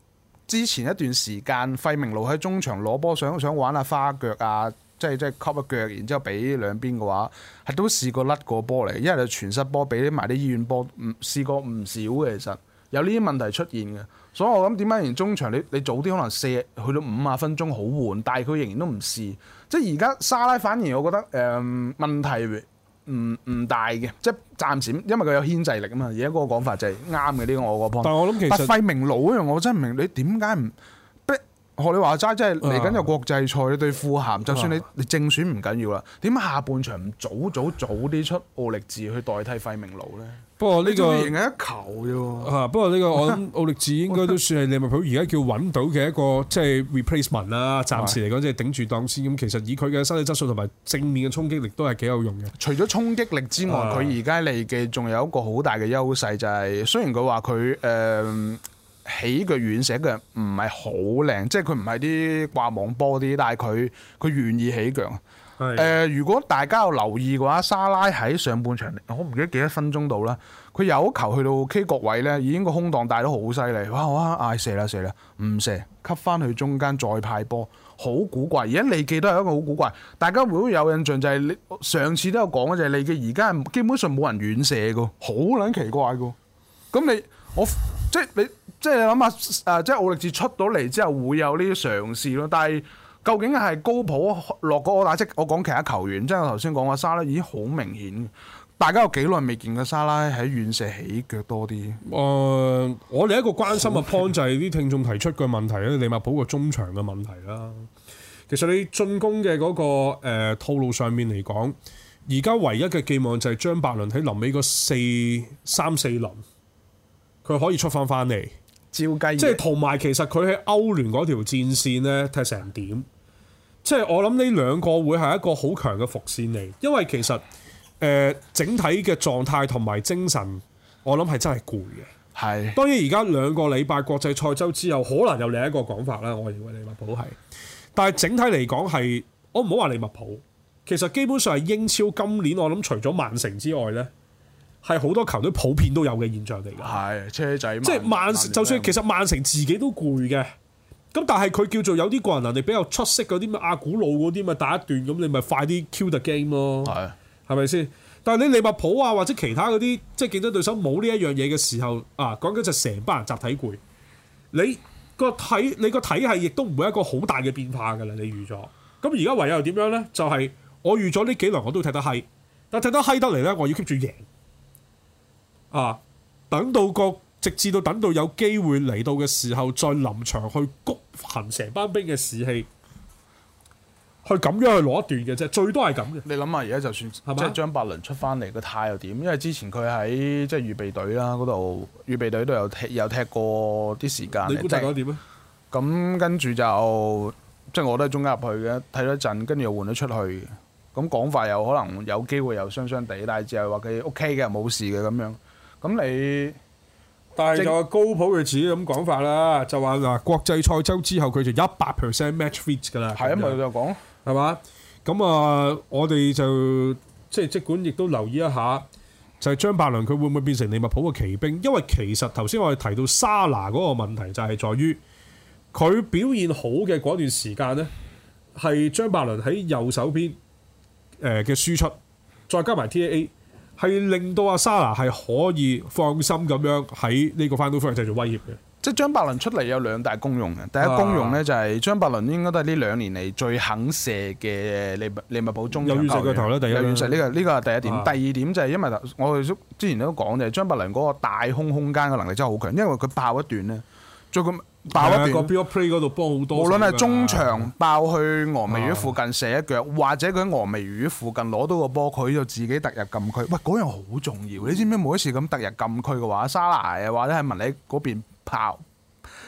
之前一段時間費明路喺中場攞波想想玩下、啊、花腳啊，即係即係吸一腳，然之後俾兩邊嘅話係都試過甩過波嚟，一係就傳失波俾埋啲醫院波，唔試過唔少嘅。其實有呢啲問題出現嘅，所以我諗點解連中場你你早啲可能射去到五啊分鐘好緩，但係佢仍然都唔試，即係而家沙拉反而我覺得誒、呃、問題。唔唔大嘅，即係暫時，因為佢有牽制力啊嘛。而家嗰個講法就係啱嘅，呢個我個 point。但係我諗其實白費明路一樣，我真係唔明你點解唔？學你話齋，即係嚟緊有國際賽，你對富咸，啊、就算你、啊、你正選唔緊要啦。點解下半場唔早早早啲出奧歷治去代替費明奴咧、這個啊？不過呢個贏緊一球啫喎。不過呢個我諗奧歷治應該都算係利物浦而家叫揾到嘅一個即係 replacement 啦。就是、replacement，暫時嚟講即係頂住檔先咁。其實以佢嘅身體質素同埋正面嘅衝擊力都係幾有用嘅。除咗衝擊力之外，佢而家嚟嘅仲有一個好大嘅優勢就係、是，雖然佢話佢誒。呃起腳遠射嘅唔係好靚，即係佢唔係啲掛網波啲，但係佢佢願意起腳。誒的、呃，如果大家有留意嘅話，莎拉喺上半場，我唔記得幾多分鐘到啦，佢有球去到 K 角位咧，已經個空檔帶得好犀利，哇哇嗌射啦射啦，唔、啊、射，吸翻去中間再派波，好古怪。而家利記都係一個好古怪，大家會有印象就係、是、你上次都有講嘅，就係、是、利記而家基本上冇人遠射嘅，好撚奇怪嘅。咁你我即係你。即係你諗下，誒、呃，即係奧力志出到嚟之後會有呢啲嘗試咯。但係究竟係高普落嗰、那個打，即係我講其他球員，即係我頭先講個沙拉，已經好明顯。大家有幾耐未見過沙拉喺遠射起腳多啲？誒、呃，我哋一個關心嘅 point Okay. 就係啲聽眾提出嘅問題咧，利物浦個中場嘅問題啦。其實你進攻嘅嗰、那個誒套路上面嚟講，而家唯一嘅寄望就係張伯倫喺臨尾嗰四三四輪，佢可以出翻翻嚟。即係同埋，其實佢喺歐聯嗰條戰線呢踢成點？即係我諗呢兩個會係一個好強嘅伏線嚟，因為其實誒、呃、整體嘅狀態同埋精神，我諗係真係攰嘅。係是當然而家兩個禮拜國際賽周之後，可能有另一個講法啦。我認為利物浦係，但係整體嚟講係，我唔好話利物浦，其實基本上係英超今年我諗除咗曼城之外呢。係好多球隊普遍都有嘅現象嚟㗎，係車仔，即係曼點就算其實曼城自己都攰嘅，咁但係佢叫做有啲個人能力比較出色嗰啲，咩、啊、阿古魯嗰啲咪打一段，咁你咪快啲 Q the game 咯，係咪先？但係你利物浦啊或者其他嗰啲，即係競爭對手冇呢一樣嘢嘅時候，啊講緊就成班人集體攰，你個體你個體系亦都唔會一個好大嘅變化㗎喇，你預咗。咁而家唯有點樣呢？就係、是、我預咗呢幾輪我都會踢得閪，但踢得閪得嚟呢，我要 keep 住贏。啊！等到個直至到等到有機會嚟到嘅時候，再臨場去谷行成班兵嘅士氣，去咁樣去攞一段嘅啫。最多係咁嘅。你諗下，而家就算吧即係張伯倫出翻嚟，個態又點？因為之前佢喺即係預備隊啦嗰度，預備隊都有，有踢有踢過啲時間。你估點啊？咁跟住就，是就哦、即係我都係中間入去嘅，睇咗一陣，跟住又換咗出去。咁講法又可能有機會又傷傷地，但係只係話佢 OK 嘅，冇事嘅咁樣。咁你，但係就是高普佢自己咁講法啦，就話嗱、嗯、說國際賽周之後佢就一百 percent match fit 噶啦對，係啊樣，咪就講，係嘛吧？咁啊，uh, 我哋就即係即管亦都留意一下，就係、是、張伯倫佢會唔會變成利物浦嘅奇兵？因為其實頭先我哋提到沙拿嗰個問題就係在於佢表現好嘅嗰段時間咧，係張伯倫喺右手邊誒嘅輸出，再加埋 T A A。係令到阿沙拿係可以放心咁樣喺呢個翻到翻嚟製造威脅嘅。即係張伯倫出嚟有兩大功用嘅。第一、啊、功用咧就係張伯倫應該都係呢兩年嚟最肯射嘅利物浦中。有遠射嘅頭啦，第一有遠射呢、呢個呢、呢個係第一點。啊、第二點就係因為我哋之前都講就係張伯倫嗰個大空空間嘅能力真係好強，因為佢爆一段咧再咁。最爆一多？無論係中場爆去俄眉魚附近射一腳，或者佢喺俄眉魚附近攞到個波，佢就自己突入禁區。喂，嗰樣好重要。你知唔知？每一次咁突入禁區嘅話，沙拿或者係問你嗰邊跑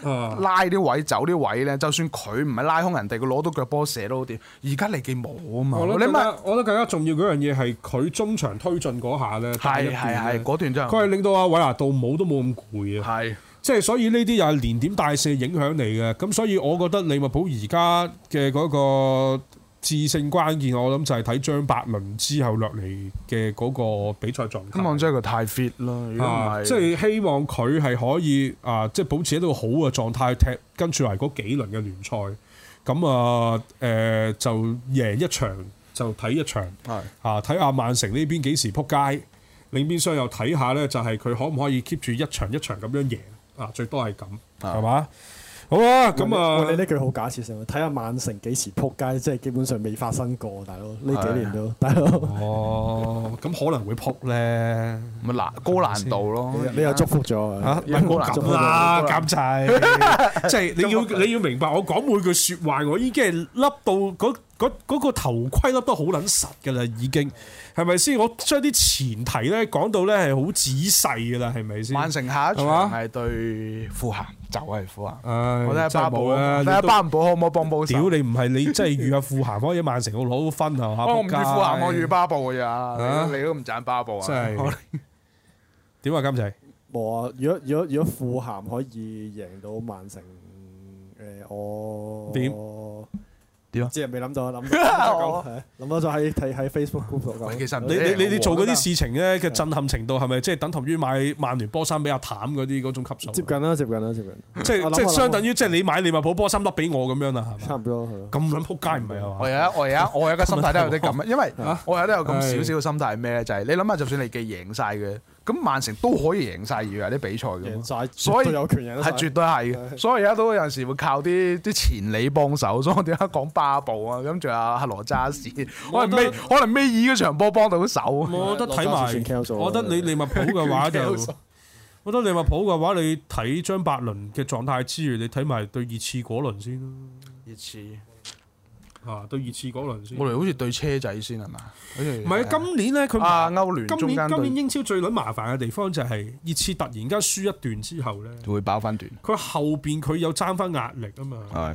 拉啲位走啲位咧。就算佢唔係拉空人哋，佢攞到腳波射都好掂。而家你幾冇啊嘛。我你我覺得更加重要嗰樣嘢係佢中場推進嗰下咧，係係係嗰段真。佢係令到阿偉拿杜冇都冇咁攰啊！係。即係所以呢啲又係連點帶線影響嚟嘅，咁所以我覺得利物浦而家嘅嗰個制勝關鍵，我諗就係睇張伯倫之後落嚟嘅嗰個比賽狀態。嗯嗯嗯、希望將佢太 fit 咯，即係希望佢係可以啊，即、就、係、是、保持一個好嘅狀態踢，跟住嚟嗰幾輪嘅聯賽，咁啊誒、呃、就贏一場就睇一場，是啊，睇亞曼城呢邊幾時撲街，另一邊廂又睇下呢，就係佢可唔可以 keep 住一場一場咁樣贏。啊，最多係咁，係嘛？好啊，咁啊，你呢句好假設性，睇下曼城幾時撲街，即係基本上未發生過，大佬呢幾年都，大佬哦，咁可能會撲咧，咪難高難度咯，你又祝福咗啊？咁啦，咁滯，即係你要你要明白，我講每句説話，我已經係凹到嗰嗰個頭盔粒都好撚實嘅啦，已經係咪先？我將啲前提咧講到咧係好仔細嘅啦，係咪先？曼城下一場係對富咸，就係富咸。唉，我睇巴布啦，睇下巴布可唔可以幫幫手？屌你唔係你，真係遇阿富咸可以曼城我攞到分啊！我唔遇富咸，我遇巴布咋。你都唔斬巴布啊！真係點啊？金仔，冇啊，如果如果如果富咸可以贏到曼城，誒我點？即係未諗到，諗我諗多咗喺睇喺 Facebook 度。其實你你你你做嗰啲事情咧嘅震撼程度係咪即係等同於買曼聯波衫比較淡嗰啲嗰種級數？接近啦，接近啦，接近。即係即係相等於即係你買利物浦波衫粒俾我咁樣啦，係嘛？差唔多係咯。咁樣撲街唔係啊，我而家我而家我有個心態都有啲咁，因為我而家都有咁少少嘅心態係咩咧？就係你諗下，就算你嘅贏晒嘅。咁曼城都可以贏晒而家啲比賽嘅，贏曬， 所以係絕對係嘅。所以而家都有陣時會靠啲啲前鋒幫手。所以我點解講巴布啊？咁仲有阿克羅扎斯，可能尾可能尾二嗰場波幫到手。我覺得睇埋，我覺，我覺得你對利物浦嘅話就， 我覺得利物浦嘅話，你睇張伯倫嘅狀態之餘，你睇埋對熱刺嗰輪先。熱刺。啊，對熱刺嗰輪先。我哋好似對車仔先係嘛？唔係今年咧佢阿歐聯中間，今年英超最撚麻煩嘅地方就係熱刺突然間輸一段之後咧，會爆翻段。佢後邊佢有爭翻壓力啊嘛。係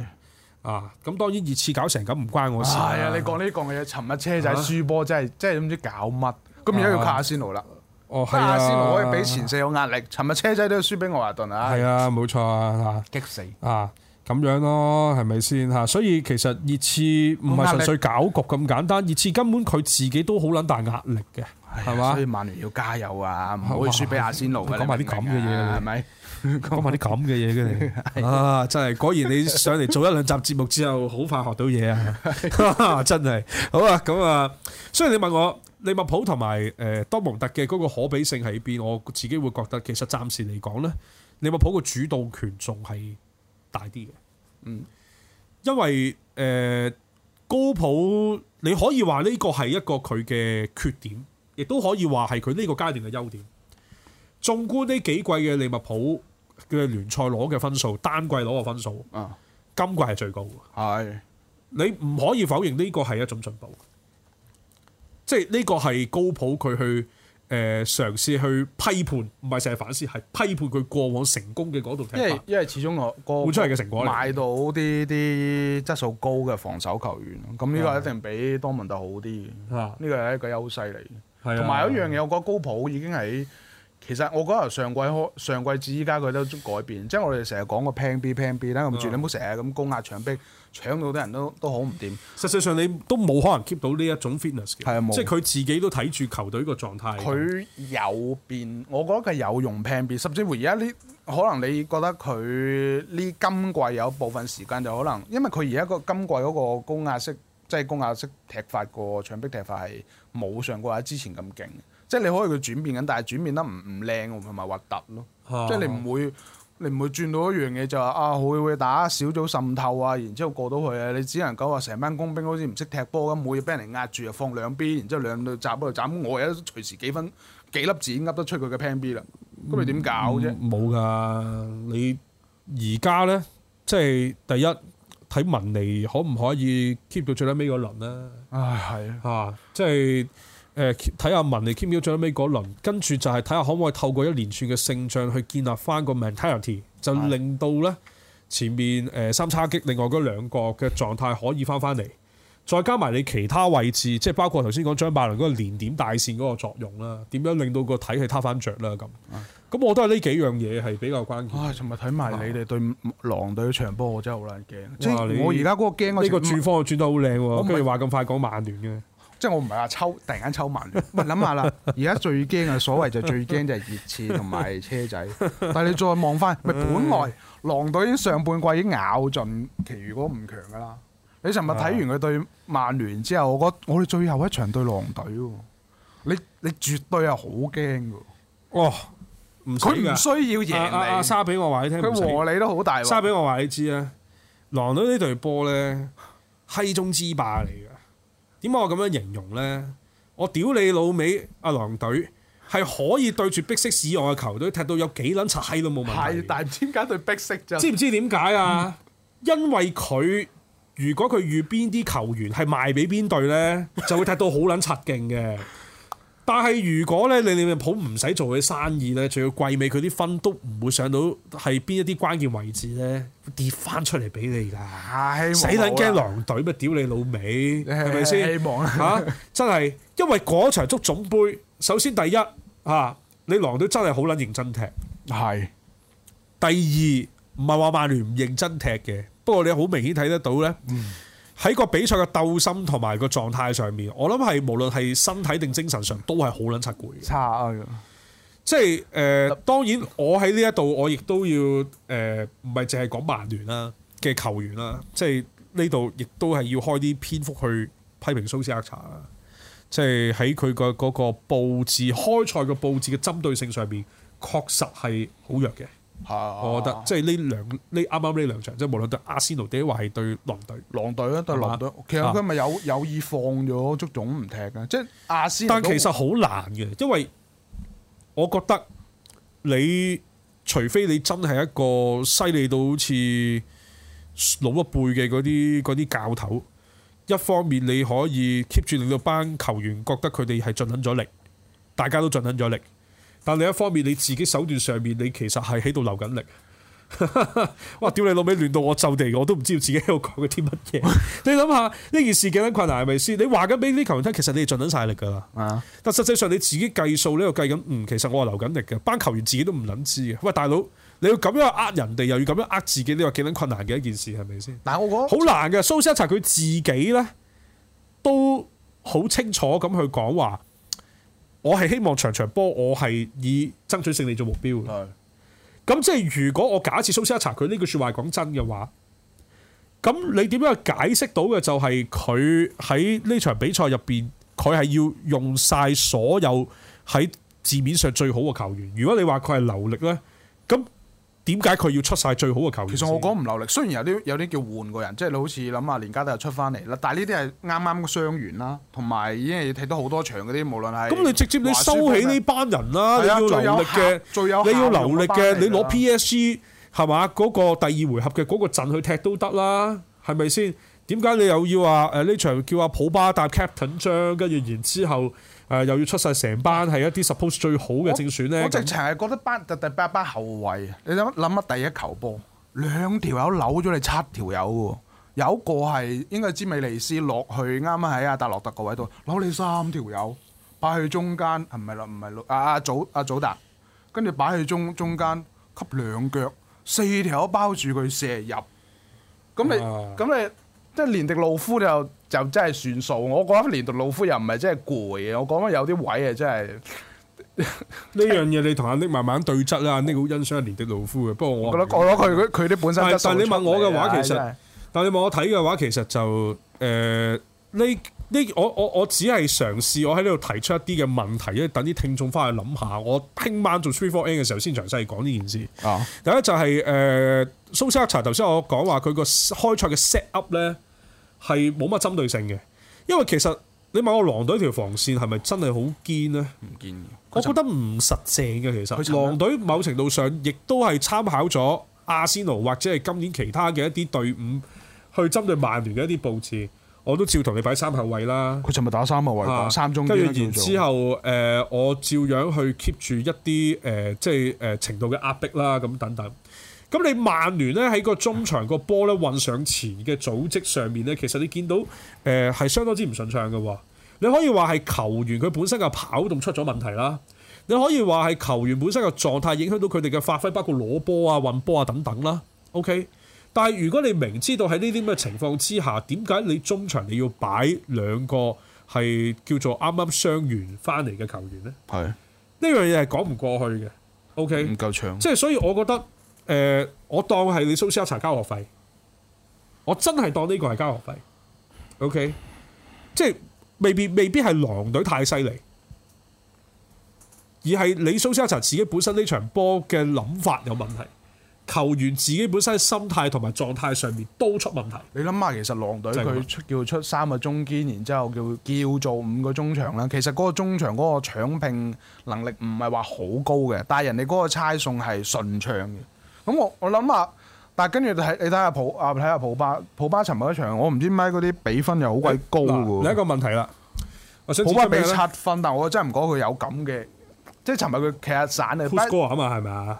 啊，咁當然熱刺搞成咁唔關我事。係啊，你講呢個嘅嘢，尋日車仔輸波真係真係唔知搞乜。咁而家要卡阿仙奴啦。哦，卡阿仙奴可以俾前四有壓力。尋日車仔都要輸俾愛華頓啊。係啊，冇錯啊。激死啊！咁樣咯，係咪先吓？所以其實熱刺唔係純粹搞局咁簡單，熱刺根本佢自己都好捻大壓力嘅，係嘛呦？吧所以曼聯要加油啊，唔可以輸俾阿仙奴。講埋啲咁嘅嘢，係咪？講埋啲咁嘅嘢嘅你啊，真係果然你上嚟做一兩集節目之後，好快學到嘢啊，啊！真係好啊，咁啊。雖然你問我利物浦同埋誒多蒙特嘅嗰個可比性喺邊，我自己會覺得，其實暫時嚟講咧，利物浦個主導權仲係。大啲嘅，嗯、因為誒、呃、高普你可以話呢個係一個佢嘅缺點，亦都可以話係佢呢個階段嘅優點。縱觀呢幾季嘅利物浦嘅聯賽攞嘅分數，單季攞嘅分數，啊、今季係最高嘅。係是的 你唔可以否認呢個係一種進步，即係呢個係高普佢去。誒嘗試去批判，唔係成日反思，係批判佢過往成功嘅嗰度聽。因為因為始終我、那、攞、個、出嚟嘅成果嚟，買到啲啲質素高嘅防守球員，咁呢個一定比多蒙特好啲。呢、啊、個係一個優勢嚟，同埋、啊、有一樣嘢，我覺得高普已經係其實我覺得上季開上季至依家佢都改變，即係我哋成日講個 plan B plan B 啦，唔住、啊、你唔好成日咁高壓搶逼。搶到啲人都都好唔掂，實際上你都冇可能 keep 到呢一種 fitness 嘅，啊、即係佢自己都睇住球隊個狀態。佢有變，我覺得佢有用 plan 變，甚至乎而家呢，可能你覺得佢呢今季有部分時間就可能，因為佢而家個今季嗰個高壓式，即係高壓式踢法個搶逼踢法係冇上個 year 之前咁勁，嗯、即係你可以佢轉變緊，但係轉變得唔唔靚同埋核突咯，嗯、即係你唔會。你唔會轉到一樣嘢就話啊，會會打小組滲透啊，然之後過到去啊，你只能夠話成班工兵好似唔識踢波咁，冇嘢俾人嚟壓住，又放兩邊，然之後兩度閘嗰度閘，咁我又有隨時幾分幾粒字噏得出佢嘅 plan B 啦。咁你點搞啫？冇㗎，你而家咧，即係第一睇文尼可唔可以 keep 到最屘尾嗰輪咧？唉，係啊，嚇，即係。誒睇下文嚟 key 秒最屘嗰輪，跟住就係睇下可唔可以透過一連串嘅勝仗去建立翻個 mentality，就令到咧前面誒、呃、三叉戟另外嗰兩個嘅狀態可以翻翻嚟，再加埋你其他位置，即係包括頭先講張伯倫嗰連點帶線嗰個作用啦，點樣令到個體係塌翻着啦咁。咁我都係呢幾樣嘢係比較關鍵。啊，同埋睇埋你哋對狼隊場波我真係好難驚。哇！我而家嗰個驚，呢個轉方轉得好靚喎，唔係話咁快講曼聯嘅。即係我唔係話抽，突然間抽曼聯。咪諗下啦，而家最驚嘅所謂就最驚就係熱刺同埋車仔。但係你再望翻，咪 本來狼隊上半季已經咬盡其餘嗰唔強噶啦。你尋日睇完佢對曼聯之後，我覺得我哋最後一場對狼隊，你你絕對係好驚噶。哇，哦，唔佢唔需要贏你，啊啊。沙比我話你聽，佢和你都好大鑊。沙比我話你知啊！狼隊呢隊波咧，稀中之霸嚟嘅。點解我咁樣形容呢？我屌你老味，阿狼隊係可以對住逼色市外嘅球隊踢到有幾撚擦閪都冇問題。係，但係唔知點解對逼色啫？知唔知點解啊？嗯、因為佢如果佢遇邊啲球員係賣俾邊隊呢，就會踢到好撚擦勁嘅。 但係如果咧，你利物浦唔使做佢生意咧，仲要季尾佢啲分都唔會上到係邊一啲關鍵位置咧，跌翻出嚟俾你㗎。係，使撚驚狼隊乜屌你老味，係咪先？希望啦嚇，真係，因為嗰場足總杯，首先第一嚇，你狼隊真係好撚認真踢。係。第二唔係話曼聯唔認真踢嘅，不過你好明顯睇得到咧。喺個比賽嘅鬥心同埋個狀態上面，我諗係無論係身體定精神上都係好撚柒攰嘅。差啊啊啊即係誒、呃，當然我喺呢一度，我亦都要誒，唔係淨係講曼聯啦嘅球員啦，即係呢度亦都係要開啲篇幅去批評蘇斯克查啦。即係喺佢個嗰個布置開賽嘅布置嘅針對性上面，確實係好弱嘅。啊、我覺得即係呢兩呢啱啱呢兩場，即係無論對阿仙奴，啲話係對狼隊，狼隊咧、啊、對狼隊。啊、其實佢咪有有意放咗足總唔踢啊！即係阿仙，但其實好難嘅，因為我覺得你，除非你真係一個犀利到好似老一輩嘅啲嗰啲教頭，一方面你可以 keep 住你個班球員覺得佢哋係盡緊咗力，大家都盡緊咗力。但另一方面，你自己手段上面，你其實係喺度留緊力。 哇！屌你老味，亂到我就地，我都唔知道自己喺度講緊啲乜嘢。你諗下呢件事幾撚困難係咪先？你話緊俾啲球員聽，其實你係盡緊晒力噶啦。啊、但實際上你自己計數呢度計緊，嗯，其實我係留緊力嘅。班球員自己都唔諗知嘅。喂，大佬，你要咁樣呃人哋，又要咁樣呃自己，你話幾撚困難嘅一件事係咪先？是是但係我講、那、好、個、難嘅。蘇斯拆佢自己咧，都好清楚咁去講話。我係希望場場波，我係以爭取勝利做目標。咁即係如果我假設蘇斯一查佢呢句説話係講真嘅話，咁你點樣解釋到嘅就係佢喺呢場比賽入邊，佢係要用晒所有喺字面上最好嘅球員。如果你話佢係流力呢？咁。點解佢要出晒最好嘅球員？其實我講唔流力，雖然有啲有啲叫換個人，即係你好似諗下連家都又出翻嚟啦。但係呢啲係啱啱嘅傷員啦，同埋已經係踢得好多場嗰啲，無論係咁你直接你收起呢班人啦，麼你要流力嘅，最有最有你要流力嘅，你攞 PSG 係嘛嗰個第二回合嘅嗰個陣去踢都得啦，係咪先？點解你又要話誒呢場叫阿普巴搭 captain 章，跟住然之後？誒又要出晒成班係一啲 suppose 最好嘅正選咧，那麼 我直情係覺得班特特巴巴後衞。你諗諗下第一球波，兩條友扭咗你七條友喎，有一個係應該係芝美尼斯落去，啱啱喺阿達洛特個位度扭你三條友，擺去中間係咪？唔係阿阿祖阿、啊、祖達，跟住擺去中中間，吸兩腳四條友包住佢射入。咁你咁你。啊即係連迪路夫又就真係算數，我覺得連迪路夫又唔係真係攰嘅，我講緊有啲位係真係呢樣嘢， 你同阿 Nick 慢慢對質啊，Nick 好欣賞連迪路夫嘅，不過我不我攞佢佢啲本身，但係你問我嘅話，其實、哎、但係你問我睇嘅話，其實就誒呢。呃我我我只係嘗試，我喺呢度提出一啲嘅問題，咧等啲聽眾翻去諗下。嗯、我聽晚做 Three Four N 嘅時候，先詳細講呢件事。啊，第一就係、是、誒、呃、蘇斯克查頭先我講話，佢個開賽嘅 set up 咧係冇乜針對性嘅，因為其實你問我狼隊條防線係咪真係好堅呢？唔堅，我覺得唔實正嘅其實。狼隊某程度上亦都係參考咗阿仙奴或者係今年其他嘅一啲隊伍去針對曼聯嘅一啲佈置。我都照同你擺三後位啦。佢尋日打三後位，打、啊、三中、啊，跟住然之後，後，誒、嗯呃、我照樣去 keep 住一啲誒，即係誒程度嘅壓迫啦，咁等等。咁你曼聯咧喺個中場個波咧運上前嘅組織上面咧，其實你見到誒係、呃、相當之唔順暢嘅喎。你可以話係球員佢本身嘅跑動出咗問題啦。你可以話係球員本身嘅狀態影響到佢哋嘅發揮，包括攞波啊、運波啊等等啦。OK。但係如果你明知道喺呢啲咁嘅情況之下，點解你中場你要擺兩個係叫做啱啱傷完翻嚟嘅球員咧？係呢樣嘢係講唔過去嘅。OK，唔夠長，即係所以我覺得誒、呃，我當係你蘇斯亞查交學費，我真係當呢個係交學費。OK，即係未必未必係狼隊太犀利，而係你蘇斯亞查自己本身呢場波嘅諗法有問題。球員自己本身心態同埋狀態上面都出問題。你諗下，其實狼隊佢叫出三個中堅，然之後叫叫做五個中場啦。其實嗰個中場嗰個搶拼能力唔係話好高嘅，但係人哋嗰個傳送係順暢嘅。咁我我諗下，但係跟住睇你睇下普啊睇下普巴普巴尋日一場，我唔知點解嗰啲比分又好鬼高嘅、欸。另一個問題啦，普巴畀七分，但我真係唔覺佢有咁嘅，即係尋日佢其實散嘅。p u 哥啊嘛係咪啊？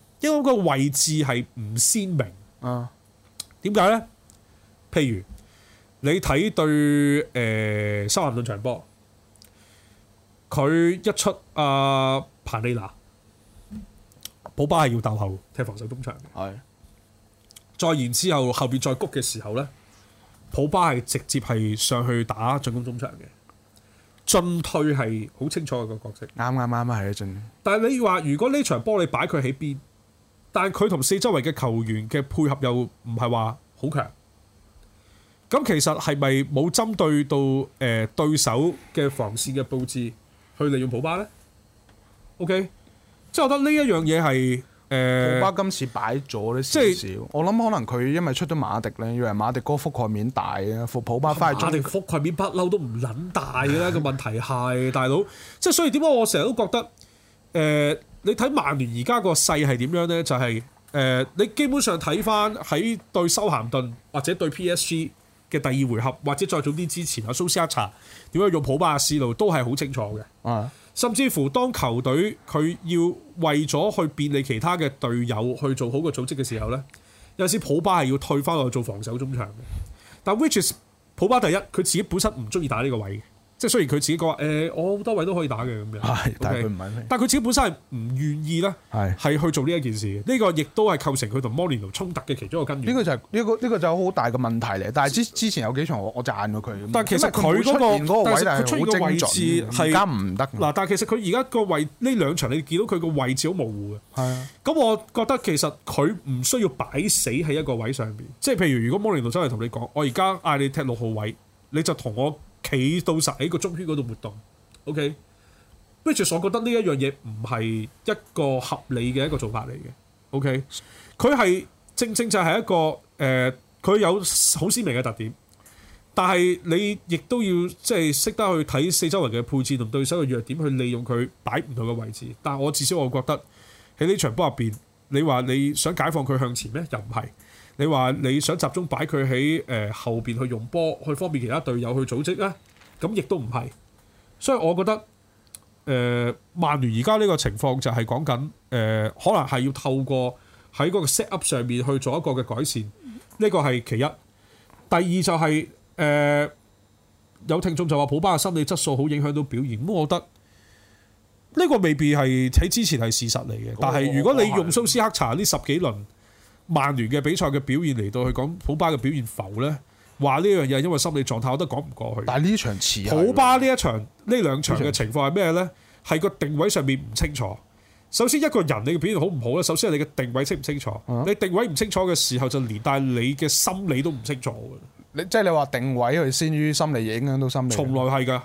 因為個位置係唔鮮明，啊，點解咧？譬如你睇對誒修咸頓場波，佢一出阿彭、呃、尼娜，普巴係要鬥後踢防守中場，係的。再然之後後邊再谷嘅時候咧，普巴係直接係上去打進攻中場嘅，進退係好清楚嘅、個角色。啱啱啱啊，係一進。但係你話如果呢場波你擺佢喺邊？但係佢同四周圍嘅球員嘅配合又唔係話好強，咁其實係咪冇針對到誒、呃、對手嘅防線嘅布置去利用普巴呢 o、okay? K，即係我覺得呢一樣嘢係誒，普、呃、巴今次擺咗呢少少。呃就是、我諗可能佢因為出咗馬迪咧，因為馬迪哥覆蓋面大啊，服普巴反而馬迪覆蓋面不嬲都唔卵大嘅啦，個 問題係大佬，即係所以點解我成日都覺得誒。呃你睇曼聯而家個勢係點樣呢？就係、是、誒、呃，你基本上睇翻喺對修咸頓或者對 P S G 嘅第二回合，或者再早啲之前啊，蘇斯克查點樣用普巴嘅思路都係好清楚嘅。啊，甚至乎當球隊佢要為咗去便利其他嘅隊友去做好個組織嘅時候呢，有時普巴係要退翻去做防守中場。但 Wiches 普巴第一，佢自己本身唔中意打呢個位。即係雖然佢自己講話，誒、欸、我好多位都可以打嘅咁樣，是 okay，但係佢唔肯。但係佢自己本身係唔願意啦，係係去做呢一件事。呢是個亦都係構成佢同摩連奴衝突嘅其中一個根源。呢個就係、是、呢、這個呢、這個就好大嘅問題嚟。但係之之前有幾場我我讚過佢。但係其實佢、那個、出面個位置好係唔得。嗱，但係其實佢而家個位呢兩場你見到佢個位置好模糊嘅。係啊，咁我覺得其實佢唔需要擺死喺一個位上邊。即係譬如如果摩連奴真係同你講，我而家嗌你踢六號位，你就同我。企到實喺個足圈嗰度活動，OK？which、okay? 我覺得呢一樣嘢唔係一個合理嘅一個做法嚟嘅，OK？佢係正正就係一個誒，佢、呃、有好鮮明嘅特點，但係你亦都要即係識得去睇四周圍嘅配置同對手嘅弱點，去利用佢擺唔同嘅位置。但係我至少我覺得喺呢場波入邊，你話你想解放佢向前咩？又唔係。你話你想集中擺佢喺誒後邊去用波，去方便其他隊友去組織呢？咁亦都唔係。所以我覺得誒，曼聯而家呢個情況就係講緊誒，可能係要透過喺嗰個 set up 上面去做一個嘅改善。呢個係其一。第二就係、是、誒、呃、有聽眾就話普巴嘅心理質素好影響到表現。咁我覺得呢個未必係喺之前係事實嚟嘅。但係是我如果你用蘇斯克查呢十幾輪，曼聯嘅比賽嘅表現嚟到去講，普巴嘅表現浮呢？話呢樣嘢因為心理狀態，我都講唔過去。但係呢場普巴呢一場，呢兩場嘅情況係咩呢？係個定位上面唔清楚。首先一個人你嘅表現好唔好咧？首先係你嘅定位清唔清楚？啊、你定位唔清楚嘅時候，就連帶你嘅心理都唔清楚。你即係你話定位佢先於心理影響到心理，從來係噶。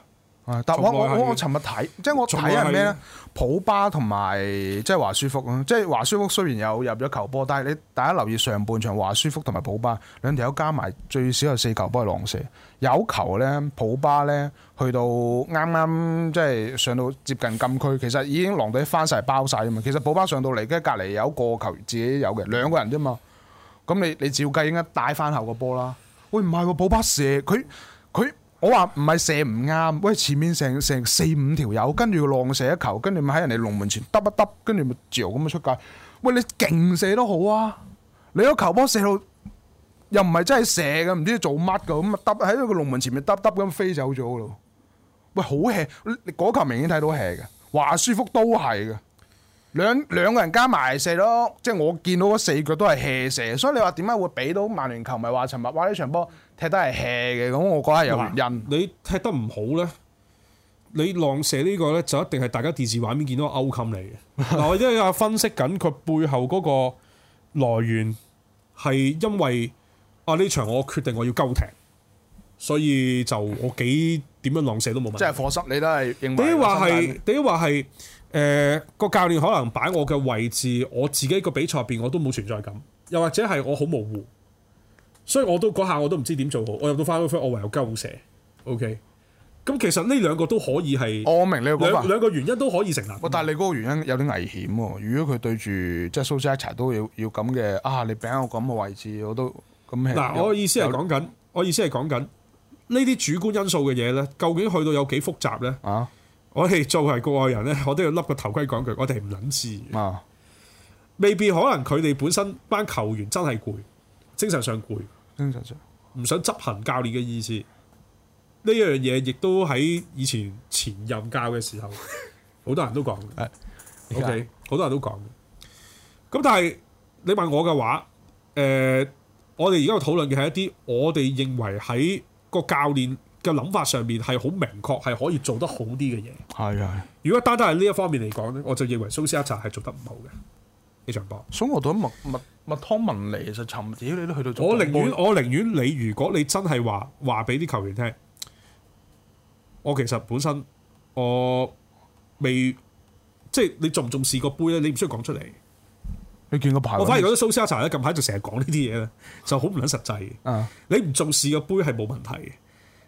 但我我我我尋日睇，即係我睇係咩咧？普巴同埋即係華舒福咯。即係華舒福雖然有入咗球波，但係你大家留意上半場，華舒福同埋普巴兩條友加埋最少有四球波係狼射。有球咧，普巴咧去到啱啱即係上到接近禁區，其實已經狼隊翻晒包晒啊嘛。其實普巴上到嚟，跟住隔離有個球員自己有嘅，兩個人啫嘛。咁你你照計應該帶翻後個波啦。喂，唔係喎，普巴射佢。我話唔係射唔啱，喂，前面成成四五條友跟住浪射一球，跟住咪喺人哋龍門前耷一耷，跟住咪嚼咁咪出界。喂，你勁射都好啊，你個球波射到又唔係真係射嘅，唔知做乜噶，咁啊耷喺個龍門前面耷耷咁飛走咗咯。喂，好 hea！你嗰球明顯睇到 hea 嘅，話舒服都係嘅。兩兩個人加埋射咯，即係我見到個四腳都係 h 射，射，所以你話點解會俾到曼聯球迷話尋日話呢場波踢得係 h 嘅？咁我覺得有原因。你踢得唔好咧，你浪射呢個咧就一定係大家電視畫面見到個歐冚嚟嘅。我即係分析緊佢背後嗰個來源係因為啊，呢場我決定我要交踢，所以就我幾點樣浪射都冇問題。即係火室，你都係認為？你話係，你話係。誒，呃那個教練可能擺我嘅位置，我自己個比賽入邊我都冇存在感，又或者係我好模糊，所以我都嗰下我都唔知點做好。我入到翻屋企我唯有鳩蛇。O K，咁其實呢兩個都可以係，我明你兩個原因都可以成立。但係你嗰個原因有啲危險喎，哦，如果佢對住即係蘇西一齊都要要咁嘅啊，你畀我咁嘅位置，我都咁。嗱，喏有我意思係講緊，有我意思係講緊呢啲主觀因素嘅嘢咧，究竟去到有幾複雜咧？啊！我哋作為國外人咧，我都要笠個頭盔講句，我哋唔捻知嘅。未必可能佢哋本身班球員真係攰，精神上攰，精神上唔想執行教練嘅意思。呢樣嘢亦都喺以前前任教嘅時候，好 多人都講嘅。OK，好多人都講嘅。咁但係你問我嘅話，誒、呃，我哋而家個討論嘅係一啲我哋認為喺個教練。嘅諗法上面係好明確，係可以做得好啲嘅嘢。係啊的，如果單單係呢一方面嚟講咧，我就認為蘇斯亞茶係做得唔好嘅呢場波。所以我對麥麥麥，麥湯文嚟其實尋日你都去到做我我。我寧願我寧願你如果你真係話話俾啲球員聽，我其實本身我未即係你重唔重視個杯咧？你唔需要講出嚟。你見個牌？我反而覺得蘇斯亞茶咧近排就成日講呢啲嘢咧，就好唔撚實際。啊、嗯！你唔重視個杯係冇問題嘅。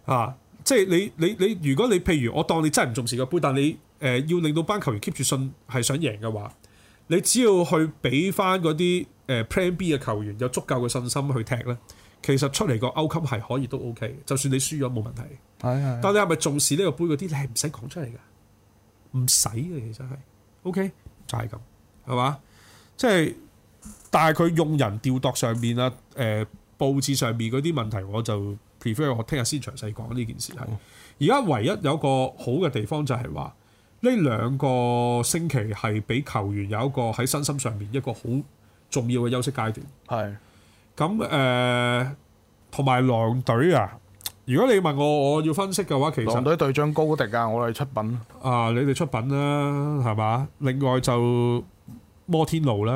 啊！即係你你你，如果你譬如我當你真係唔重視個杯，但你誒要令到班球員 keep 住信係想贏嘅話，你只要去俾翻嗰啲誒 Plan B 嘅球員有足夠嘅信心去踢咧，其實出嚟個歐級係可以都 OK 就算你輸咗冇問題。係但你係咪重視呢個杯嗰啲？你係唔使講出嚟㗎，唔使嘅。其實係 OK，就係咁係嘛？即係，但係佢用人調度上面啊誒佈置上面嗰啲問題，我就。p r 我聽日先詳細講呢件事係。而家唯一有一個好嘅地方就係話，呢兩個星期係俾球員有一個喺身心上面一個好重要嘅休息階段是。係。咁、呃、誒，同埋狼隊啊，如果你問我我要分析嘅話，其實狼隊隊長高迪啊，我哋出品。啊，你哋出品啦、啊，係嘛？另外就摩天奴啦、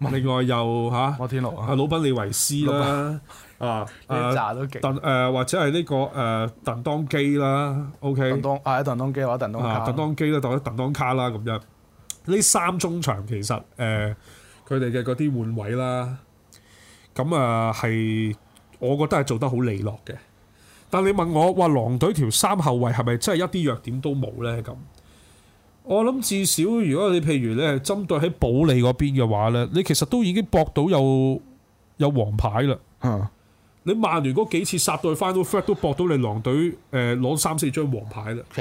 啊，另外又嚇摩天奴啊，老賓利維斯啦、啊。啊！炸都勁、呃、或者係呢、呢個誒鄧、呃、當基啦，OK？鄧當係啊，鄧當基或者鄧當卡，鄧、啊、當基啦，或者鄧當卡啦咁樣。呢三中場其實誒佢哋嘅嗰啲換位啦，咁啊係我覺得係做得好利落嘅。但你問我話狼隊條三後衞係咪真係一啲弱點都冇咧？咁我諗至少如果你譬如你係針對喺保利嗰邊嘅話咧，你其實都已經博到有有黃牌啦，嚇、嗯！你曼聯嗰幾次殺到去 final third 都搏到你狼隊誒攞三四張黃牌啦。其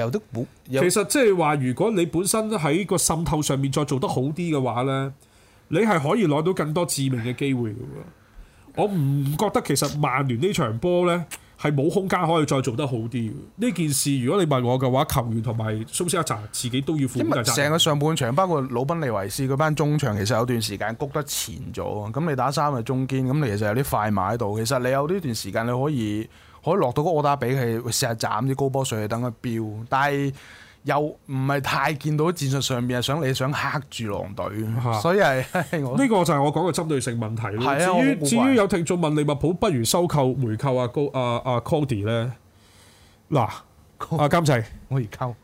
實即係話，如果你本身喺個滲透上面再做得好啲嘅話呢，你係可以攞到更多致命嘅機會嘅。我唔覺得其實曼聯呢場波呢。係冇空間可以再做得好啲。呢件事如果你問我嘅話，球員同埋蘇斯克查自己都要負責。因為成個上半場，包括魯賓尼維斯嗰班中場，其實有段時間谷得前咗。咁你打三個中堅，咁你其實有啲快馬喺度。其實你有呢段時間，你可以可以落到個柯打比，佢試下斬啲高波上去等佢飚。但係又唔係太見到戰術上面，係想你想嚇住狼隊，啊、所以係呢、哎、個就係我講嘅針對性問題、啊、至於於至於有聽眾問利物浦不如收購回購阿、啊啊啊啊、高阿阿 Cody 咧，嗱阿監製，我回購。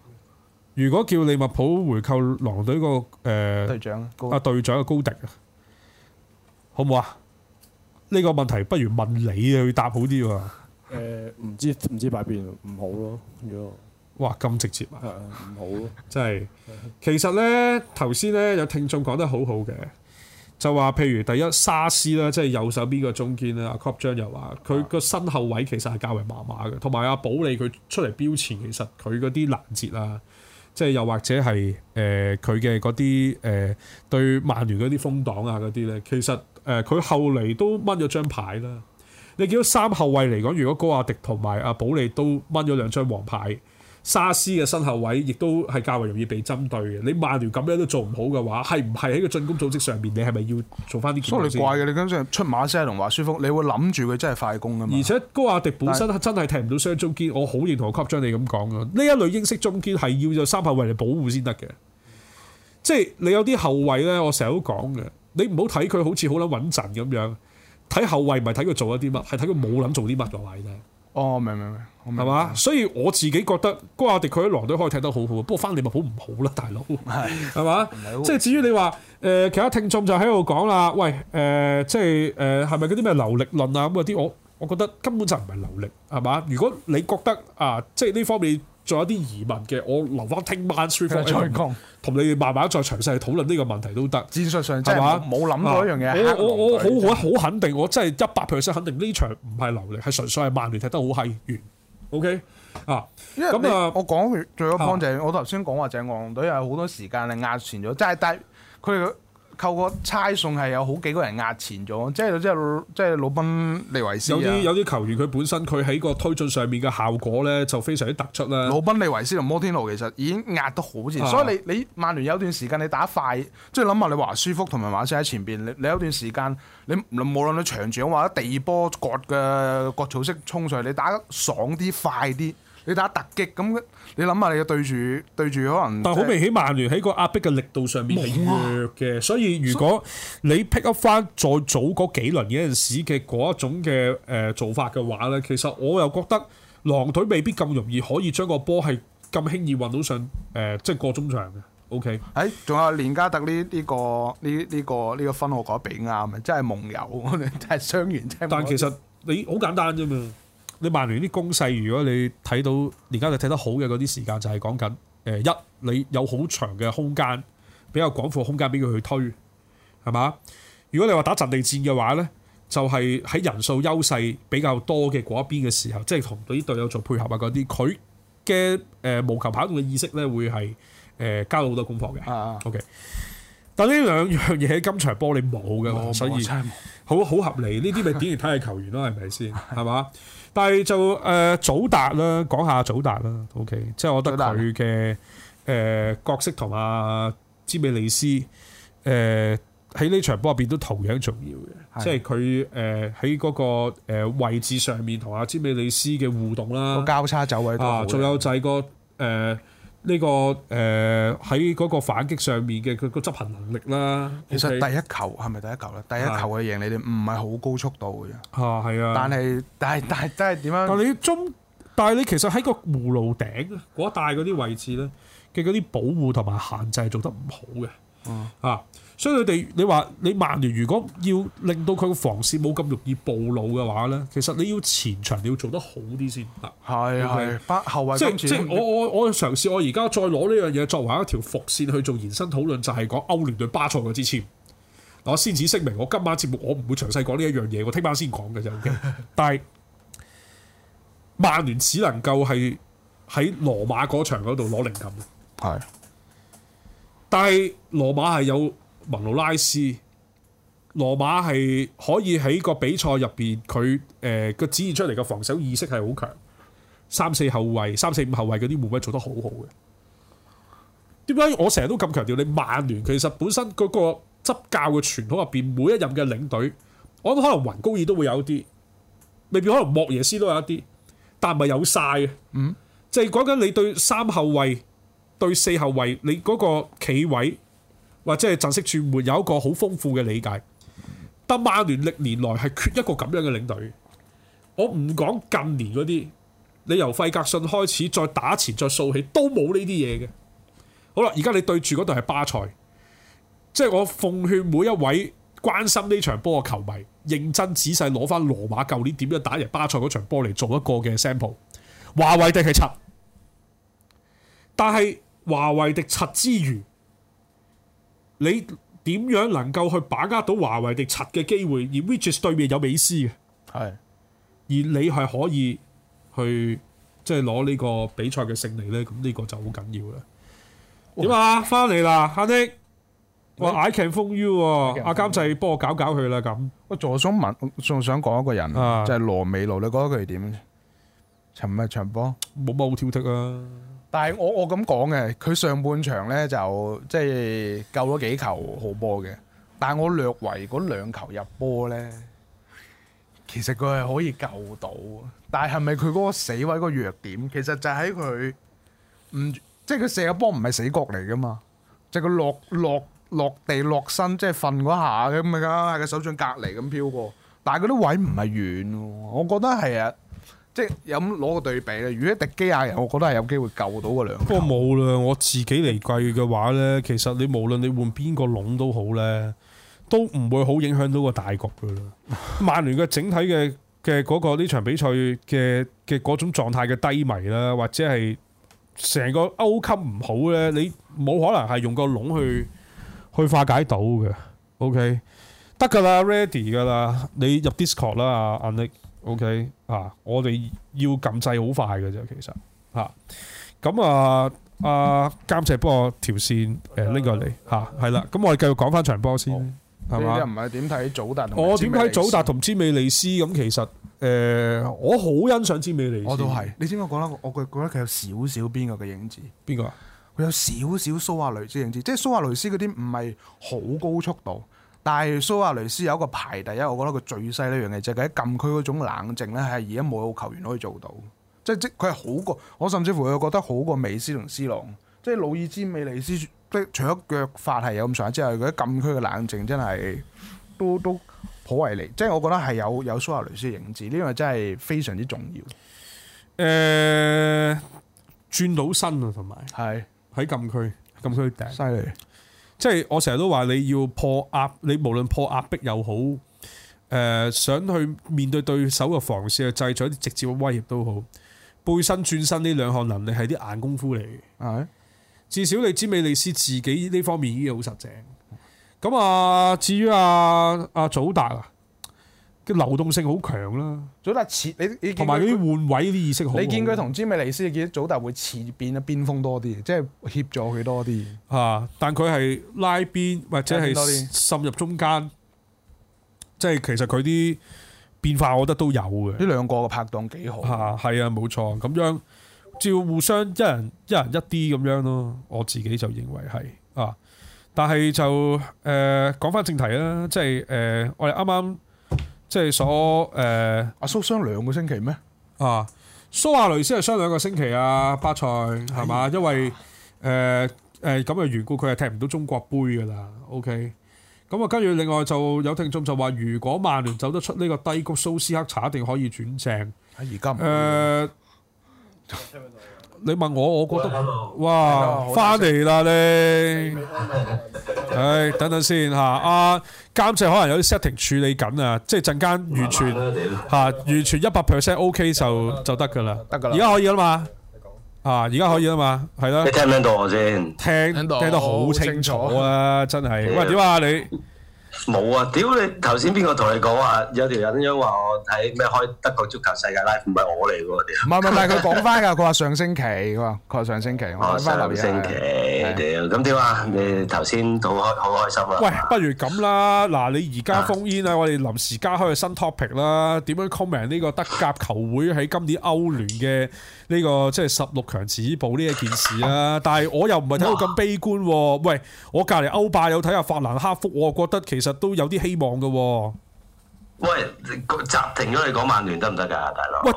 如果叫利物浦回購狼隊個誒、呃、隊長阿、啊、隊長高迪咧，好唔好啊？呢、這個問題不如問你去答好啲喎。唔、呃、知唔知擺邊唔好咯，咁樣。哇！咁直接啊，唔、嗯、好 真係。其實咧，頭先咧有聽眾講得好好嘅，就話譬如第一沙斯咧，即係右手邊個中堅啦。阿 c o p t 章又話佢個身後位其實係較為麻麻嘅，同埋阿保利佢出嚟標前其實佢嗰啲攔截啊，即係又或者係誒佢嘅嗰啲誒對曼聯嗰啲封擋啊嗰啲咧，其實誒佢、呃、後嚟都掹咗張牌啦。你見到三後衞嚟講，如果高亞迪同埋阿保利都掹咗兩張黃牌。沙斯嘅身後位亦都係較為容易被針對嘅。你曼聯咁樣都做唔好嘅話，係唔係喺個進攻組織上面，你係咪要做翻啲？所以你怪嘅，你今次出馬斯隆華舒福，你會諗住佢真係快攻㗎嘛？而且高亞迪本身係真係踢唔到雙中堅，我好認同曲章你咁講嘅。呢一類英式中堅係要有三後衞嚟保護先得嘅。即係你有啲後衞咧，我成日都講嘅，你唔好睇佢好似好撚穩陣咁樣。睇後衞唔係睇佢做一啲乜，係睇佢冇諗做啲乜嘅位啫。哦，明明明，係嘛？所以我自己覺得高亞迪佢喺狼隊可以踢得好好，不過翻利物浦唔好啦，大佬，係，係嘛？即係至於你話誒、呃，其他聽眾就喺度講啦，喂誒、呃，即係誒，係咪嗰啲咩流力論啊咁嗰啲？我我覺得根本就唔係流力，係嘛？如果你覺得啊，即係呢方面仲有啲疑問嘅，我留翻聽晚書再講。同你慢慢再詳細去討論呢個問題都得。戰術上就係冇冇諗過一樣嘢、啊。我我好好好肯定，我真係一百 percent 肯定呢場唔係流力，係純粹係曼聯踢得好閪完。OK 啊，咁啊，我講佢最後方就係，我頭先講話鄭王隊有好多時間係壓前咗，即係但佢哋。扣個差送係有好幾個人壓前咗，即係即係即係魯賓利維斯。有啲有啲球員佢本身佢喺個推進上面嘅效果咧就非常之突出啦。魯賓利維斯同摩天路其實已經壓得好前，啊、所以你你曼聯有段時間你打快，即係諗下你華舒服同埋馬斯喺前邊，你你有段時間你無論你場長或者地波割嘅割草式衝上去，你打得爽啲快啲。你打突擊咁，你諗下你要對住對住可能，但好明顯，曼聯喺個壓迫嘅力度上面係弱嘅，啊、所以如果你 pick up 翻再早嗰幾輪嘅陣時嘅嗰一種嘅誒做法嘅話咧，其實我又覺得狼隊未必咁容易可以將個波係咁輕易運到上誒，即、呃、係、就是、過中場嘅。O K，誒，仲有連加特呢呢個呢呢、呢個呢、呢個這個分號，我覺得比啱啊，真係夢遊，真係雙元真。但其實你好簡單啫嘛。你曼聯啲攻勢，如果你睇到而家你睇得好嘅嗰啲時間，就係講緊誒一，你有好長嘅空間，比較廣闊嘅空間俾佢去推，係嘛？如果你話打陣地戰嘅話咧，就係、係、喺人數優勢比較多嘅嗰一邊嘅時候，即係同啲隊友做配合啊嗰啲，佢嘅誒無球跑動嘅意識咧會係誒、呃、加咗好多功課嘅。啊、o、okay, k 但呢兩樣嘢喺今場波你冇嘅，沒所以好好合理。呢啲咪點而睇下球員咯，係咪先？係嘛？但係就誒、呃、祖達啦，講下祖達啦，OK，即係我覺得佢嘅誒角色同阿詹美利斯誒喺呢場波入邊都同樣重要嘅，的即係佢誒喺嗰個位置上面同阿詹美利斯嘅互動啦，交叉走位都好啊，仲有就係個、呃呢、這個誒喺嗰個反擊上面嘅佢個執行能力啦，其實第一球係咪第一球咧？第一球嘅贏你哋唔係好高速度嘅啫，嚇係啊！啊但係但係但係真係點樣？但你中，但係你其實喺個葫度頂，葫蘆頂一帶嗰啲位置咧嘅嗰啲保護同埋限制做得唔好嘅，嗯啊。所以佢哋，你話你曼聯如果要令到佢個防線冇咁容易暴露嘅話咧，其實你要前場你要做得好啲先嗱，係係是為後衞即即我我我嘗試我而家再攞呢樣嘢作為一條伏線去做延伸討論，就係、是、講歐聯對巴塞嘅抽籤。我先至聲明，我今晚節目我唔會詳細講呢一樣嘢，我聽晚先講嘅啫。 但係曼聯只能夠係喺羅馬嗰場嗰度攞靈感，係是。但係羅馬係有。文路拉斯，羅馬係可以喺個比賽入邊，佢誒個展現出嚟嘅防守意識係好強。三四後衛、三四五後衛嗰啲會唔會做得好好嘅。點解我成日都咁強調？你曼聯其實本身嗰個執教嘅傳統入邊，每一任嘅領隊，我諗可能雲高爾都會有啲，未必可能莫耶斯都有一啲，但係咪有晒嘅？嗯，就係講緊你對三後衛、對四後衛，你嗰個企位。或者係陣式轉換有一個好豐富嘅理解，但曼聯歷年來係缺一個咁樣嘅領隊。我唔講近年嗰啲，你由費格遜開始再打前再掃起都冇呢啲嘢嘅。好啦，而家你對住嗰度係巴塞，即係我奉勸每一位關心呢場波嘅球迷，認真仔細攞翻羅馬舊年點樣打贏巴塞嗰場波嚟做一個嘅 sample。華為定係七，但係華為定七之餘，你點樣能夠去把握到華為定七嘅機會？而 Wizards 對面有美斯嘅，係的。而你係可以去即係攞呢個比賽嘅勝利咧，咁呢個就好緊要啦。點啊？翻嚟啦，阿 Nick 我 I can phone you 阿監製幫我搞搞佢啦咁。我仲想問，仲想講一個人，的就係羅美路，你覺得佢點？尋日場波冇乜好挑剔啊。但係我我咁講嘅，佢上半場咧就即係救咗幾球好波嘅。但係我略為嗰兩球入波咧，其實佢係可以救到。但係係咪佢嗰個死位個弱點？其實就喺佢唔即係佢射個波唔係死角嚟噶嘛？就係佢落落落地落身即係瞓嗰下咁嘅啦，喺個手掌隔離咁飄過。但係嗰啲位唔係遠喎，我覺得係啊。即係咁攞個對比咧，如果迪基亞人，我覺得係有機會救到個兩球。不過無論，我自己嚟計嘅話呢，其實你無論你換邊個籠都好呢，都唔會好影響到個大局噶曼 聯嘅整體嘅嘅嗰個呢場比賽嘅嘅嗰種狀態嘅低迷啦，或者係成個歐級唔好呢，你冇可能係用個籠去、嗯、去化解到嘅。OK，得噶啦，ready 噶啦，你入 Discord 啦，阿 Alex O.K. 嚇、啊，我哋要撳掣好快嘅啫，其實嚇。咁啊，阿、啊、監製幫我條線誒拎、嗯、過嚟嚇，係啦、嗯。咁、啊嗯、我哋繼續講翻場波先，係嘛、哦？唔係點睇祖達同？我點睇祖達同芝美利斯？咁其實誒，我好欣賞芝美利斯。我都係。你知唔知我，我覺得我覺覺得佢有少少邊個嘅影子？邊個啊？佢有少少蘇亞雷斯影子，即、就、係、是、蘇亞雷斯嗰啲唔係好高速度。但係蘇亞雷斯有一個排第一，我覺得佢最犀利一樣嘢就係佢喺禁區嗰種冷靜咧，係而家冇球員可以做到。即係即佢係好過，我甚至乎佢覺得好過美斯同 C 朗。即係魯爾茲美尼斯，即除咗腳法係有咁上下之外，佢喺禁區嘅冷靜真係都都頗為厲。即係我覺得係有有蘇亞雷斯嘅影子，呢個真係非常之重要。誒、呃，轉到身啊，同埋係喺禁區，禁區頂犀利。的即係我成日都話你要破壓，你無論破壓迫又好，誒、呃，想去面對對手嘅防線去製造一啲直接嘅威脅都好，背身轉身呢兩項能力係啲硬功夫嚟。係嘅，至少你知美利斯自己呢方面已經好實淨。咁啊，至於啊，阿祖達啊。嘅流動性好強啦，祖達遲你你同埋嗰啲換位啲意識好。你見佢同詹美尼斯，見到祖達會遲變啊邊鋒多啲，即係協助佢多啲。嚇、啊，但佢係拉邊或者係滲入中間，即係其實佢啲變化，我覺得都有嘅。呢兩個嘅拍檔幾好嚇，係啊，冇、啊、錯咁樣，要互相一人，一人一人一啲咁樣咯。我自己就認為係啊，但係就誒、呃、講翻正題啦，即係誒、呃、我哋啱啱。即係所誒、呃、阿蘇傷兩個星期咩啊？蘇亞雷斯係傷兩個星期啊，巴塞係嘛？哎、呀因為誒誒咁嘅緣故，佢係踢唔到中國杯噶啦。OK，咁、嗯、啊，跟住另外就有聽眾就話，如果曼聯走得出呢個低谷，蘇斯克查一定可以轉正。喺而家唔你問我，我覺得哇，翻嚟啦你！唉，等等先嚇，監製可能有啲 setting 處理緊啊，即係陣間預存嚇預存一百 percent OK，就就得噶啦，得噶啦，而家可以啦嘛，嚇而家可以啦嘛，係囉，你聽唔聽到我先？聽聽得好清楚啊，真係喂點啊你？冇啊！屌你，頭先邊個同你講啊？有條隱隱話我睇咩開德國足球世界拉，唔係我嚟嘅喎，唔係，唔係，但係佢講翻㗎，佢話 上星期㗎嘛，佢話上星期我翻上星期屌咁點啊？你頭先好開好，好開心啊！喂，不如咁啦，嗱你而家封煙啊！我哋臨時加開個新 topic 啦，點樣 comment 呢個德甲球會喺今年歐聯嘅呢、這個即係十六強止步呢一件事啊？但係我又唔係睇到咁悲觀喎、啊。啊、喂，我隔離歐霸有睇下法蘭克福，我覺得其實。都有啲希望嘅喎，喂，你個暫停咗你講曼聯得唔得㗎，大佬？喂，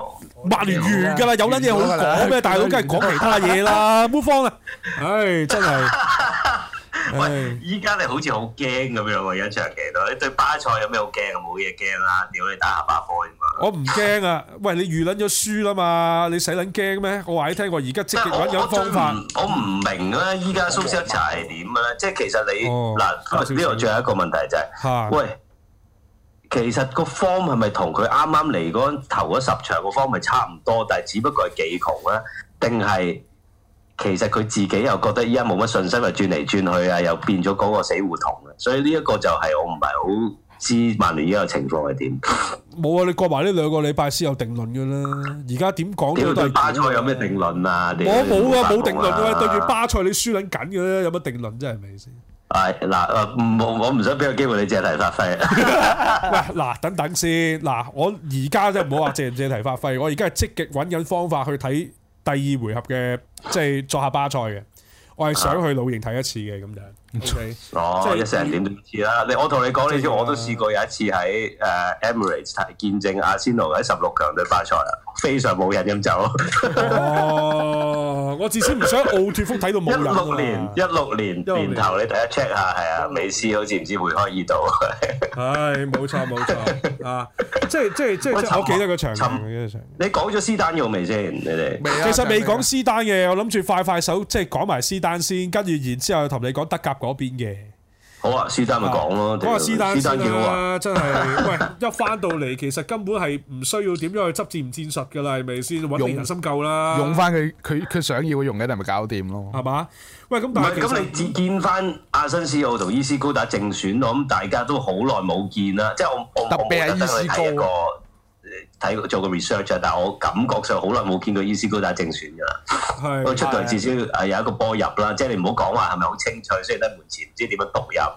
曼聯完㗎啦，完完有撚嘢好講咩？完完大佬梗係講其他嘢啦，唔好放啊！唉、哎，真係。 喂，依家你好似好驚咁樣喎，一場嘅，你對巴塞有咩好驚？冇嘢驚啦，屌你打下巴科啫嘛！我唔驚啊！ 喂，你預撚咗輸啦嘛？你使撚驚咩？我話你聽喎，而家積極揾緊方法。我唔明咧、啊，依家蘇斯達係點咧？即係其實你嗱，呢度最後一個問題就係、是，喂， 其實個 form 係咪同佢啱啱嚟嗰投嗰十場個 form 咪差唔多？但係只不過係幾窮啦，定係？其實佢自己又覺得依家冇乜信心，又轉嚟轉去啊，又變咗嗰個死胡同啊，所以呢一個就係我唔係好知曼聯依家個情況係點。冇啊，你過埋呢兩個禮拜先有定論噶啦。而家點講都對巴塞有咩定論啊？我冇啊，冇定論啊。對住巴塞你輸緊緊噶啦，有乜定論真係咪先？係嗱、哎，唔我唔想俾個機會你借題發揮、啊。 喂，嗱，等等先，嗱，我而家即係唔好話借唔借題發揮，我而家係積極搵緊方法去睇。第二回合嘅即係作客巴塞嘅，我係想去魯營睇一次嘅咁樣。哦，一成人點都唔知啦！你我同你講你知我都試過有一次喺誒 Emirates 睇見證阿仙奴喺十六強對巴塞啦，非常冇癮咁走。哦，我至少唔想喺奧脱福睇到冇人。一六年，一六年年頭，你第一 check 下係啊，美斯好似唔知梅開二度。唉，冇錯冇錯啊！即係即係即係，我記得個場。你講咗斯丹又未先？你哋未啊？其實未講斯丹嘅，我諗住快快手即係講埋斯丹先，跟住然之後同你講德甲。嗰邊嘅好啊，斯丹咪講咯，嗰個、啊、斯丹叫啊，啊真係喂 一翻到嚟，其實根本係唔需要點樣去執戰唔戰術嘅啦，係咪先用啲心夠啦，用翻佢佢佢想要的用嘅，你咪搞掂咯，係嘛？喂咁唔係咁你見見翻阿新斯奧同伊斯高打正選咯，咁大家都好耐冇見啦，即係我，我特別係伊斯高。睇做個 research 啊，但我感覺上好耐冇見到伊斯高打正選噶啦，個是 出嚟至少係有一個波入啦，的即係你唔好講話係咪好清脆，雖然喺門前唔知點樣讀入，咁、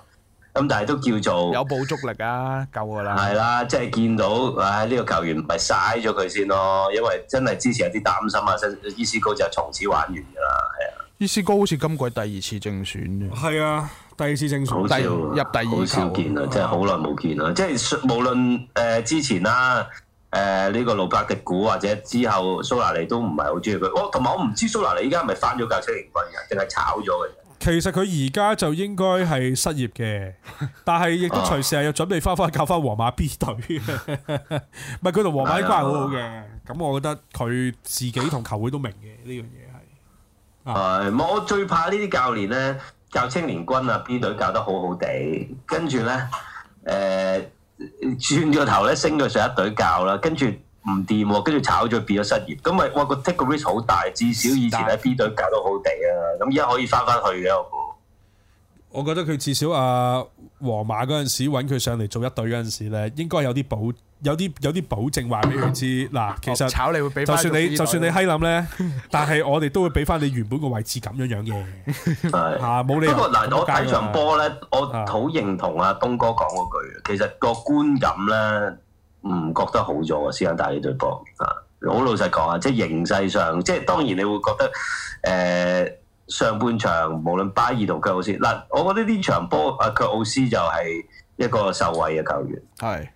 嗯、但係都叫做有捕捉力啊，夠噶啦，係啦，即係見到，唉、哎，呢、這個球員唔係嘥咗佢先咯，因為真係之前有啲擔心啊，伊斯高就從此玩完噶啦，係啊，伊斯高好似今季第二次正選啫，係啊，第二次正選，好啊、第入第二球，好少見，見的即、呃、啊，真係好耐冇見啊，即係無論誒之前啦。誒，呢、呃這個老伯迪古或者之後蘇納尼都唔係好中意佢。哦、我同埋我唔知蘇納尼依家係咪翻咗教青年軍嘅，定係炒咗嘅？其實佢而家就應該係失業嘅， 但係亦都隨時係要準備翻翻教翻皇馬 B 隊。唔係佢同皇馬關係好好嘅，咁、啊、我覺得佢自己同球會都明嘅呢樣嘢係。係、 啊呃，我最怕練呢啲教練咧教青年軍啊，B 隊教得好好地，跟住咧誒。呃轉個頭咧升咗上一隊教啦，跟住唔掂喎，跟住炒咗變咗失業，咁咪哇個 take risk 好大，至少以前喺 B 隊教都好地啊，咁而家可以翻翻去嘅。我覺得佢至少啊。皇馬嗰陣時揾佢上嚟做一隊嗰陣時咧，應該有啲保有啲有啲保證話俾佢知。嗱、嗯，其實炒你會俾就算你就算你嘿諗咧，但係我哋都會俾翻你原本個位置咁樣樣嘅。係冇、 啊、理由。不過嗱，啊、我睇場波咧，我好認同阿東哥講嗰句其實個觀感咧，唔覺得好咗。斯肯大呢隊波啊，好老實講啊，即係形勢上，即、就、係、是就是、當,當然你會覺得誒。上半場無論巴爾同喬奧斯，嗱，我覺得呢場波阿喬奧斯就係一個受惠嘅球員。係，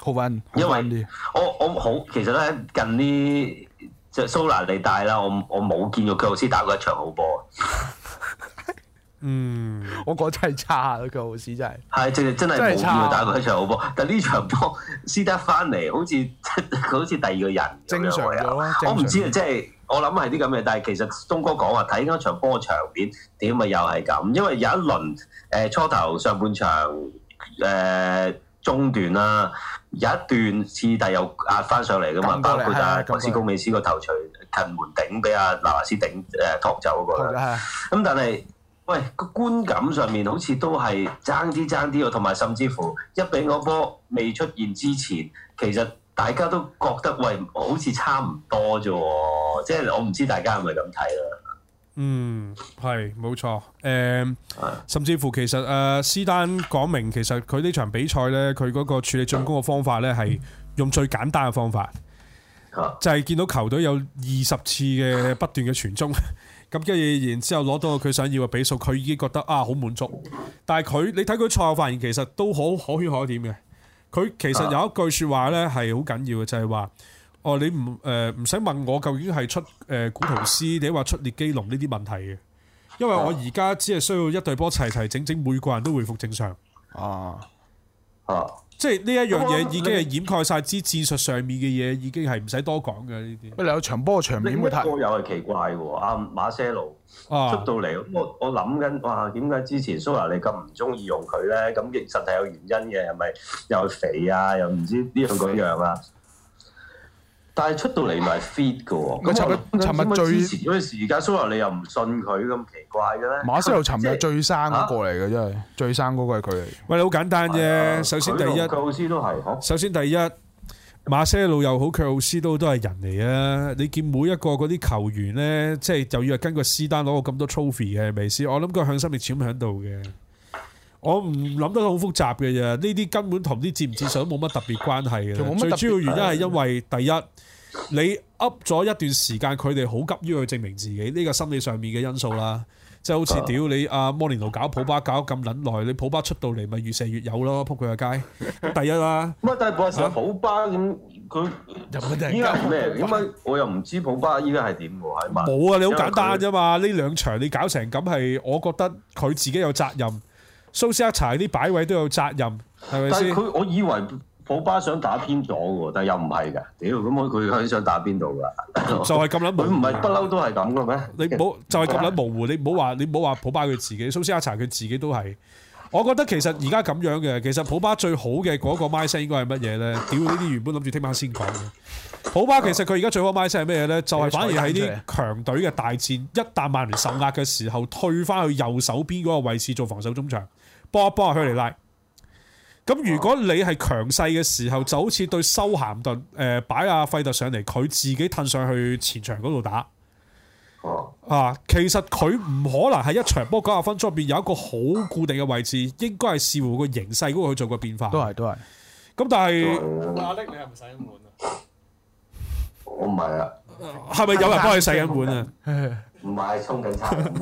好溫，因為我我好，其實咧近呢即係蘇納嚟帶啦，我我冇見過喬奧斯打過一場好波。 嗯， 我覺得真係差，喬奧斯真係係，真係真係冇見佢打過一場好波。但呢場波斯德翻嚟，好似好似第二個人正常咗，我唔有知啊，即係是。我諗係啲咁嘅，但係其實東哥講話睇嗰場波場面，點啊又係咁，因為有一輪誒、呃、初頭上半場誒、呃、中段啦、啊，有一段次第又壓翻上嚟噶嘛，包括啊唐斯高美斯、頭錘斯、呃、個頭槌近門頂俾阿那華斯頂誒托走嗰個，咁但係喂個觀感上面好似都係爭啲爭啲喎，同埋甚至乎一比嗰波未出現之前，其實大家都覺得喂好似差唔多啫喎。即係我唔知大家係咪咁睇咯。嗯，係冇錯。誒、呃，甚至乎其實誒、呃，斯丹講明，其實佢呢場比賽呢，佢嗰個處理進攻嘅方法呢，係用最簡單嘅方法，啊、就係見到球隊有二十次嘅不斷嘅傳中，咁跟住然之後攞到佢想要嘅比數，佢已經覺得啊好滿足。但係佢，你睇佢賽後發言，其實都好可圈可點嘅。佢其實有一句說話呢，係好緊要嘅，就係、是、話。哦，你唔，誒、呃，唔使問我究竟係出誒、呃、古圖師，定係話出列基隆呢啲問題嘅？因為我而家只係需要一隊波齊齊整整，每個人都回復正常。啊啊，即係呢一樣嘢已經係掩蓋晒支戰術上面嘅嘢，已經係唔使多講嘅呢啲。不你有場波場面太嘅？都有係奇怪嘅，阿馬些路出到嚟，我我諗緊，哇，點解之前蘇牙你咁唔中意用佢咧？咁其實係有原因嘅，係咪又，係又係肥啊？又唔知呢樣嗰樣啊？ 但係出到嚟咪係 fit 噶喎。佢尋尋日最嗰個時間，蘇牙你又唔信佢咁奇怪嘅咧？馬西洛尋日最生個嚟嘅真係，啊、最生嗰個係佢嚟。喂，你好簡單啫。哎、呀首先第一，老師都啊、首先第一，馬斯洛又好，佢老師都都係人嚟啊！你見每一個嗰啲球員咧，即係就要係根據斯丹攞過咁多 trophy 嘅，係咪先？我諗佢向心力潛響度嘅。我唔諗得好複雜嘅啫，呢啲根本同啲接唔接上都冇乜特別關係嘅。最主要原因係因為第一，你噏咗一段時間，佢哋好急於去證明自己，呢個心理上面嘅因素啦。即係好似屌你阿摩連奴搞普巴搞咁捻耐，你普巴出到嚟咪越射越有咯，撲佢個街，第一啦。咁啊，但係話實普巴咁佢依家係咩？咁啊，我又唔知普巴依家係點喎？係嘛？冇啊！你好簡單啫嘛？呢兩場你搞成咁係，我覺得佢自己有責任。蘇斯克查嗰啲擺位都有責任，係咪先？但係佢，我以為普巴想打偏咗嘅，但係又唔係嘅。屌，咁佢佢想打邊度噶？ 就係咁諗，佢唔係不嬲都係咁嘅咩？你冇就係咁諗模糊，你唔好話你唔好話普巴佢自己，蘇斯克查佢自己都係。我覺得其實而家咁樣嘅，其實普巴最好嘅嗰個咪聲應該係乜嘢咧？屌，呢啲原本諗住聽晚先講嘅。普巴其實佢而家最好咪聲係咩嘢咧？就係、是、反而喺啲強隊嘅大戰，一旦曼聯受壓嘅時候，退翻去右手邊嗰個位置做防守中場。波一波啊，佢嚟拉。咁如果你係強勢嘅時候，就好似對修咸頓，誒擺阿費特上嚟，佢自己褪上去前場嗰度打。啊，其實佢唔可能係一場波九十分鐘入邊有一個好固定嘅位置，應該係視乎個形勢嗰個去做個變化。都係都係。咁但係阿力，你係唔使碗啊？我唔係啊，係咪有人幫你使緊碗啊？ 唔係充緊茶盤啫，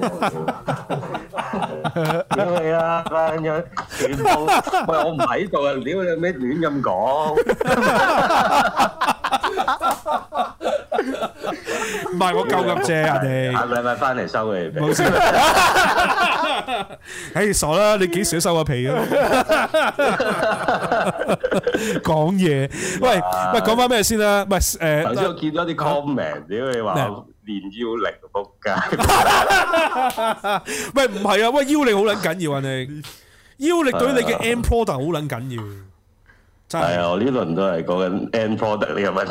屌你啦！啦咁樣，全部喂我唔喺度啊！屌你有咩亂咁講？唔係我夠咁正啊，你下禮拜翻嚟收皮，冇事。哎，傻啦！你幾時收過皮啊？講嘢，喂喂，講翻咩先啦？喂誒，頭先我見到啲 comment，屌你話。練腰力仆街， 喂唔係啊，喂腰力好撚緊要啊你， 腰力對你嘅 end product 好撚緊要，哎、呀真係啊、哎，我呢輪都係講緊 end product 呢個問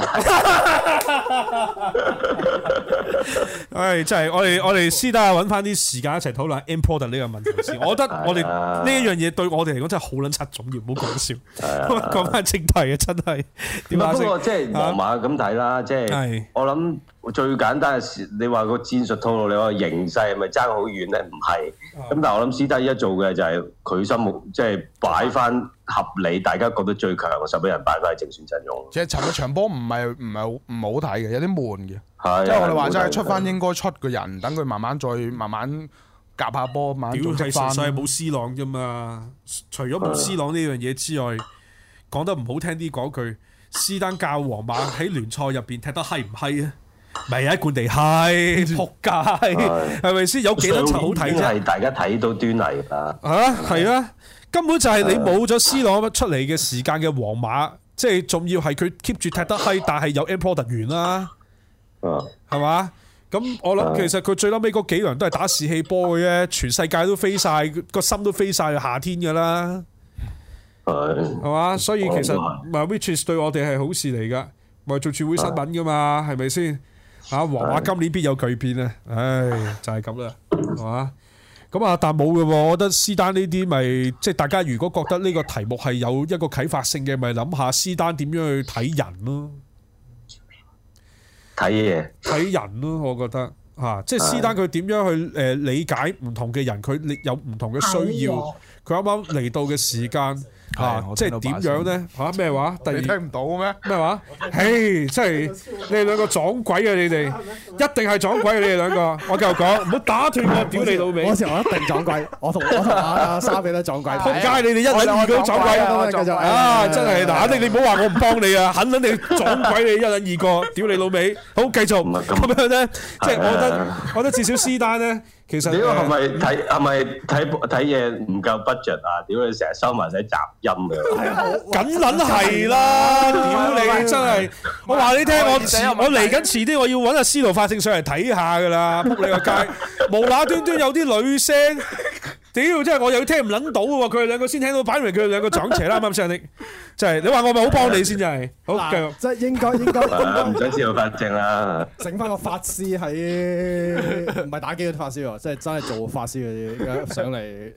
題，唉、 哎，真係我哋我哋私底下揾翻啲時間一齊討論下 end product 呢個問題先，我覺得我哋呢樣嘢對我哋嚟講真係好撚柒重要，唔好講笑，講翻、哎、呀正題啊，真係，哎、呀點解？即係麻麻咁睇啦，即係我諗。最簡單嘅事，你話個戰術套路，你話形勢係咪爭好遠咧，唔係。咁但係我諗斯丹依家做嘅就係佢心目即係、就是、擺翻合理，大家覺得最強嘅，就俾人擺翻係正選陣容。即係尋日場波唔係唔係唔好睇嘅，有啲悶嘅。係即係我哋話齋，的出翻應該出嘅人，等佢慢慢再慢慢夾下波，慢慢再踢翻。冇斯朗啫嘛，除咗冇斯朗呢樣嘢之外，講的得唔好聽啲講句，斯丹教皇馬喺聯賽入邊踢得閪唔閪啊！咪啊！罐地嗨，仆街，係咪先？有幾多層好睇啫，啊？係大家睇到端倪啦。啊，係啊，啊！根本就係你冇咗 C 朗出嚟嘅時間嘅皇馬，即係仲要係佢 keep 住踢得閪，但係有 important 員啦。啊，係嘛，啊？咁我諗，其實佢最屘尾嗰幾輪都係打士氣波嘅啫，全世界都飛晒，個心都飛晒去夏天噶啦。係係嘛？所以其實咪 Whiches、啊啊，對我哋係好事嚟噶，咪做轉會新聞噶嘛？係咪先？吓，皇馬今年必有巨變咧，唉就係咁啦，係、啊、嘛？咁阿達冇嘅，我覺得斯丹呢啲咪即係大家如果覺得呢個題目係有一個啟發性嘅，咪諗下斯丹點樣去睇人咯？睇嘢睇人咯，我覺得吓、啊，即係斯丹佢點樣去誒理解唔同嘅人？佢有唔同嘅需要，佢啱啱嚟到嘅時間。啊！即係點樣咧？吓、啊？咩話？突然你聽唔到咩？咩話？唉！真係你哋兩個撞鬼啊！你哋 一定係撞鬼啊！你哋兩個，我繼續講，唔好 打斷我。屌 你老味！我時我一定撞鬼，我同我同阿沙比得撞鬼。仆街！你哋一兩二都撞鬼。繼續啊！真係嗱，你你唔好話我唔幫你啊！肯定你撞鬼，你一人二個屌你老味！好繼續咁樣咧，即係 我，我覺得，我覺得至少私單咧。其實係咪睇係咪睇睇嘢唔夠 budget 啊？屌你成日收埋曬雜音㗎！咁撚係啦！屌 你真係， 是我話你聽，是我是我嚟緊遲啲，我要揾阿司徒法正上嚟睇下㗎啦！仆你個街， 無啦端，端端有啲女聲。 屌，即係我又要聽唔撚到喎！佢哋兩個先聽到，擺明佢哋兩個撞邪啦，啱唔啱先？你即係你話我咪好幫你先，即係好繼續。即係應該應該。唔想知道法證啦，整翻個法師喺，唔係打機嘅法師喎，即係真係做法師嗰啲上嚟。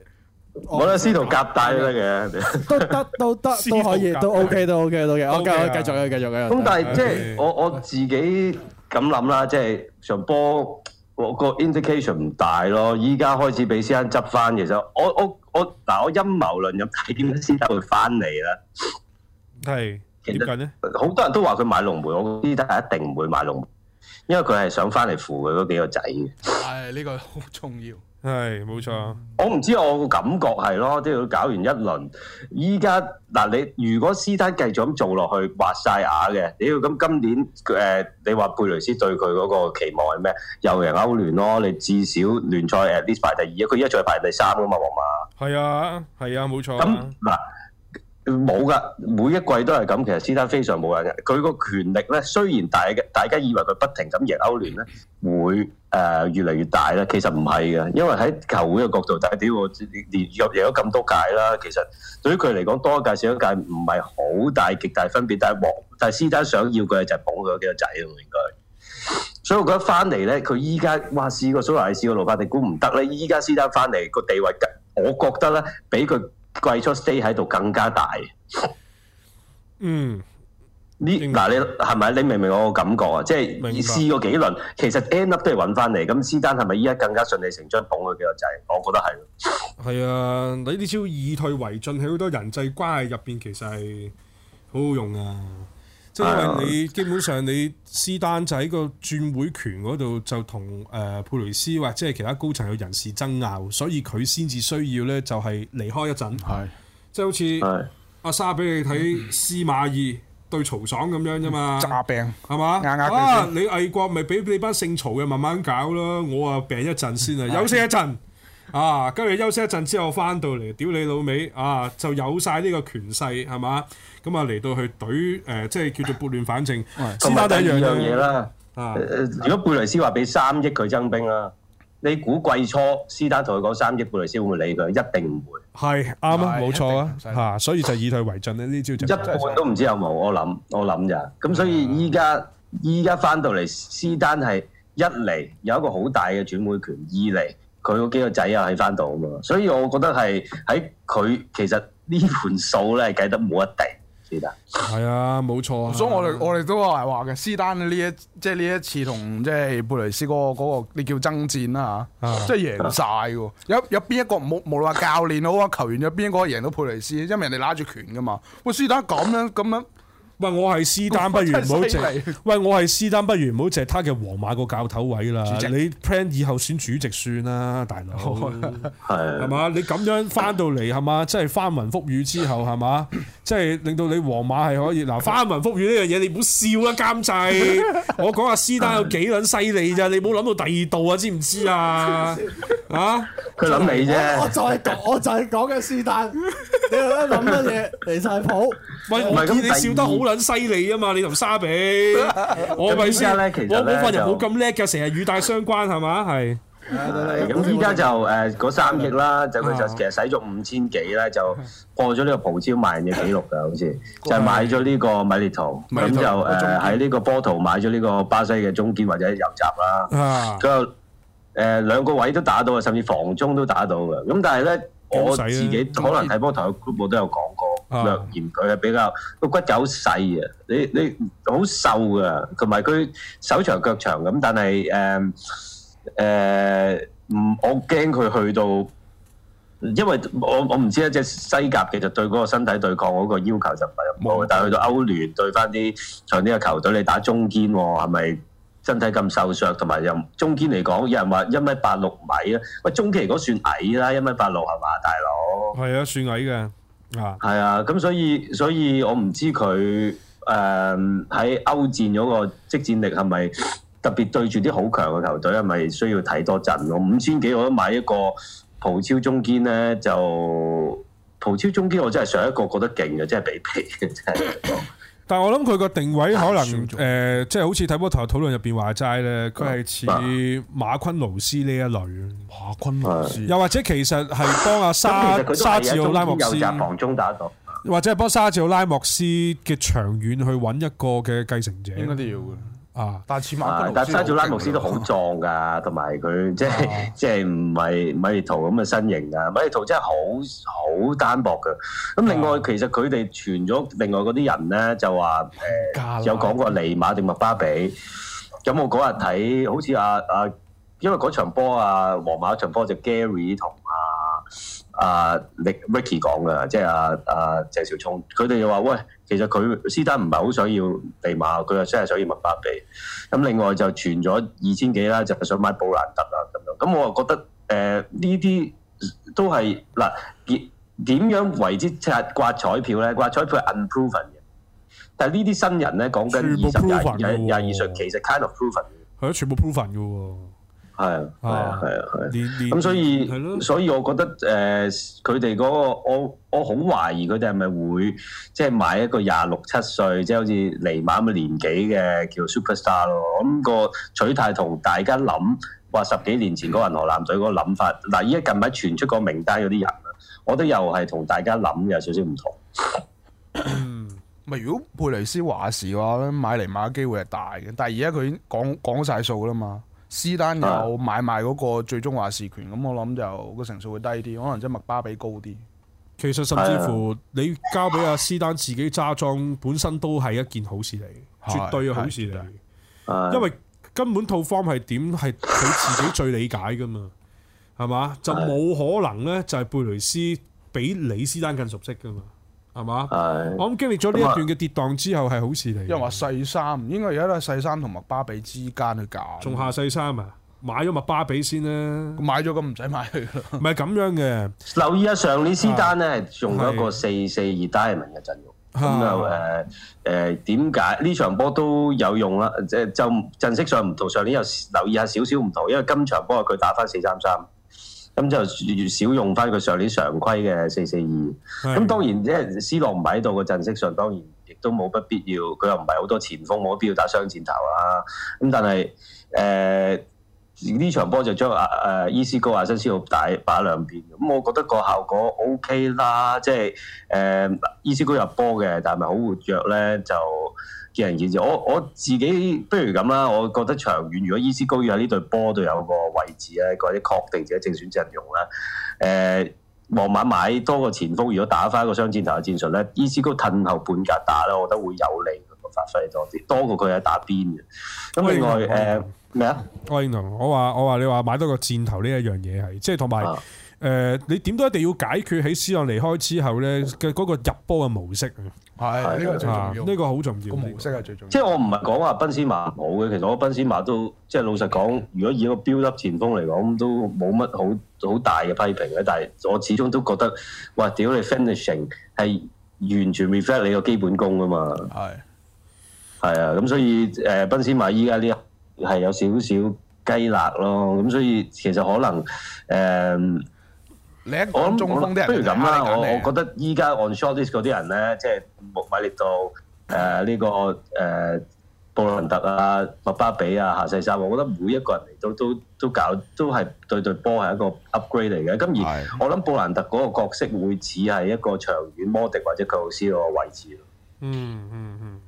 我覺得司徒夾帶得嘅，都得都得都可以，都 OK 都 OK 都嘅。我繼續繼續繼續。咁但係即係我我自己咁諗啦，即係場波。我個 indication 唔大咯，依家開始俾先生執翻，其實我我我嗱，我陰謀論咁睇，點樣先得會翻嚟咧？係最近咧，好多人都話佢買龍梅，我知得係一定唔會買龍梅，因為佢係想翻嚟扶佢嗰幾個仔嘅。係呢、哎呢個好重要。係冇錯，我唔知我個感覺係咯，都要搞完一輪。依家嗱，你如果施丹繼續咁做落去，挖晒眼嘅，屌咁今年誒，你話佩雷斯對佢嗰個期望係咩？又贏歐聯咯，你至少聯賽誒呢排第二，佢依家再排第三啊嘛，王嘛。係啊，係啊，冇錯。咁嗱。冇噶，每一季都係咁。其實斯丹非常冇人，嘅。佢個權力咧，雖然大嘅，大家以為佢不停咁贏歐聯咧，會、呃、誒越嚟越大咧。其實唔係嘅，因為喺球會嘅角度，大家屌連入贏咗咁多屆啦。其實對於佢嚟講，多一屆少一屆唔係好大，極大分別。但係王，但係斯坦想要嘅就係、是、捧佢幾個仔咯，應該。所以我覺得翻嚟咧，佢依家哇，試過蘇亞雷斯、個羅法迪估唔得咧。依家斯丹翻嚟個地位，我覺得咧，比佢。比季初 stay 喺度更加大，嗯，呢嗱你係咪文你，你明唔明我個感覺啊？即係試白過幾輪，其實 end up 都係揾翻嚟，咁施丹係咪依家更加順理成章捧佢幾個仔？我覺得係，係、嗯、 啊，你啲招以退為進喺好多人際關係入邊其實係好好用啊。即係因為你基本上你斯丹就喺個轉會權嗰度就同誒佩雷斯或者係其他高層嘅人士爭拗，所以佢先至需要咧就係、是、離開一陣。係即係好似阿莎俾你睇，嗯、哼司馬懿對曹爽咁樣啫嘛，詐、嗯、病係嘛？吧硬硬啊你魏國咪俾你班姓曹嘅慢慢搞咯，我啊病一陣先啊，休息是一陣，啊！跟住休息一陣之後翻到嚟，屌你老味，啊！就有晒呢個權勢係嘛？咁啊嚟到去懟誒、呃，即係叫做撥亂反正。同埋、啊、第一樣嘢啦，啊、如果貝雷斯話俾三億佢增兵啦，啊、你估季初斯丹同佢講三億貝雷斯會唔會理佢？一定唔會。係啱啊，冇錯啊，嚇、啊！所以就以退為進咧，呢招就一半都唔知有冇。我諗我諗咋。咁，所以依家依家翻到嚟，斯丹係一嚟有一個好大嘅轉會權，二嚟。佢嗰幾個仔又喺翻度啊嘛，所以我覺得係喺佢其實呢盤數咧係計得冇一定，其實係啊，冇錯。 所以我哋我哋都係話嘅，斯丹呢一即係呢一次同即係佩雷斯哥、那、嗰個，那個、你叫爭戰啦嚇，啊、即係贏晒喎、啊。有有邊一個冇？無論話教練好啊，球員有邊一個贏到佩雷斯？因為人哋拉住拳噶嘛。喂，斯丹咁樣咁樣。喂，我係斯丹，不如唔好食。喂，我係斯丹，不如唔好食他嘅皇馬個教頭位啦。你 plan 以後選主席算啦，大佬。係。係嘛？你咁樣翻到嚟係嘛？即係翻雲覆雨之後係嘛？即係令到你皇馬係可以嗱翻雲覆雨呢樣嘢，你唔好笑啊！監製，我講下、啊、斯丹有幾撚犀利啫？你唔好諗到第二度啊！知唔知啊？啊？佢諗你啫。我就係講，我就係講緊斯丹，你喺度諗乜嘢？嚟晒譜。喂，唔係你笑得好。犀利啊嘛！你同沙比，我咪先，我我份人冇咁叻嘅，成日語帶相關係嘛？係。咁而家就誒嗰三億啦，就佢就其實使咗五千幾咧，就破咗呢個葡超賣人嘅紀錄㗎，好似就買咗呢個米列圖，咁就誒喺呢個波圖買咗呢個巴西嘅中堅或者右閘啦。佢誒兩個位都打到啊，甚至防中都打到嘅。咁但係咧，我自己可能睇波圖嘅 group 我都有講過。啊、略嫌佢啊，比較個骨好細啊，你你好瘦噶，同埋佢手長腳長咁，但係誒誒，唔、呃呃、我驚佢去到，因為我我唔知一隻西甲其實對嗰個身體對抗嗰個要求就唔係咁高，問但係去到歐聯對翻啲長啲嘅球隊，你打中堅喎，哦，係咪身體咁瘦削，同埋又中堅嚟講，有人話一米八六米啊，喂，中堅嗰算矮啦，一米八六係嘛，大佬？係啊，算矮嘅。係啊，咁所以所以我唔知佢誒喺歐戰嗰個即戰力係咪特別對住啲好強嘅球隊，係咪需要睇多陣咯？我五千幾我都買一個葡超中堅咧，就葡超中堅我真係上一個覺得勁嘅，真係比皮。真 但係我諗佢個定位可能，誒了、呃，即係好似體波台討論入邊話齋咧，佢係似馬昆勞斯呢一類。馬昆勞斯，又或者其實係幫阿沙沙治奧拉莫斯，防中打躉或者係幫沙治奧拉莫斯嘅長遠去揾一個嘅繼承者，應該都要嘅。啊！但啊但係沙祖拉姆斯都好壯噶，同埋佢即係即係唔係米圖咁嘅身形啊，米圖真係好好單薄嘅。咁另外，其實佢哋傳咗另外嗰啲人咧，就話誒、呃、勒有講過尼馬定麥巴比。咁、啊、我嗰日睇，啊、好似阿阿，因為嗰場波啊，皇馬場波就 Gary 同阿。啊 Uh, 啊，你 Ricky 講嘅，即係阿啊鄭少聰，佢哋又話：喂，其實佢斯丹唔係好想要地馬，佢又真係想要物化地。咁另外就存咗二千幾啦，就係、是、想買布蘭特啊咁樣。咁我啊覺得，誒呢啲都係嗱點點樣為之即係刮，刮彩票咧？刮彩票係 unproven 嘅，但係呢啲新人咧講緊二十廿廿以上，其實 kind of proven，係咯，全部 proven 嘅喎。啊係，係啊，係啊，咁所以，的所以我覺得誒，佢哋嗰個，我我好懷疑佢哋係咪會即係、就是、買一個廿六七歲，即係、就是、好似尼馬咁嘅年紀嘅叫 superstar 咯。咁個取態同大家諗，話十幾年前嗰個銀河艦隊嗰個諗法，嗱，依家近排傳出個名單嗰啲人，我覺得又係同大家諗有少少唔同。唔係 如果佩雷斯話事嘅話咧，買尼馬嘅機會係大嘅，但係而家佢講講晒數啦嘛。斯丹有買賣嗰個最終話事權，咁、嗯、我諗就個成數會低啲，可能即麥巴比高啲。其實甚至乎你交俾阿斯丹自己揸裝，本身都係一件好事嚟，的絕對好事嚟。因為根本套方 o r m 係點係佢自己最理解噶嘛，係嘛？ 就冇可能咧，就係貝雷斯比李斯丹更熟悉噶嘛。係嘛？是我諗經歷咗呢一段嘅跌宕之後，係好事嚟。因為話細三，應該而一家都係細三同埋麥巴比之間去搞。仲下細三啊？買咗麥巴比先啦，買咗咁唔使買佢。唔係咁樣嘅，留意下上年斯丹咧，啊、用咗一個四四二 diamond 嘅陣容。咁又、啊，誒誒，點解呢場波都有用啦？即係陣陣式上唔同上年，又留意下少少唔同，因為今場波佢打翻四三三。咁就越少用翻佢上年常規嘅四四二。咁當然即係 C 羅唔喺度，個陣式上，當然亦都冇不必要。佢又唔係好多前鋒，冇必要打雙箭頭啊。咁但係誒呢場波就將阿誒伊斯高阿新斯奧打打兩邊。咁我覺得個效果 OK 啦。即係誒、呃、伊斯高入波嘅，但係咪好活躍咧就？見仁見智，我我，自己不如咁啦，我覺得長遠，如果伊斯高要喺呢隊波度有個位置咧，或者確定自己正選陣容咧，誒、呃，傍晚買多個前鋒，如果打返個雙箭頭嘅戰術咧，伊斯高褪後半格打咧，我覺得會有利佢發揮多啲，多過佢喺打邊嘅。咁、嗯、另外誒咩啊？我認同，我話我話你話買多個箭頭呢一樣嘢係，即係同埋。啊誒、呃，你點都一定要解決喺 C 朗離開之後咧嘅嗰個入波嘅模式、嗯、啊！呢個最重要，呢、啊呢個好重要。個模式係最重要。即係我唔係講話賓斯馬冇嘅，其實我賓斯馬都即係老實講，如果以一個標誌前鋒嚟講，都冇乜好好大嘅批評嘅。但係我始終都覺得，哇！屌你 finishing 係完全 reflect 你個基本功啊嘛！係係啊，咁所以誒、呃、賓斯馬依家呢係有少少雞肋咯。咁所以其實可能誒。呃中我諗，不如咁啦。我、嗯、我覺得依家 on shortlist 嗰啲人咧，即係米列到誒呢個誒、呃、布蘭特啊、麥巴比啊、夏世沙，我覺得每一個人嚟都都都搞都係對對波係一個 upgrade 嚟嘅。咁而我諗布蘭特嗰個角色會似係一個長遠摩迪或者佢老師嗰個位置咯。的、嗯。嗯嗯嗯。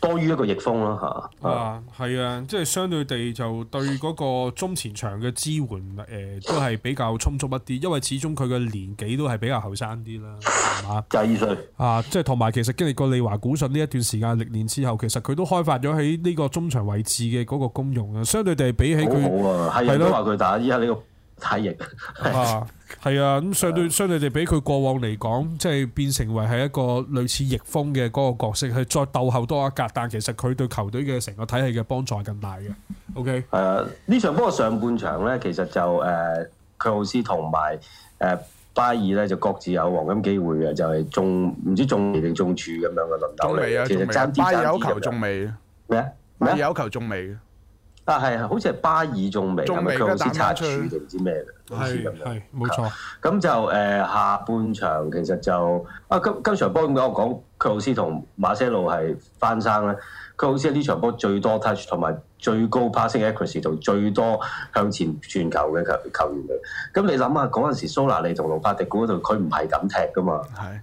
多於一個逆風咯嚇，啊，係啊，即係相對地就對嗰個中前場嘅支援誒，都、呃、係、就是、比較充足一啲，因為始終佢嘅年紀都係比較後生啲啦，係嘛 吧，廿二歲，啊，即係同埋其實經歷過利華古遜呢一段時間歷練之後，其實佢都開發咗喺呢個中場位置嘅嗰個功用啊，相對地比起佢，係咯、啊，話佢的的打依家呢個。太逆體 啊！係啊，咁相對相對地，比佢過往嚟講，即係變成為係一個類似逆風嘅嗰個角色，係再斗後多一格。但其實佢對球隊嘅成個體系嘅幫助更大嘅。OK，係呢、啊、場不過上半場咧，其實就誒，克、呃、勞斯同埋誒巴爾咧就各自有黃金機會嘅，就係、是、中唔知中嚟定中柱咁樣嘅輪斗咧。仲未啊？其實爭啲巴爾有球仲未咩？啊？咩、啊？啊、點有球仲未？但係、啊，好似係巴爾仲未，係咪佢老師擦柱定唔知咩嘅，好似咁樣。冇錯。咁、啊、就誒、呃、下半場其實就啊，今今場波點講？我講佢老師同馬西路係翻生咧。佢老師喺呢場波最多 touch，同埋最高 passing accuracy，同最多向前傳球嘅球球員嚟。咁你諗下嗰陣時，蘇拿利同盧卡迪古度，佢唔係咁踢噶嘛？係的。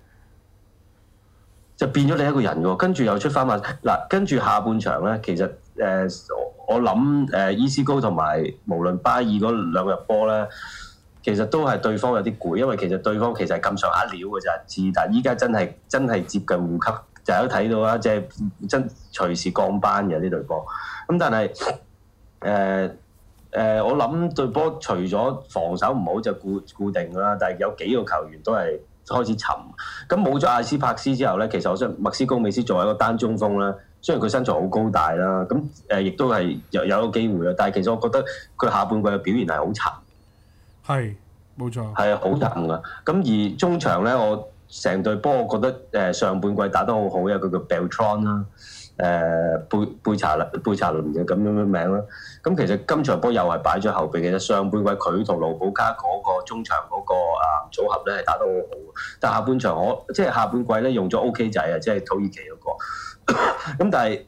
就變咗你一個人喎，跟住又出翻馬。嗱，跟住下半場咧，其實誒。呃我諗誒、呃，伊斯高同埋無論巴爾嗰兩入波咧，其實都係對方有啲攰，因為其實對方其實係咁上下料嘅啫。但達依家真係真係接近護級，就有睇到啦，即係真隨時降班嘅呢隊波。咁、嗯、但係誒誒，我諗對波除咗防守唔好就固固定㗎啦，但係有幾個球員都係開始沉。咁冇咗阿斯帕斯之後咧，其實我想麥斯高美斯作為一個單中鋒咧。雖然佢身材好高大啦，咁誒亦都係有有個機會啦，但係其實我覺得佢下半季嘅表現係好殘，係冇錯，係好殘啊！咁、嗯、而中場咧，我成隊波，我覺得誒、呃、上半季打得好好嘅佢個叫 Beltran 啦、呃，誒貝貝查倫貝查倫嘅咁樣嘅名啦。咁、啊、其實今場波又係擺咗後備嘅，其實上半季佢同盧普卡嗰個中場嗰、那個啊組合咧係打得好好，但下半場我即係下半季咧用咗 OK 仔啊，即係土耳其嗰、那個。咁但係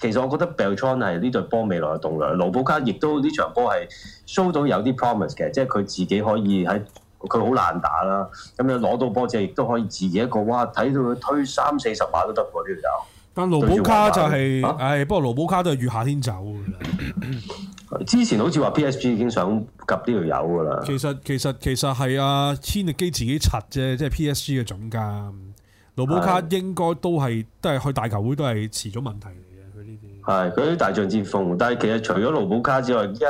其實我覺得 Beltran 係呢隊波未來嘅棟樑。盧寶卡亦都呢場波係 show 到有啲 promise 嘅，即係佢自己可以喺佢好難打啦，咁樣攞到波只係亦都可以自己一個哇，睇到佢推三四十碼都得過呢條友。但盧寶卡就係、是，係不過盧寶卡都係預夏天走。咳咳之前好似話 PSG 已經想及呢條友噶啦。其實其實其實係啊，千力基自己柒啫，即、就、係、是、PSG 嘅總監。盧布卡應該都係都係去大球會都係遲咗問題嚟嘅，佢呢啲係佢啲大將之風。但係其實除咗盧布卡之外，依家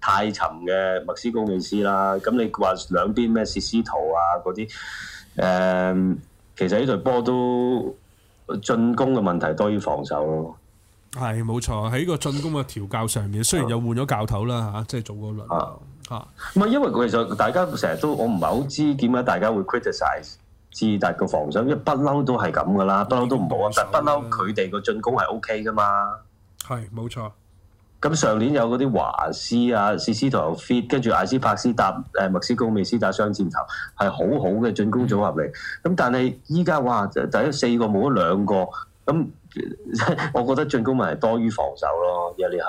太沉嘅麥斯高技斯啦。咁你話兩邊咩設施圖啊嗰啲？誒、嗯，其實呢場波都進攻嘅問題多於防守咯。係冇錯，喺個進攻嘅調教上面，雖然又換咗教頭啦嚇，即係早嗰輪啊嚇。唔係、啊、因為其實大家成日都我唔係好知點解大家會 criticise。智達個防守因為一不嬲都係咁噶啦，不嬲都唔好啊。但不嬲佢哋個進攻係 O K 噶嘛。係，冇錯。咁上年有嗰啲華師啊、斯斯同 fit，跟住艾斯帕斯達，誒、呃、墨斯高，美斯達雙箭頭，係好好嘅進攻組合嚟。咁、嗯、但係依家哇，就就一四個冇咗兩個咁。 我覺得進攻咪係多於防守咯，耶利克，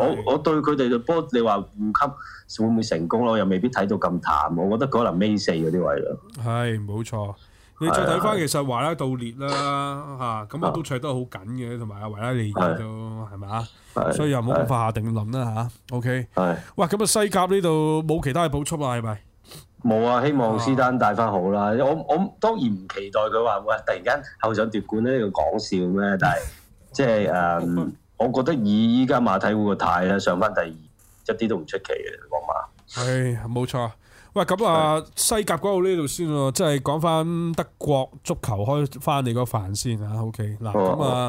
我我對佢哋就不過，你話換級會唔會成功咯？又未必睇到咁淡，我覺得可能尾四嗰啲位咯。係冇 錯，你再睇翻其實華拉道列啦嚇，咁我都睇得好緊嘅，同埋阿維拉利爾 是都係咪啊？是所以又唔好咁快下定論啦吓 OK，哇，咁啊西甲呢度冇其他嘅補充啊，係咪？冇啊！希望斯丹帶翻好啦，啊。我我當然唔期待佢話喂，突然間後上奪冠呢咧，講笑咩？但係 即係誒、嗯，我覺得以依家馬體會個態咧，上翻第二一啲都唔出奇嘅。皇馬係冇錯。喂，咁啊，西甲嗰度呢度先喎，啊，即係講翻德國足球開翻你個飯先嚇。O K，嗱咁啊，而、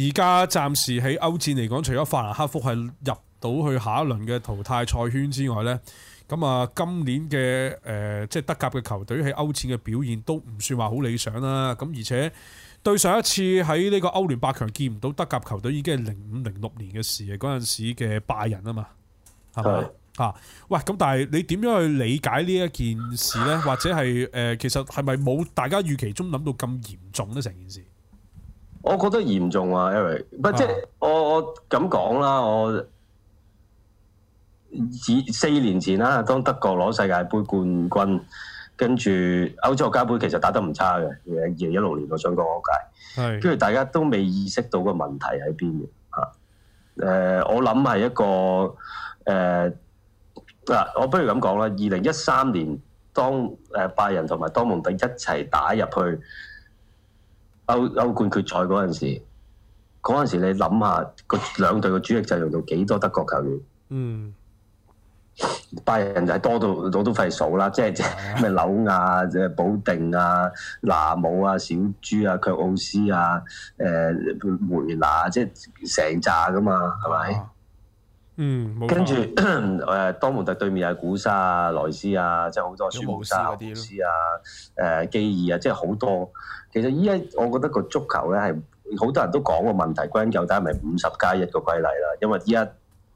OK、家、啊啊、暫時喺歐戰嚟講，除咗法蘭克福係入到去下一輪嘅淘汰賽圈之外咧。咁啊、嗯，今年嘅誒、呃，即係德甲嘅球隊喺歐戰嘅表現都唔算話好理想啦。咁而且對上一次喺呢個歐聯八強見唔到德甲球隊，已經係零五零六年嘅事啊，嗰陣時嘅拜仁啊嘛，係咪的啊？喂，咁但係你點樣去理解呢一件事呢？或者係誒、呃，其實係咪冇大家預期中諗到咁嚴重呢？成件事，我覺得嚴重啊，因為唔即我咁講啦，我。我以四年前啦，當德國攞世界杯冠軍，跟住歐洲國家杯其實打得唔差嘅，二零一六年我想講嗰屆，跟住是大家都未意識到個問題喺邊嘅吓。誒、呃，我諗係一個誒嗱、呃，我不如咁講啦。二零、呃、一三年當誒拜仁同埋多蒙特一齊打入去歐歐冠決賽嗰陣時，嗰陣時你諗下個兩隊嘅主力就用到幾多德國球員？嗯。拜仁就係多到我都費數啦，即係即係咩紐亞、即係保定啊、拿姆啊、小豬啊、卻奧斯啊、誒、呃、梅拿，即係成扎噶嘛，係咪？嗯，跟住誒、 呃、多蒙特對面係古沙萊啊、萊斯啊，即係好多小烏沙、奧斯啊、誒基爾啊，即係好多。其實依家我覺得個足球咧係好多人都講個問題關，歸根究底係咪五十加一個規例啦？因為依家，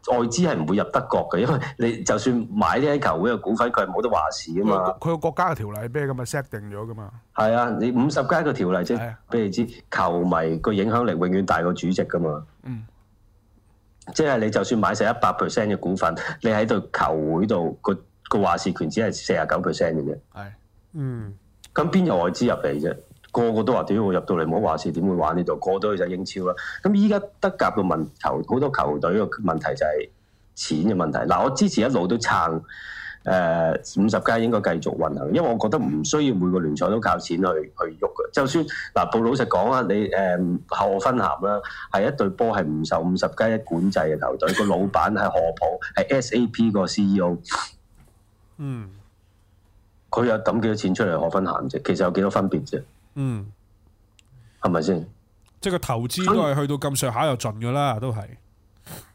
外資係唔會入德國嘅，因為你就算買呢喺球會嘅股份，佢係冇得話事啊嘛。佢個國家嘅條例係咩咁啊 set 定咗噶嘛？係啊，你五十加一個條例啫。俾你知，啊、球迷個影響力永遠大過主席噶嘛。嗯。即係你就算買成一百 percent 嘅股份，你喺度球會度個個話事權只係四啊九 percent 嘅啫。係。嗯。咁邊有外資入嚟啫？個個都話屌我入到嚟唔好話事，點會玩呢度？過咗去就英超啦。咁依家德甲個問球，好多球隊個問題就係錢嘅問題。嗱，我之前一路都撐誒五十加應該繼續運行，因為我覺得唔需要每個聯賽都靠錢去去喐。就算嗱，報老實講啊，你誒荷芬咸啦，係、嗯、一隊波係唔受五十加一管制嘅球隊，個 老闆係何普，係 S A P 個 C E O。嗯，佢有抌幾多錢出嚟荷芬咸啫？其實有幾多分別啫？嗯，係咪先？即係個投資都係去到咁上下又盡噶啦，都係。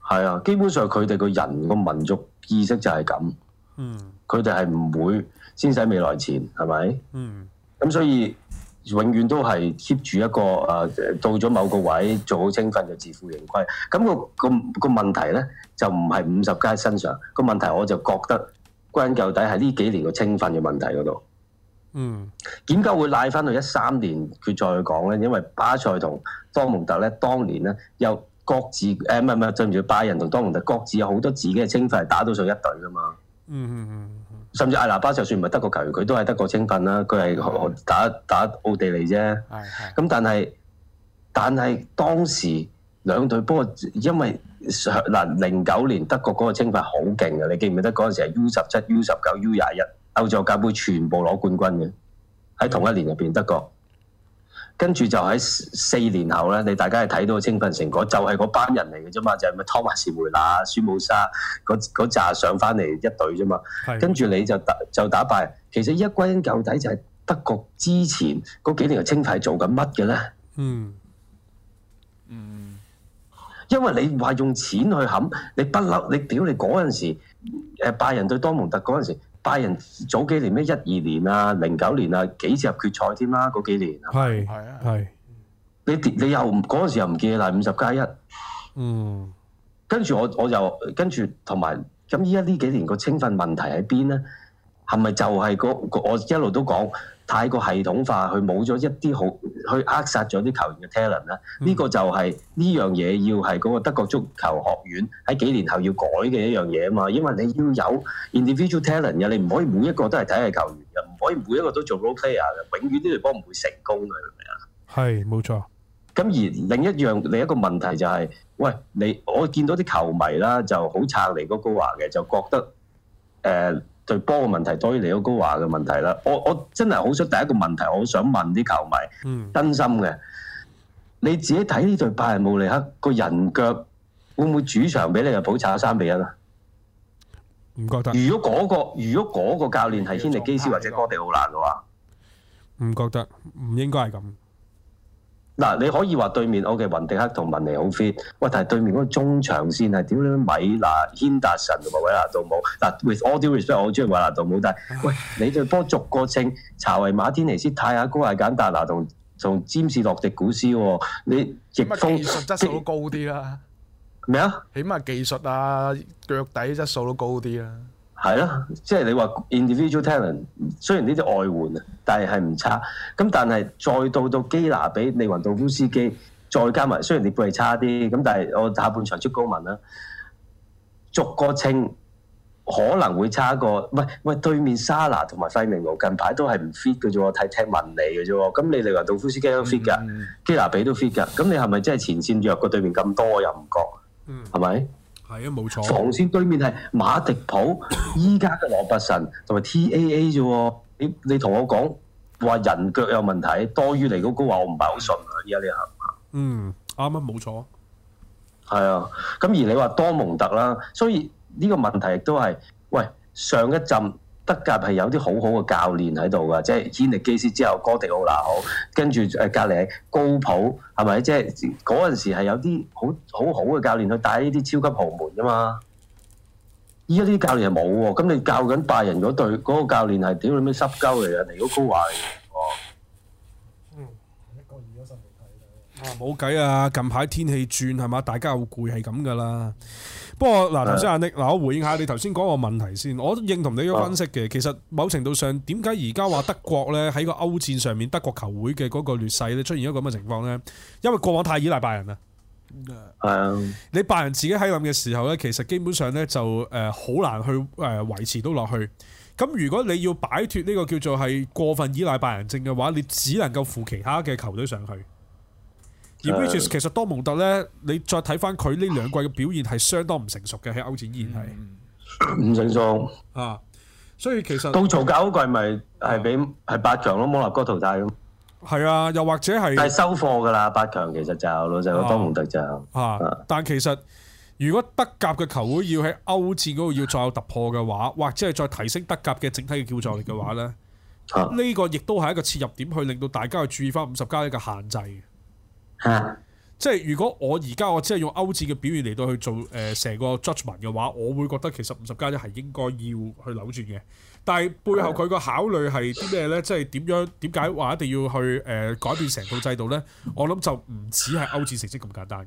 係、嗯、啊，基本上佢哋個人個民族意識就係咁。嗯，佢哋係唔會先使未來錢，係咪？嗯。咁所以永遠都係 keep 住一個誒，到咗某個位做好清分就自負盈虧。咁、那個個個問題咧，就唔係五十加身上、那個問題，我就覺得歸根究底係呢幾年個清分嘅問題嗰度。嗯，點解會賴翻到一三年決賽去講咧？因為巴塞同多蒙特咧，當年咧有各自誒，唔係唔係對唔住，拜仁同多蒙特各自有好多自己嘅青訓係打到上一隊噶嘛。嗯嗯嗯，嗯嗯嗯，甚至阿拉巴就算唔係德國球員，佢都係德國青訓啦。佢係打打，打奧地利啫。係咁、嗯嗯嗯、但係但係當時兩隊，不過因為嗱零九年德國嗰個青訓好勁啊！你記唔記得嗰陣時係 U 十七、U 十九、U 廿一？歐洲杯全部攞冠軍嘅，喺同一年入面德國，跟住就喺四年後咧，你大家係睇到個青訓成果就係嗰班人嚟嘅啫嘛，就係咪托馬士梅拿、孫慕沙嗰嗰紮上翻嚟一隊啫嘛，跟住你就打就打敗。其實一歸根究底就係德國之前嗰幾年嘅青訓做緊乜嘅咧？嗯嗯，因為你話用錢去冚，你不嬲你屌你嗰陣時，誒拜仁對多蒙特嗰陣時。拜仁早幾年咩？一二年啊，零九年啊，幾次入決賽添啦，嗰幾年。係係啊，係 你你又嗰陣、那個、時又唔見啦，五十加一。嗯 跟住我我又跟住，同埋咁依家呢幾年個青訓問題喺邊咧？係咪就係嗰、那個？我一路都講。太過系統化，佢冇咗一啲好，去扼殺咗啲球員嘅 talent 啦、嗯。呢個就係呢樣嘢要係嗰個德國足球學院喺幾年後要改嘅一樣嘢啊嘛。因為你要有 individual talent 嘅，你唔可以每一個都係體係球員，又唔可以每一個都做 role player 永遠呢類波唔會成功嘅，明唔明啊？係冇錯。咁而另一樣另一個問題就係、是，喂你我見到啲球迷啦就好拆離嗰句話嘅，就覺得誒。呃對波嘅問題多於尼歐高華嘅問題啦，我我真係好想第一個問題，我想問啲球迷，嗯、真心嘅，你自己睇呢對拜仁慕尼黑個人腳會唔會主場俾你啊補差三比一啊？唔覺得？如果嗰、嗰個如果嗰個教練係軒尼基斯或者哥迪奧拿嘅話，唔覺得？唔應該係咁。嗱，你可以話對面 O、OK，嘅雲迪克同文尼好 fit。喂，提對面嗰個中場先係點？米娜、亨達臣同埋偉拿杜姆。嗱，with all d 我中意偉拿杜姆，但係喂，你哋幫逐個稱查維馬、天尼斯、泰阿高阿簡達拿同同詹士斯、洛迪古斯。你起碼技術質素都高啲啦。咩啊？起碼技術啊，腳底質素都高啲啊。係咯，即係你話 individual talent，雖然呢啲外援啊，但係係唔差。咁但係再到到基拿比、利雲道夫斯基，再加埋雖然劣勢差啲，咁但係我打半場出高文啦，逐個稱可能會差過，喂，係唔係對面莎拿同埋費明奴近排都係唔 fit 嘅啫喎，睇踢文嚟嘅啫喎。咁你，你利雲道夫斯基都 fit 㗎，嗯、基拿比都 fit 㗎，咁你係咪真係前線弱過對面咁多，又唔覺，係咪、嗯？係啊，冇錯。防線對面係馬迪普，依家嘅羅伯臣同埋 TAA 啫。你你同我講話人腳有問題，多於你高高話，我唔係好信啊。依家你行唔行？嗯，啱啊，冇錯。係啊，咁而你話多蒙特啦，所以呢個問題亦都係，喂，上一陣。德甲係有啲好好嘅教練喺度噶，即係軒尼基斯之後，哥迪奧拿好，跟住誒隔離高普，係咪？即係嗰陣時係有啲好好好嘅教練去帶呢啲超級豪門噶嘛。依家啲教練係冇喎，咁你教緊拜仁嗰隊嗰個教練係屌你咩濕鳩嚟啊！如果高華嚟嘅話，嗯，一個月冇計啊！近排天氣轉係嘛，大家好攰係咁噶啦。不過嗱，頭先阿 n i 嗱我回應下你頭先講個問題先，我認同你嘅分析嘅。其實某程度上，點解而家話德國咧喺個歐戰上面德國球會嘅嗰個劣勢咧出現咗個咁嘅情況咧？因為過往太依賴拜仁啦。嗯、你拜仁自己喺咁嘅時候咧，其實基本上咧就誒好難去誒維持到落去。咁如果你要擺脫呢個叫做係過分依賴拜仁症嘅話，你只能夠負其他嘅球隊上去。而其實多蒙特呢，你再睇翻佢呢兩季嘅表現係相當唔成熟嘅，喺歐戰依然係唔成熟啊，所以其實到嘈鳩季咪係俾係八強咯，摩納哥淘汰咁。係啊，又或者係。但係收貨㗎啦，八強其實就老實講多蒙特就嚇。但其實如果德甲嘅球會要喺歐戰嗰度要再有突破嘅話，或者係再提升德甲嘅整體嘅叫座力嘅話呢，呢個亦都係一個切入點去令到大家去注意翻五十加一嘅限制。嗯、即係如果我而家我只係用歐戰嘅表現嚟到去做誒成、呃、個 judgement 嘅話，我會覺得其實五十加一係應該要去扭轉嘅。但係背後佢個考慮係啲咩呢？即係點樣？點解話一定要去誒、呃、改變成套制度呢？我諗就唔止係歐戰成績咁簡單嘅。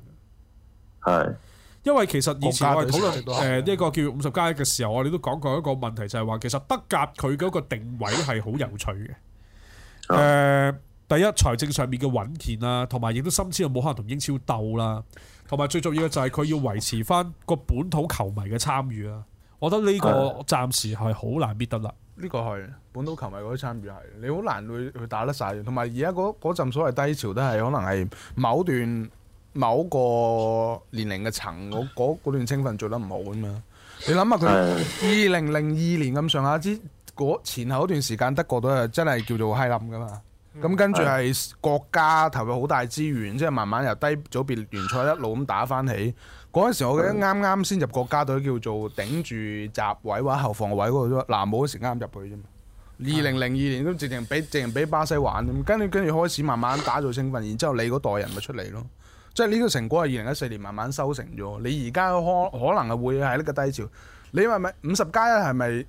係、嗯，因為其實以前我哋討論誒呢個叫五十加一嘅時候，我哋都講過一個問題就，就係話其實德甲佢嗰個定位係好有趣嘅。誒、呃。第一，財政上面嘅穩健啊，同埋亦都深知佢冇可能同英超鬥啦，同埋最重要嘅就係佢要維持翻個本土球迷嘅參與啊！我覺得呢個暫時係好難必得啦。呢個係本土球迷嗰啲參與係你好難去去打得晒。同埋而家嗰陣所謂低潮都係可能係某段某個年齡嘅層嗰段青訓做得唔好咁嘛！你諗下佢二零零二年咁上下之前後段時間德國都係真係叫做嗨冧噶嘛？咁跟住係國家投入好大資源，的即係慢慢由低組別聯賽一路咁打翻起。嗰陣 時我記得啱啱先入國家隊，叫做頂住閘位或者後防位嗰、嗰個都，嗱冇嗰時啱入去啫。二零零二年都直情俾直情俾巴西玩，咁跟住跟住開始慢慢打造興奮，然之後你嗰代人咪出嚟咯。即係呢個成果係二零一四年慢慢收成咗。你而家可可能係會喺呢個低潮，你係咪五十加一係咪？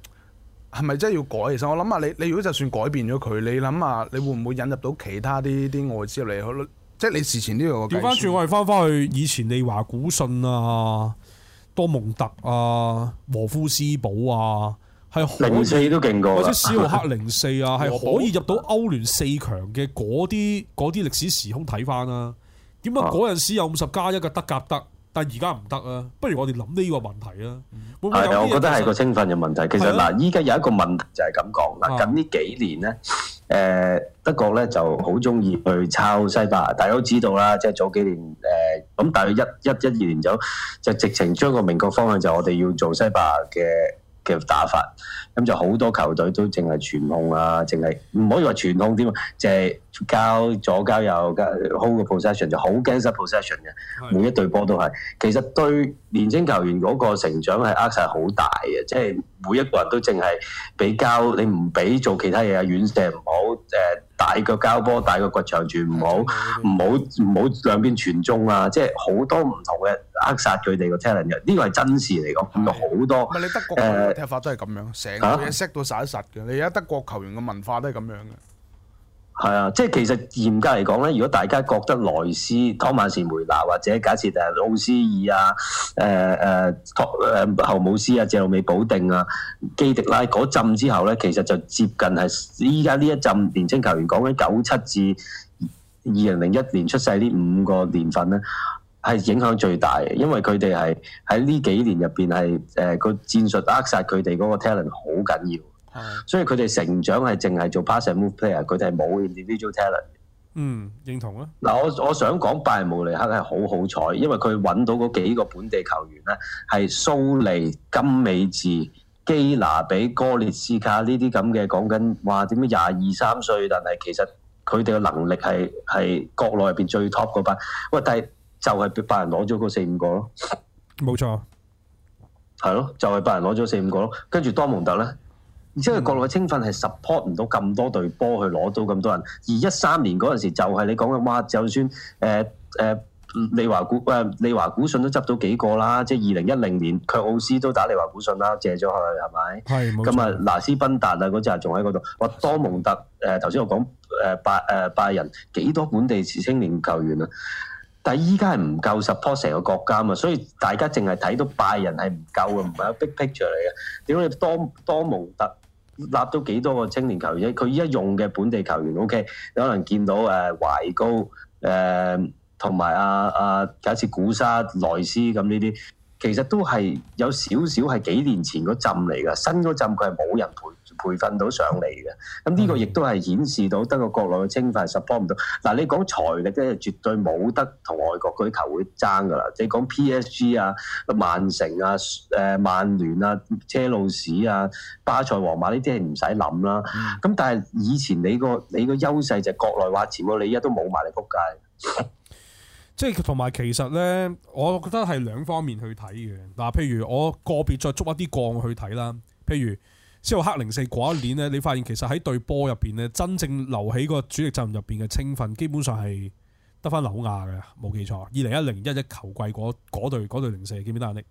係咪真係要改？其實我諗下，你你如果就算改變咗佢，你諗下，你會唔會引入到其他啲啲外資入嚟？即係你事前都要個。調翻轉，我哋翻翻去以前利華古信啊、多蒙特啊、和夫斯堡啊，係零四都勁過，或者史浩克零四啊，係 可以入到歐聯四強嘅嗰啲嗰啲歷史時空睇翻啊。點解嗰陣時有五十加一嘅德甲德？而家唔得啊，不如我哋諗呢個問題啊。係我覺得係個青訓嘅問題。其實嗱，依家、啊、有一個問題就係咁講嗱，咁呢幾年咧，誒德國咧就好中意去抄西班牙。大家都知道啦，即係早幾年誒，咁大概一一一二年就就直情將個明確方向就我哋要做西班牙嘅嘅打法。.咁就好多球隊都淨係傳控啊，淨係唔可以話傳控添嘛，就係交左交右交 hold 嘅 possession 就好驚失 possession 嘅，每一隊波都係。其實對年青球員嗰個成長係扼實好大嘅，即係每一個人都淨係俾交，你唔俾做其他嘢啊，遠射唔好，誒大腳交波大腳掘長傳唔好，唔好唔好兩邊傳中啊，即係好多唔同嘅。扼殺佢哋個 talent 嘅，呢個係真事嚟講，好多。唔係你德國踢法都係咁樣，成個嘢 set 到晒一實嘅。你而家德國球員嘅文化都係咁樣嘅。係啊，即係其實嚴格嚟講咧，如果大家覺得萊斯、湯曼士、梅拿或者假設誒奧斯爾啊、誒誒托誒侯姆斯啊、謝路美保定啊、基迪拉嗰陣之後咧，其實就接近係依家呢一陣年青球員講緊九七至二零零一年出世呢五個年份咧。係影響最大嘅，因為佢哋係喺呢幾年入邊係誒個戰術扼殺佢哋嗰個 talent 好緊要，嗯、所以佢哋成長係淨係做 pass and move player，佢哋係冇 individual talent。嗯，認同啊！嗱、呃，我我想講拜慕尼克係好好彩，因為佢揾到嗰幾個本地球員咧，係蘇尼、金美治、基拿比、哥列斯卡呢啲咁嘅，講緊話點樣廿二三歲，但係其實佢哋嘅能力係係國內入邊最 top 嗰班。喂，但係就係拜仁攞咗嗰四五個咯，冇錯，係咯，就係、是、拜仁攞咗四五個咯。跟住多蒙特咧，而且佢國內嘅青訓係 support 唔到咁多隊波去攞到咁多人。而一三年嗰陣時，就係你講嘅，哇！就算誒誒、呃呃、利華古誒、呃、利華古信都執到幾個啦。即係二零一零年，卻奧斯都打利華古信啦，借咗佢係咪？係，咁啊，拿斯賓達啊，嗰隻仲喺嗰度。話多蒙特誒頭先我講誒拜誒拜仁幾多本地次青年球員啊？但係依家係唔夠 support 成個國家啊嘛，所以大家淨係睇到拜仁係唔夠啊，唔係一個 big picture 嚟嘅。如果你多多蒙特立都幾多個青年球員？一佢依家用嘅本地球員，OK，你可能見到誒懷高誒，同埋阿阿假設古沙萊斯咁呢啲，其實都係有少少係幾年前嗰陣嚟㗎，新嗰陣佢係冇人陪。培訓到上嚟嘅，咁呢個亦都係顯示到得個國內嘅青訓 support 唔到。嗱，你講財力咧，絕對冇得同外國嗰啲球會爭噶啦。你講 PSG 啊、曼城啊、誒、曼聯啊、車路士啊、巴塞、皇馬呢啲係唔使諗啦。咁、嗯、但係以前你個你個優勢就國內話，結果你而家都冇埋你撲街。即係同埋其實咧，我覺得係兩方面去睇嘅。嗱，譬如我個別再捉一啲鋼去睇啦，譬如。之後史浩克零四嗰一年呢，你發現其實喺對波入邊呢，真正留喺個主力陣入邊嘅青訓，基本上係得翻紐亞嘅，冇記錯。二零一零一一球季嗰嗰隊隊零四，記唔記得阿你？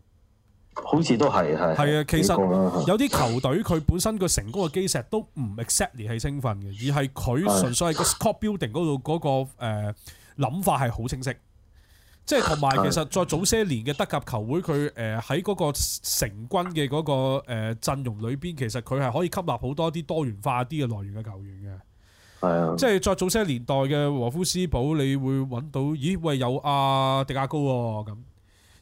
好似都係係係啊，的的其實有啲球隊佢的本身個成功嘅基石都唔 exactly 係青訓嘅，而係佢純粹係的的個 score building 嗰度嗰個誒諗法係好清晰。即係同埋，其實再早些年嘅德甲球會，佢誒喺嗰個成軍嘅嗰個誒陣容裏邊，其實佢係可以吸納好多啲多元化啲嘅來源嘅球員嘅。即係再早些年代嘅和夫斯堡，你會揾到咦？喂，有阿、啊、迪亞高喎、哦、咁。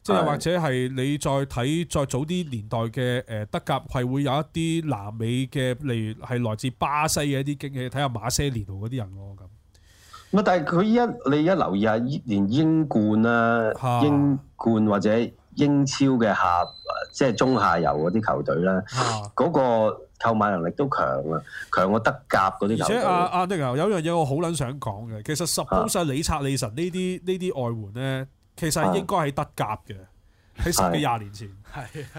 即係或者係你再睇再早啲年代嘅誒德甲，係會有一啲南美嘅，例如係來自巴西嘅一啲驚喜。睇下馬些年度嗰啲人、哦乜？但係佢依家你一留意一下，連英冠啦、啊、啊、英冠或者英超嘅下，即係中下游嗰啲球隊啦，嗰、啊、個購買能力都強啊，強過德甲嗰啲球隊。而且阿阿力牛有一樣嘢我好撚想講嘅，其實十部曬李察利臣呢啲呢啲外援咧，其實應該係德甲嘅。啊喺十幾廿年前，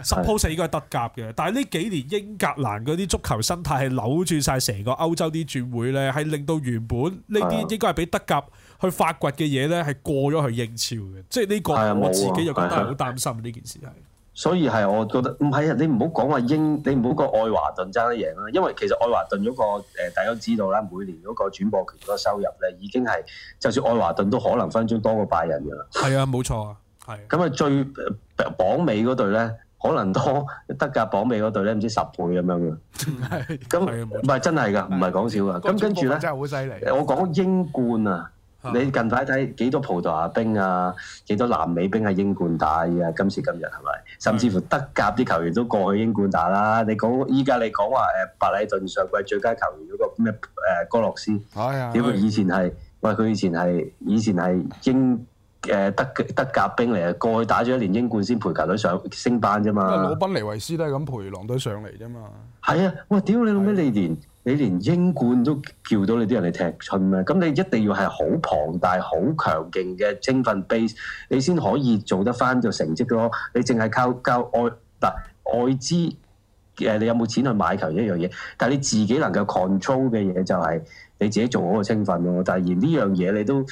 十鋪四應該係德甲嘅，啊、但係呢幾年英格蘭嗰啲足球生態係扭轉晒，成個歐洲啲轉會咧，係令到原本呢啲應該係俾德甲去發掘嘅嘢咧，係過咗去英超嘅，即係呢個我自己又覺得係好擔心呢、啊啊、件事係。所以係，我覺得唔係啊，你唔好講話英，你唔好講愛華頓爭得贏啦，因為其實愛華頓嗰、誒大家都知道啦，每年嗰個轉播權嗰個收入咧已經係，就算愛華頓都可能分張多過拜仁㗎啦。係啊，冇錯啊。咁啊！最榜尾嗰隊咧，可能多德甲榜尾嗰隊咧，唔知十倍咁樣嘅，係咁，唔係真係噶，唔係講笑噶。咁跟住咧，真係好犀利。我講英冠啊，你近排睇幾多葡萄牙兵啊，幾多南美兵喺英冠打啊？今時今日係咪？甚至乎德甲啲球員都過去英冠打啦。你講依家你講話誒，白里頓上季最佳球員嗰、那個咩誒，哥洛斯，屌佢、哎哎、以前係，喂、哎、佢以前係，以前係英。誒德德甲兵嚟啊，過去打咗一年英冠先陪球隊上升班啫嘛。魯賓尼維斯都係咁陪狼隊上嚟啫嘛。係啊，哇！屌你老味，你、啊、你連你連英冠都叫到你啲人嚟踢春咩？咁你一定要係好龐大、好強勁嘅青訓 base，你先可以做得翻個成績咯。你淨係靠靠，靠外嗱、呃、外資誒、呃，你有冇錢去買球一樣嘢？但係你自己能夠 control 嘅嘢就係你自己做好個青訓咯。但係而呢樣嘢你都。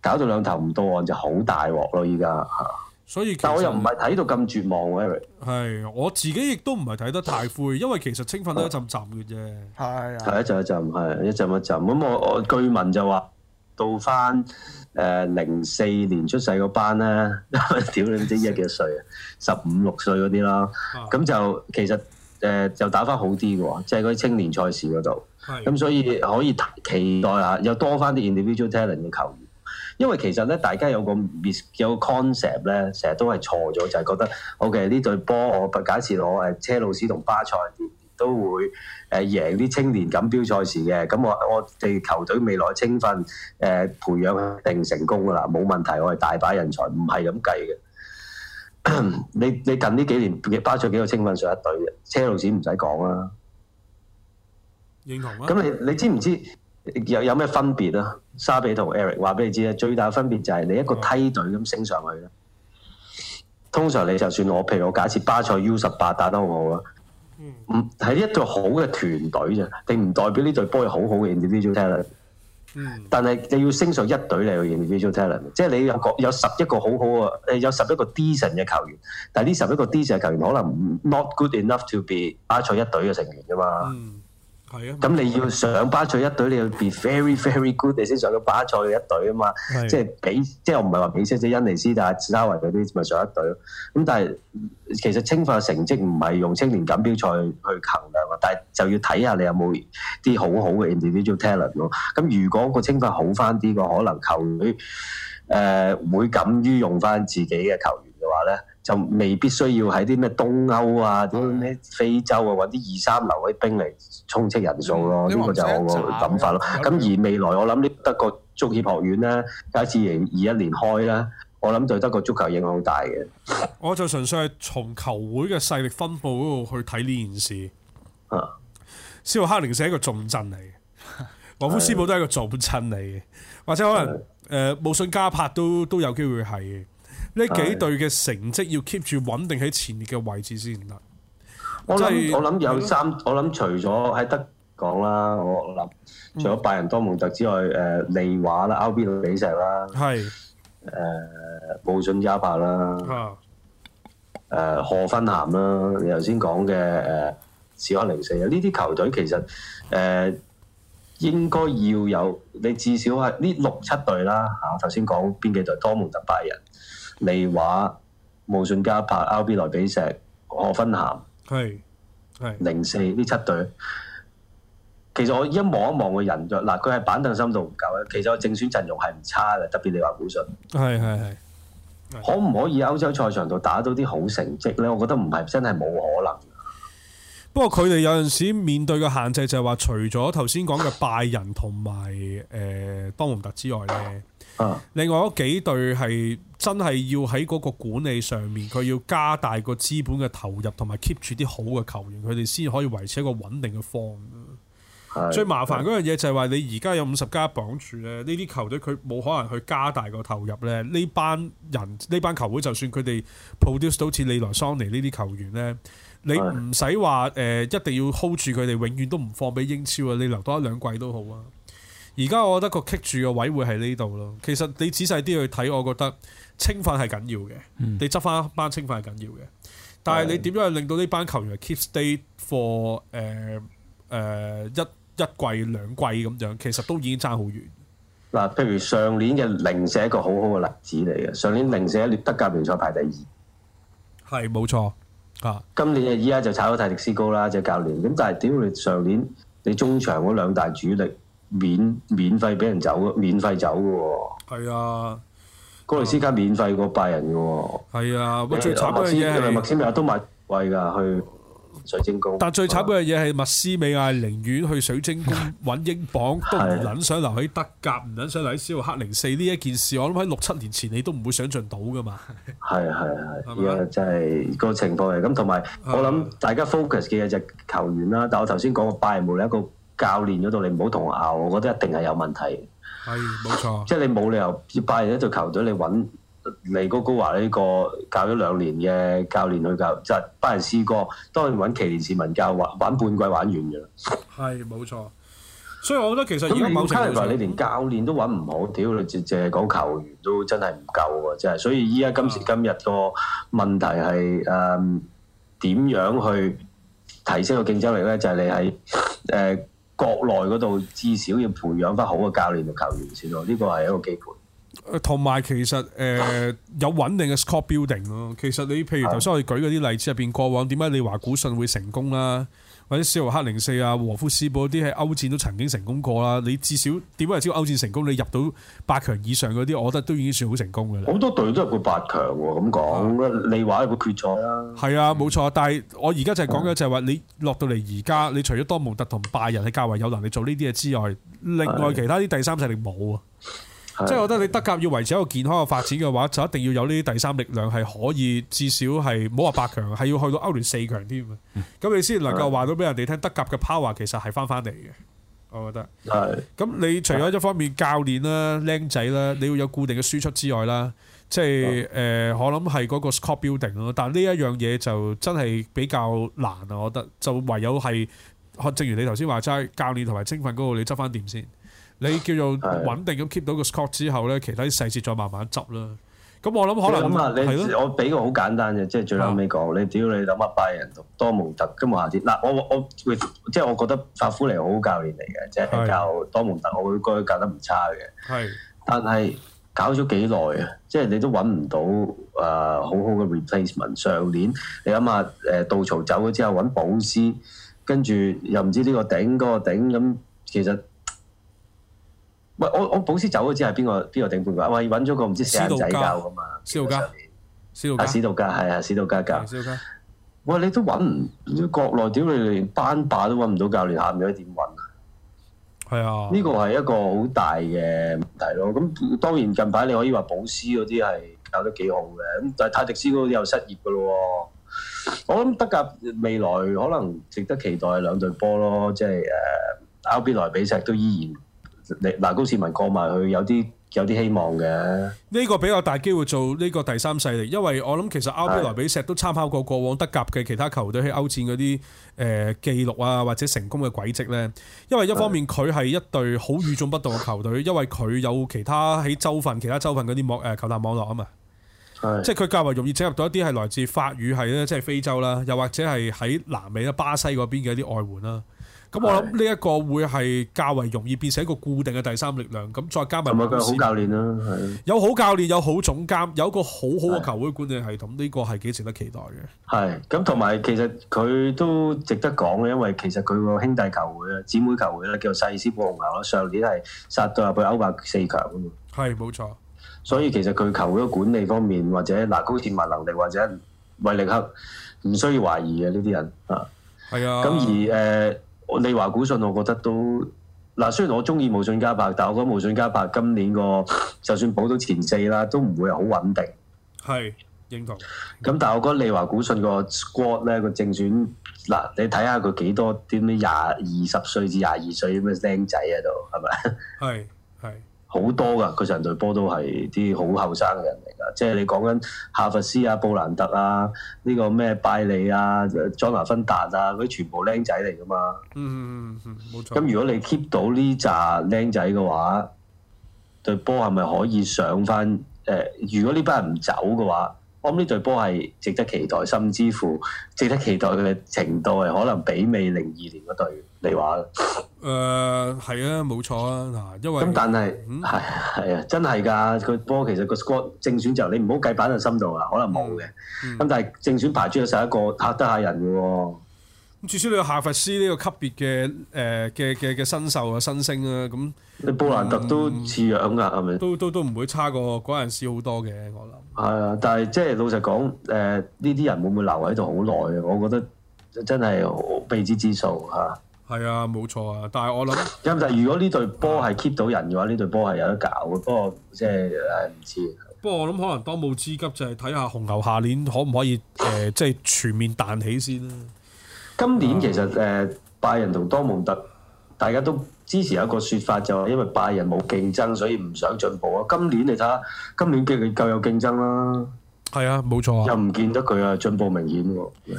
搞到兩頭唔到岸就好大鑊咯！依家，所以但我又唔係睇到咁絕望。Eric 我自己亦都唔係睇得太灰，因為其實青訓都一陣陣嘅啫。係係、啊、一陣一陣，係一陣一陣。咁我我據聞就話到翻誒零四年出世嗰班咧，屌 你知，一幾多歲啊？十五六歲嗰啲啦，咁就其實誒、呃、就打翻好啲嘅喎，即係嗰啲青年賽事嗰度。咁是、嗯、所以可以期待下，又多翻啲 individual talent 嘅球員。因為其實咧，大家有個 miss 有個 concept 咧，成日都係錯咗，就係、是、覺得 OK 呢隊波，我假設我係車路士同巴塞都會誒贏啲青年錦標賽事嘅，咁我我哋球隊未來青訓誒培養定成功噶啦，冇問題，我係大把人才，唔係咁計嘅。你你近呢幾年巴塞幾個青訓上一隊嘅車路士唔使講啦。英雄啊。咁你、啊、你，你知唔知？有有咩分別啊？沙比同 Eric 話俾你知咧，最大嘅分別就係你一個梯隊咁升上去咧。通常你就算我譬如我假設巴塞 U 十八打得好好啦，唔係、嗯、一隊好嘅團隊啫，並唔代表呢隊波係好好嘅 individual talent、嗯。但係你要升上一隊嚟去 individual talent，即係你有個有十一個好好嘅，誒有十一個 D 神嘅球員，但係呢十一個 D 神嘅球員可能 not good enough to be 巴塞一隊嘅成員㗎嘛。嗯。係啊，咁、嗯、你要上巴塞一隊，你要 be very very good，你先上到巴塞嘅一隊啊嘛，是即係比即係我唔係話比即係恩尼斯，但係沙維嗰啲咪上一隊咯。咁、嗯、但係其實青訓嘅成績唔係用青年錦標賽去衡量啊，但係就要睇下你有冇啲好好嘅 individual talent 咯。咁、嗯、如果個青訓好翻啲，個可能球隊誒、呃、會敢於用翻自己嘅球員嘅話咧。就未必需要喺啲咩東歐啊、點樣是的 非洲啊揾啲二三流啲兵嚟充斥人數咯，呢、嗯、個就我個諗法咯。咁、嗯嗯、而未來我諗呢德國足協學院呢，第一次二零二一年開啦，我諗就德國足球影響好大嘅。我就純粹係從球會嘅勢力分布嗰度去睇呢件事。啊，斯洛克靈社係一個重鎮嚟嘅，廣 夫斯堡都係一個重鎮嚟嘅，啊、或者可能誒慕遜加柏都都有機會係。呢幾隊嘅成績要 keep 住穩定喺前列嘅位置先得。我諗想是我諗有三，我諗除咗喺德甲啦，我我諗除咗拜仁多蒙特之外，誒、嗯呃、利華啦、RB 萊比錫啦，係誒慕遜加柏啦，誒賀芬咸啦，你頭先講嘅誒史浩克零四啊，呢、呃、啲球隊其實誒、呃、應該要有，你至少係呢六七隊啦吓，頭先講邊幾隊，多蒙特拜仁。利華、慕遜加柏、RB 萊比錫、何芬咸，係係零四呢七隊。其實我一望一望個人，就嗱佢係板凳深度唔夠咧。其實我正選陣容係唔差嘅，特別你話慕遜係係係，可唔可以歐洲賽場度打到啲好成績咧？我覺得唔係真係冇可能。不過佢哋有陣時面對嘅限制就係話，除咗頭先講嘅拜仁同埋誒多蒙特之外咧，啊、另外嗰幾隊係。真係要喺嗰個管理上面，佢要加大個資本嘅投入，同埋 keep 住啲好嘅球員，佢哋先可以維持一個穩定嘅方。的最麻煩嗰樣嘢就係話，你而家有五十家綁住咧，呢啲球隊佢冇可能去加大個投入咧。呢班人，呢班球會，的就算佢哋 produce 到似利萊桑尼呢啲球員呢，你唔使話，誒，一定要 hold 住佢哋，永遠都唔放俾英超啊！你留多一兩季都好啊。而家我覺得個棘住個位會喺呢度咯。其實你仔細啲去睇，我覺得青訓係緊要嘅。嗯、你執翻一班青訓係緊要嘅，但係你點樣去令到呢班球員 keep stay for 誒、呃、誒、呃、一一季兩季咁樣，其實都已經爭好遠嗱。譬如上年嘅零四一個好好嘅例子嚟嘅，上年零四喺德甲聯賽排第二，係冇錯啊。今年嘅依家就炒咗泰迪斯高啦，隻教練咁，但係點會上年你中場嗰兩大主力？免免費俾人走嘅，免費走嘅喎。係啊，哥斯卡免費過拜仁嘅喎。係啊，不過最慘嗰樣嘢係咪麥斯美亞都買貴㗎，去水晶宮。但最慘嗰樣嘢係麥斯美亞寧願去水晶宮揾英鎊，都唔諗想留喺德甲，唔諗想留喺斯洛克零四呢一件事，我諗喺六七年前你都唔會想像到嘅嘛。係係係。係咪啊？即係個情況係咁，同埋我諗大家 focus 嘅嘢就係球員啦。但係我頭先講過拜仁無疑一個。教練嗰度你唔好同我拗，我覺得一定係有問題。係冇錯，即係你冇理由，拜仁一隊球隊你揾尼高高華呢個教咗兩年嘅教練去、就是、教，就係拜仁試過，當然揾奇連士文教或揾半季玩完嘅啦。係冇錯，所以我覺得其實如果你某程度你連教練都揾唔好，屌你！淨淨係講球員都真係唔夠㗎，真係。所以依家今時今日個問題係誒點樣去提升個競爭力咧？就係、是、你喺誒。呃國內嗰度至少要培養翻好嘅教練同球員先咯，呢個係一個基本。同埋其實誒、呃、 有穩定嘅 score building 咯。其實你譬如頭先我哋舉嗰啲例子入邊， 過往點解你話古信會成功啦？或者史浩克零四啊，和夫斯堡啲喺歐戰都曾經成功過啦。你至少點為之歐戰成功？你入到八強以上嗰啲，我覺得都已經算好成功嘅。好多隊都有個八強喎，咁講。嗯、你話有個決賽啊？係啊、嗯，冇錯。但係我而家就係講嘅就係話，嗯、你落到嚟而家，你除咗多蒙特同拜仁係較為有能力做呢啲嘢之外，另外其他啲第三勢力冇啊。即係我覺得你德甲要維持一個健康嘅發展嘅話，就一定要有呢啲第三力量係可以，至少係唔好話八強，係要去到歐聯四強添啊！咁你先能夠話到俾人哋聽，的德甲嘅 power 其實係翻翻嚟嘅。我覺得係。咁的你除咗一方面教練啦、僆仔啦，你要有固定嘅輸出之外啦，即係誒，我諗係嗰個 score building 咯。但係呢一樣嘢就真係比較難啊！我覺得就唯有係，正如你頭先話齋，教練同埋青訓嗰度你執翻掂先。你叫做是的 穩定咁 keep 到個 score 之後咧，其他啲細節再慢慢執啦。咁我諗可能咁啊，你我俾個好簡單嘅，即係最後尾講你屌你諗下拜仁多蒙特今日下啲。嗱、啊，我我，我即係我覺得法夫尼好好教練嚟嘅，即係教是的 多蒙特我，我會覺得教得唔差嘅。係是的，但係搞咗幾耐啊？即係你都揾唔到啊好好嘅 replacement。上年你諗下，誒杜曹走咗之後揾保斯，跟住又唔知呢個頂嗰、那個頂咁，其實。喂，我我保師走咗之後係邊個、邊個頂半掛？喂，揾咗個唔知死仔教噶嘛？史史道家，係啊史道家、啊、家教。家喂，你都揾唔，國內屌你連班霸都揾唔到教練，下唔到點揾啊？係啊，呢個係一個好大嘅問題咯。咁當然近排你可以話保師嗰啲係教得幾好嘅，咁但係泰迪斯嗰啲又失業噶咯。我諗德甲未來可能值得期待兩隊波咯，即係誒，阿、呃、萊比錫都依然。嗱，南高市民過埋去有啲有啲希望嘅。呢個比較大機會做呢個第三勢力，因為我諗其實 RB 萊比錫都參考過過往德甲嘅其他球隊喺歐戰嗰啲誒記錄啊，或者成功嘅軌跡咧。因為一方面佢係一隊好與眾不同嘅球隊， 因為佢有其他喺洲份、其他洲份嗰啲網誒球探網絡啊嘛。即係佢較為容易引入到一啲係來自法語系咧，即係非洲啦，又或者係喺南美啦、巴西嗰邊嘅一啲外援啦。咁我諗呢一個會係較為容易變成一個固定嘅第三力量，咁再加埋有唔係佢好教練啦、啊，係有好教練，有好總監，有一個好好嘅球會管理系統，呢個係幾值得期待嘅。係咁同埋，其實佢都值得講嘅，因為其實佢個兄弟球會啦、姊妹球會啦，叫做細資波紅牛啦，上年係殺到入去歐霸四強啊。係冇錯，所以其實佢球會嘅管理方面，或者嗱高健文能力，或者衛力克唔需要懷疑嘅呢啲人啊。係啊，咁而誒。呃利華古遜，我覺得都嗱，雖然我中意慕遜加柏，但係我覺得慕遜加柏今年個就算補到前四啦，都唔會好穩定。係，認同。咁但係我覺得利華古遜個 squad 咧個正選嗱，你睇下佢幾多啲咩廿二十歲至廿二歲咁嘅僆仔喺度係咪？係係。好多噶，佢成隊波都係啲好後生嘅人嚟噶，即係你講緊夏佛斯啊、布蘭特啊、呢、呢個咩拜利啊、莊拿芬達啊，嗰啲全部僆仔嚟噶嘛。嗯嗯嗯，冇、嗯嗯嗯、錯。咁、嗯、如果你 keep 到呢扎僆仔嘅話，隊波係咪可以上翻？誒、呃，如果呢班人唔走嘅話，我諗呢隊波係值得期待，甚至乎值得期待嘅程度係可能媲美零二年嗰隊。嚟話嘅，誒係、呃、啊，冇錯啊，嗱，因為咁但係係係啊，真係噶、啊，佢不其實個正選就你唔好計擺喺心度啊，可能冇嘅，咁、嗯、但係正選排出咗十一個吓得下人嘅、啊，咁、嗯、至少你有夏佛斯呢個級別嘅誒嘅嘅嘅新秀啊新星啊，咁你波蘭特都似樣噶，係咪？都都都唔會差過嗰陣時好多嘅，我諗係啊，但係即係老實講，誒呢啲人會唔會留喺度好耐嘅？我覺得真係未知之數吓。係啊，冇錯啊，但係我諗咁但係如果呢隊波係 keep 到人嘅話，呢隊波係有得搞嘅、哎。不過即係唔知、啊。不過我諗可能當務之急就係睇下紅牛下年可唔可以誒、嗯呃，即係全面彈起先、啊、今年其實誒、呃，拜仁同多蒙特大家都支持有一個說法，就係因為拜仁冇競爭，所以唔想進步啊。今年你睇下，今年嘅佢夠有競爭啦。係啊，冇錯啊。錯啊又唔見得佢啊進步明顯喎、啊。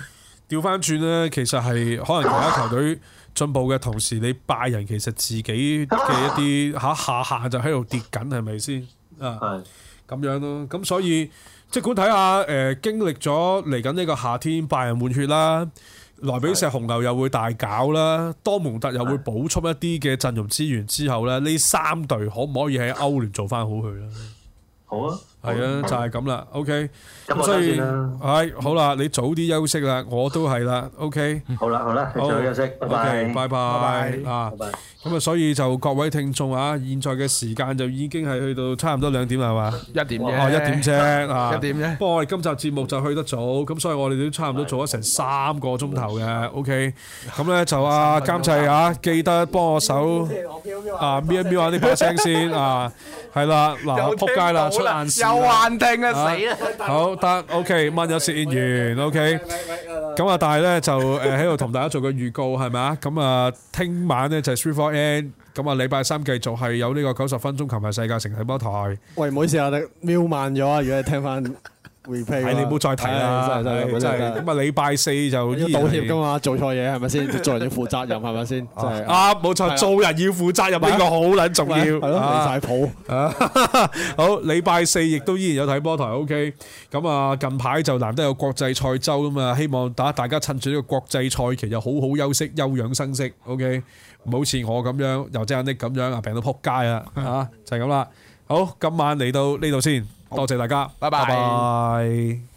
調翻轉咧，其實係可能其他球隊。進步嘅同時，你拜仁其實自己嘅一啲嚇 下下就喺度跌緊，係咪先啊？咁樣咯。咁所以即管睇下誒，經歷咗嚟緊呢個夏天，拜仁換血啦，萊比錫紅牛又會大搞啦，多蒙特又會補充一啲嘅陣容資源之後咧，呢 三隊可唔可以喺歐聯做翻好佢咧？ 好啊。係啊，就係咁啦。OK。咁所以，係好啦，你早啲休息啦。我都係啦。OK。好啦，好啦，你早啲休息。拜拜，拜拜。啊，咁啊，所以就各位聽眾啊，現在嘅時間就已經係去到差唔多兩點啦，係嘛？一點啫，一點啫，一點啫。不過我哋今集節目就去得早，咁所以我哋都差唔多做咗成三個鐘頭嘅。OK。咁咧就啊監製啊，記得幫我手啊，搣一搣下呢把聲先啊。係啦，嗱，撲街啦，出爛聲。又幻聽啊死啦！好得 OK，問咗實現完 OK，咁啊， 但係咧就誒喺度同大家做個預告係咪啊？咁啊，聽晚咧就 three four n d 咁啊禮拜三繼續係有呢個九十分鐘琴日世界城體波台。喂，唔好意思啊，你瞄慢咗啊，如果你聽翻。你唔好再提啦，真係真係咁啊！禮拜四就道歉噶嘛，做錯嘢係咪先？做人要負責任係咪先？啊，冇錯，做人要負責任呢個好捻重要。係咯，離晒譜。好，禮拜四亦都依然有睇波台。OK，咁啊，近排就難得有國際賽周咁啊，希望打大家趁住呢個國際賽期就好好休息、休養生息。OK，唔好似我咁樣又真係搦咁樣啊，病到撲街啊！啊，就係咁啦。好，今晚嚟到呢度先。多謝大家，拜拜。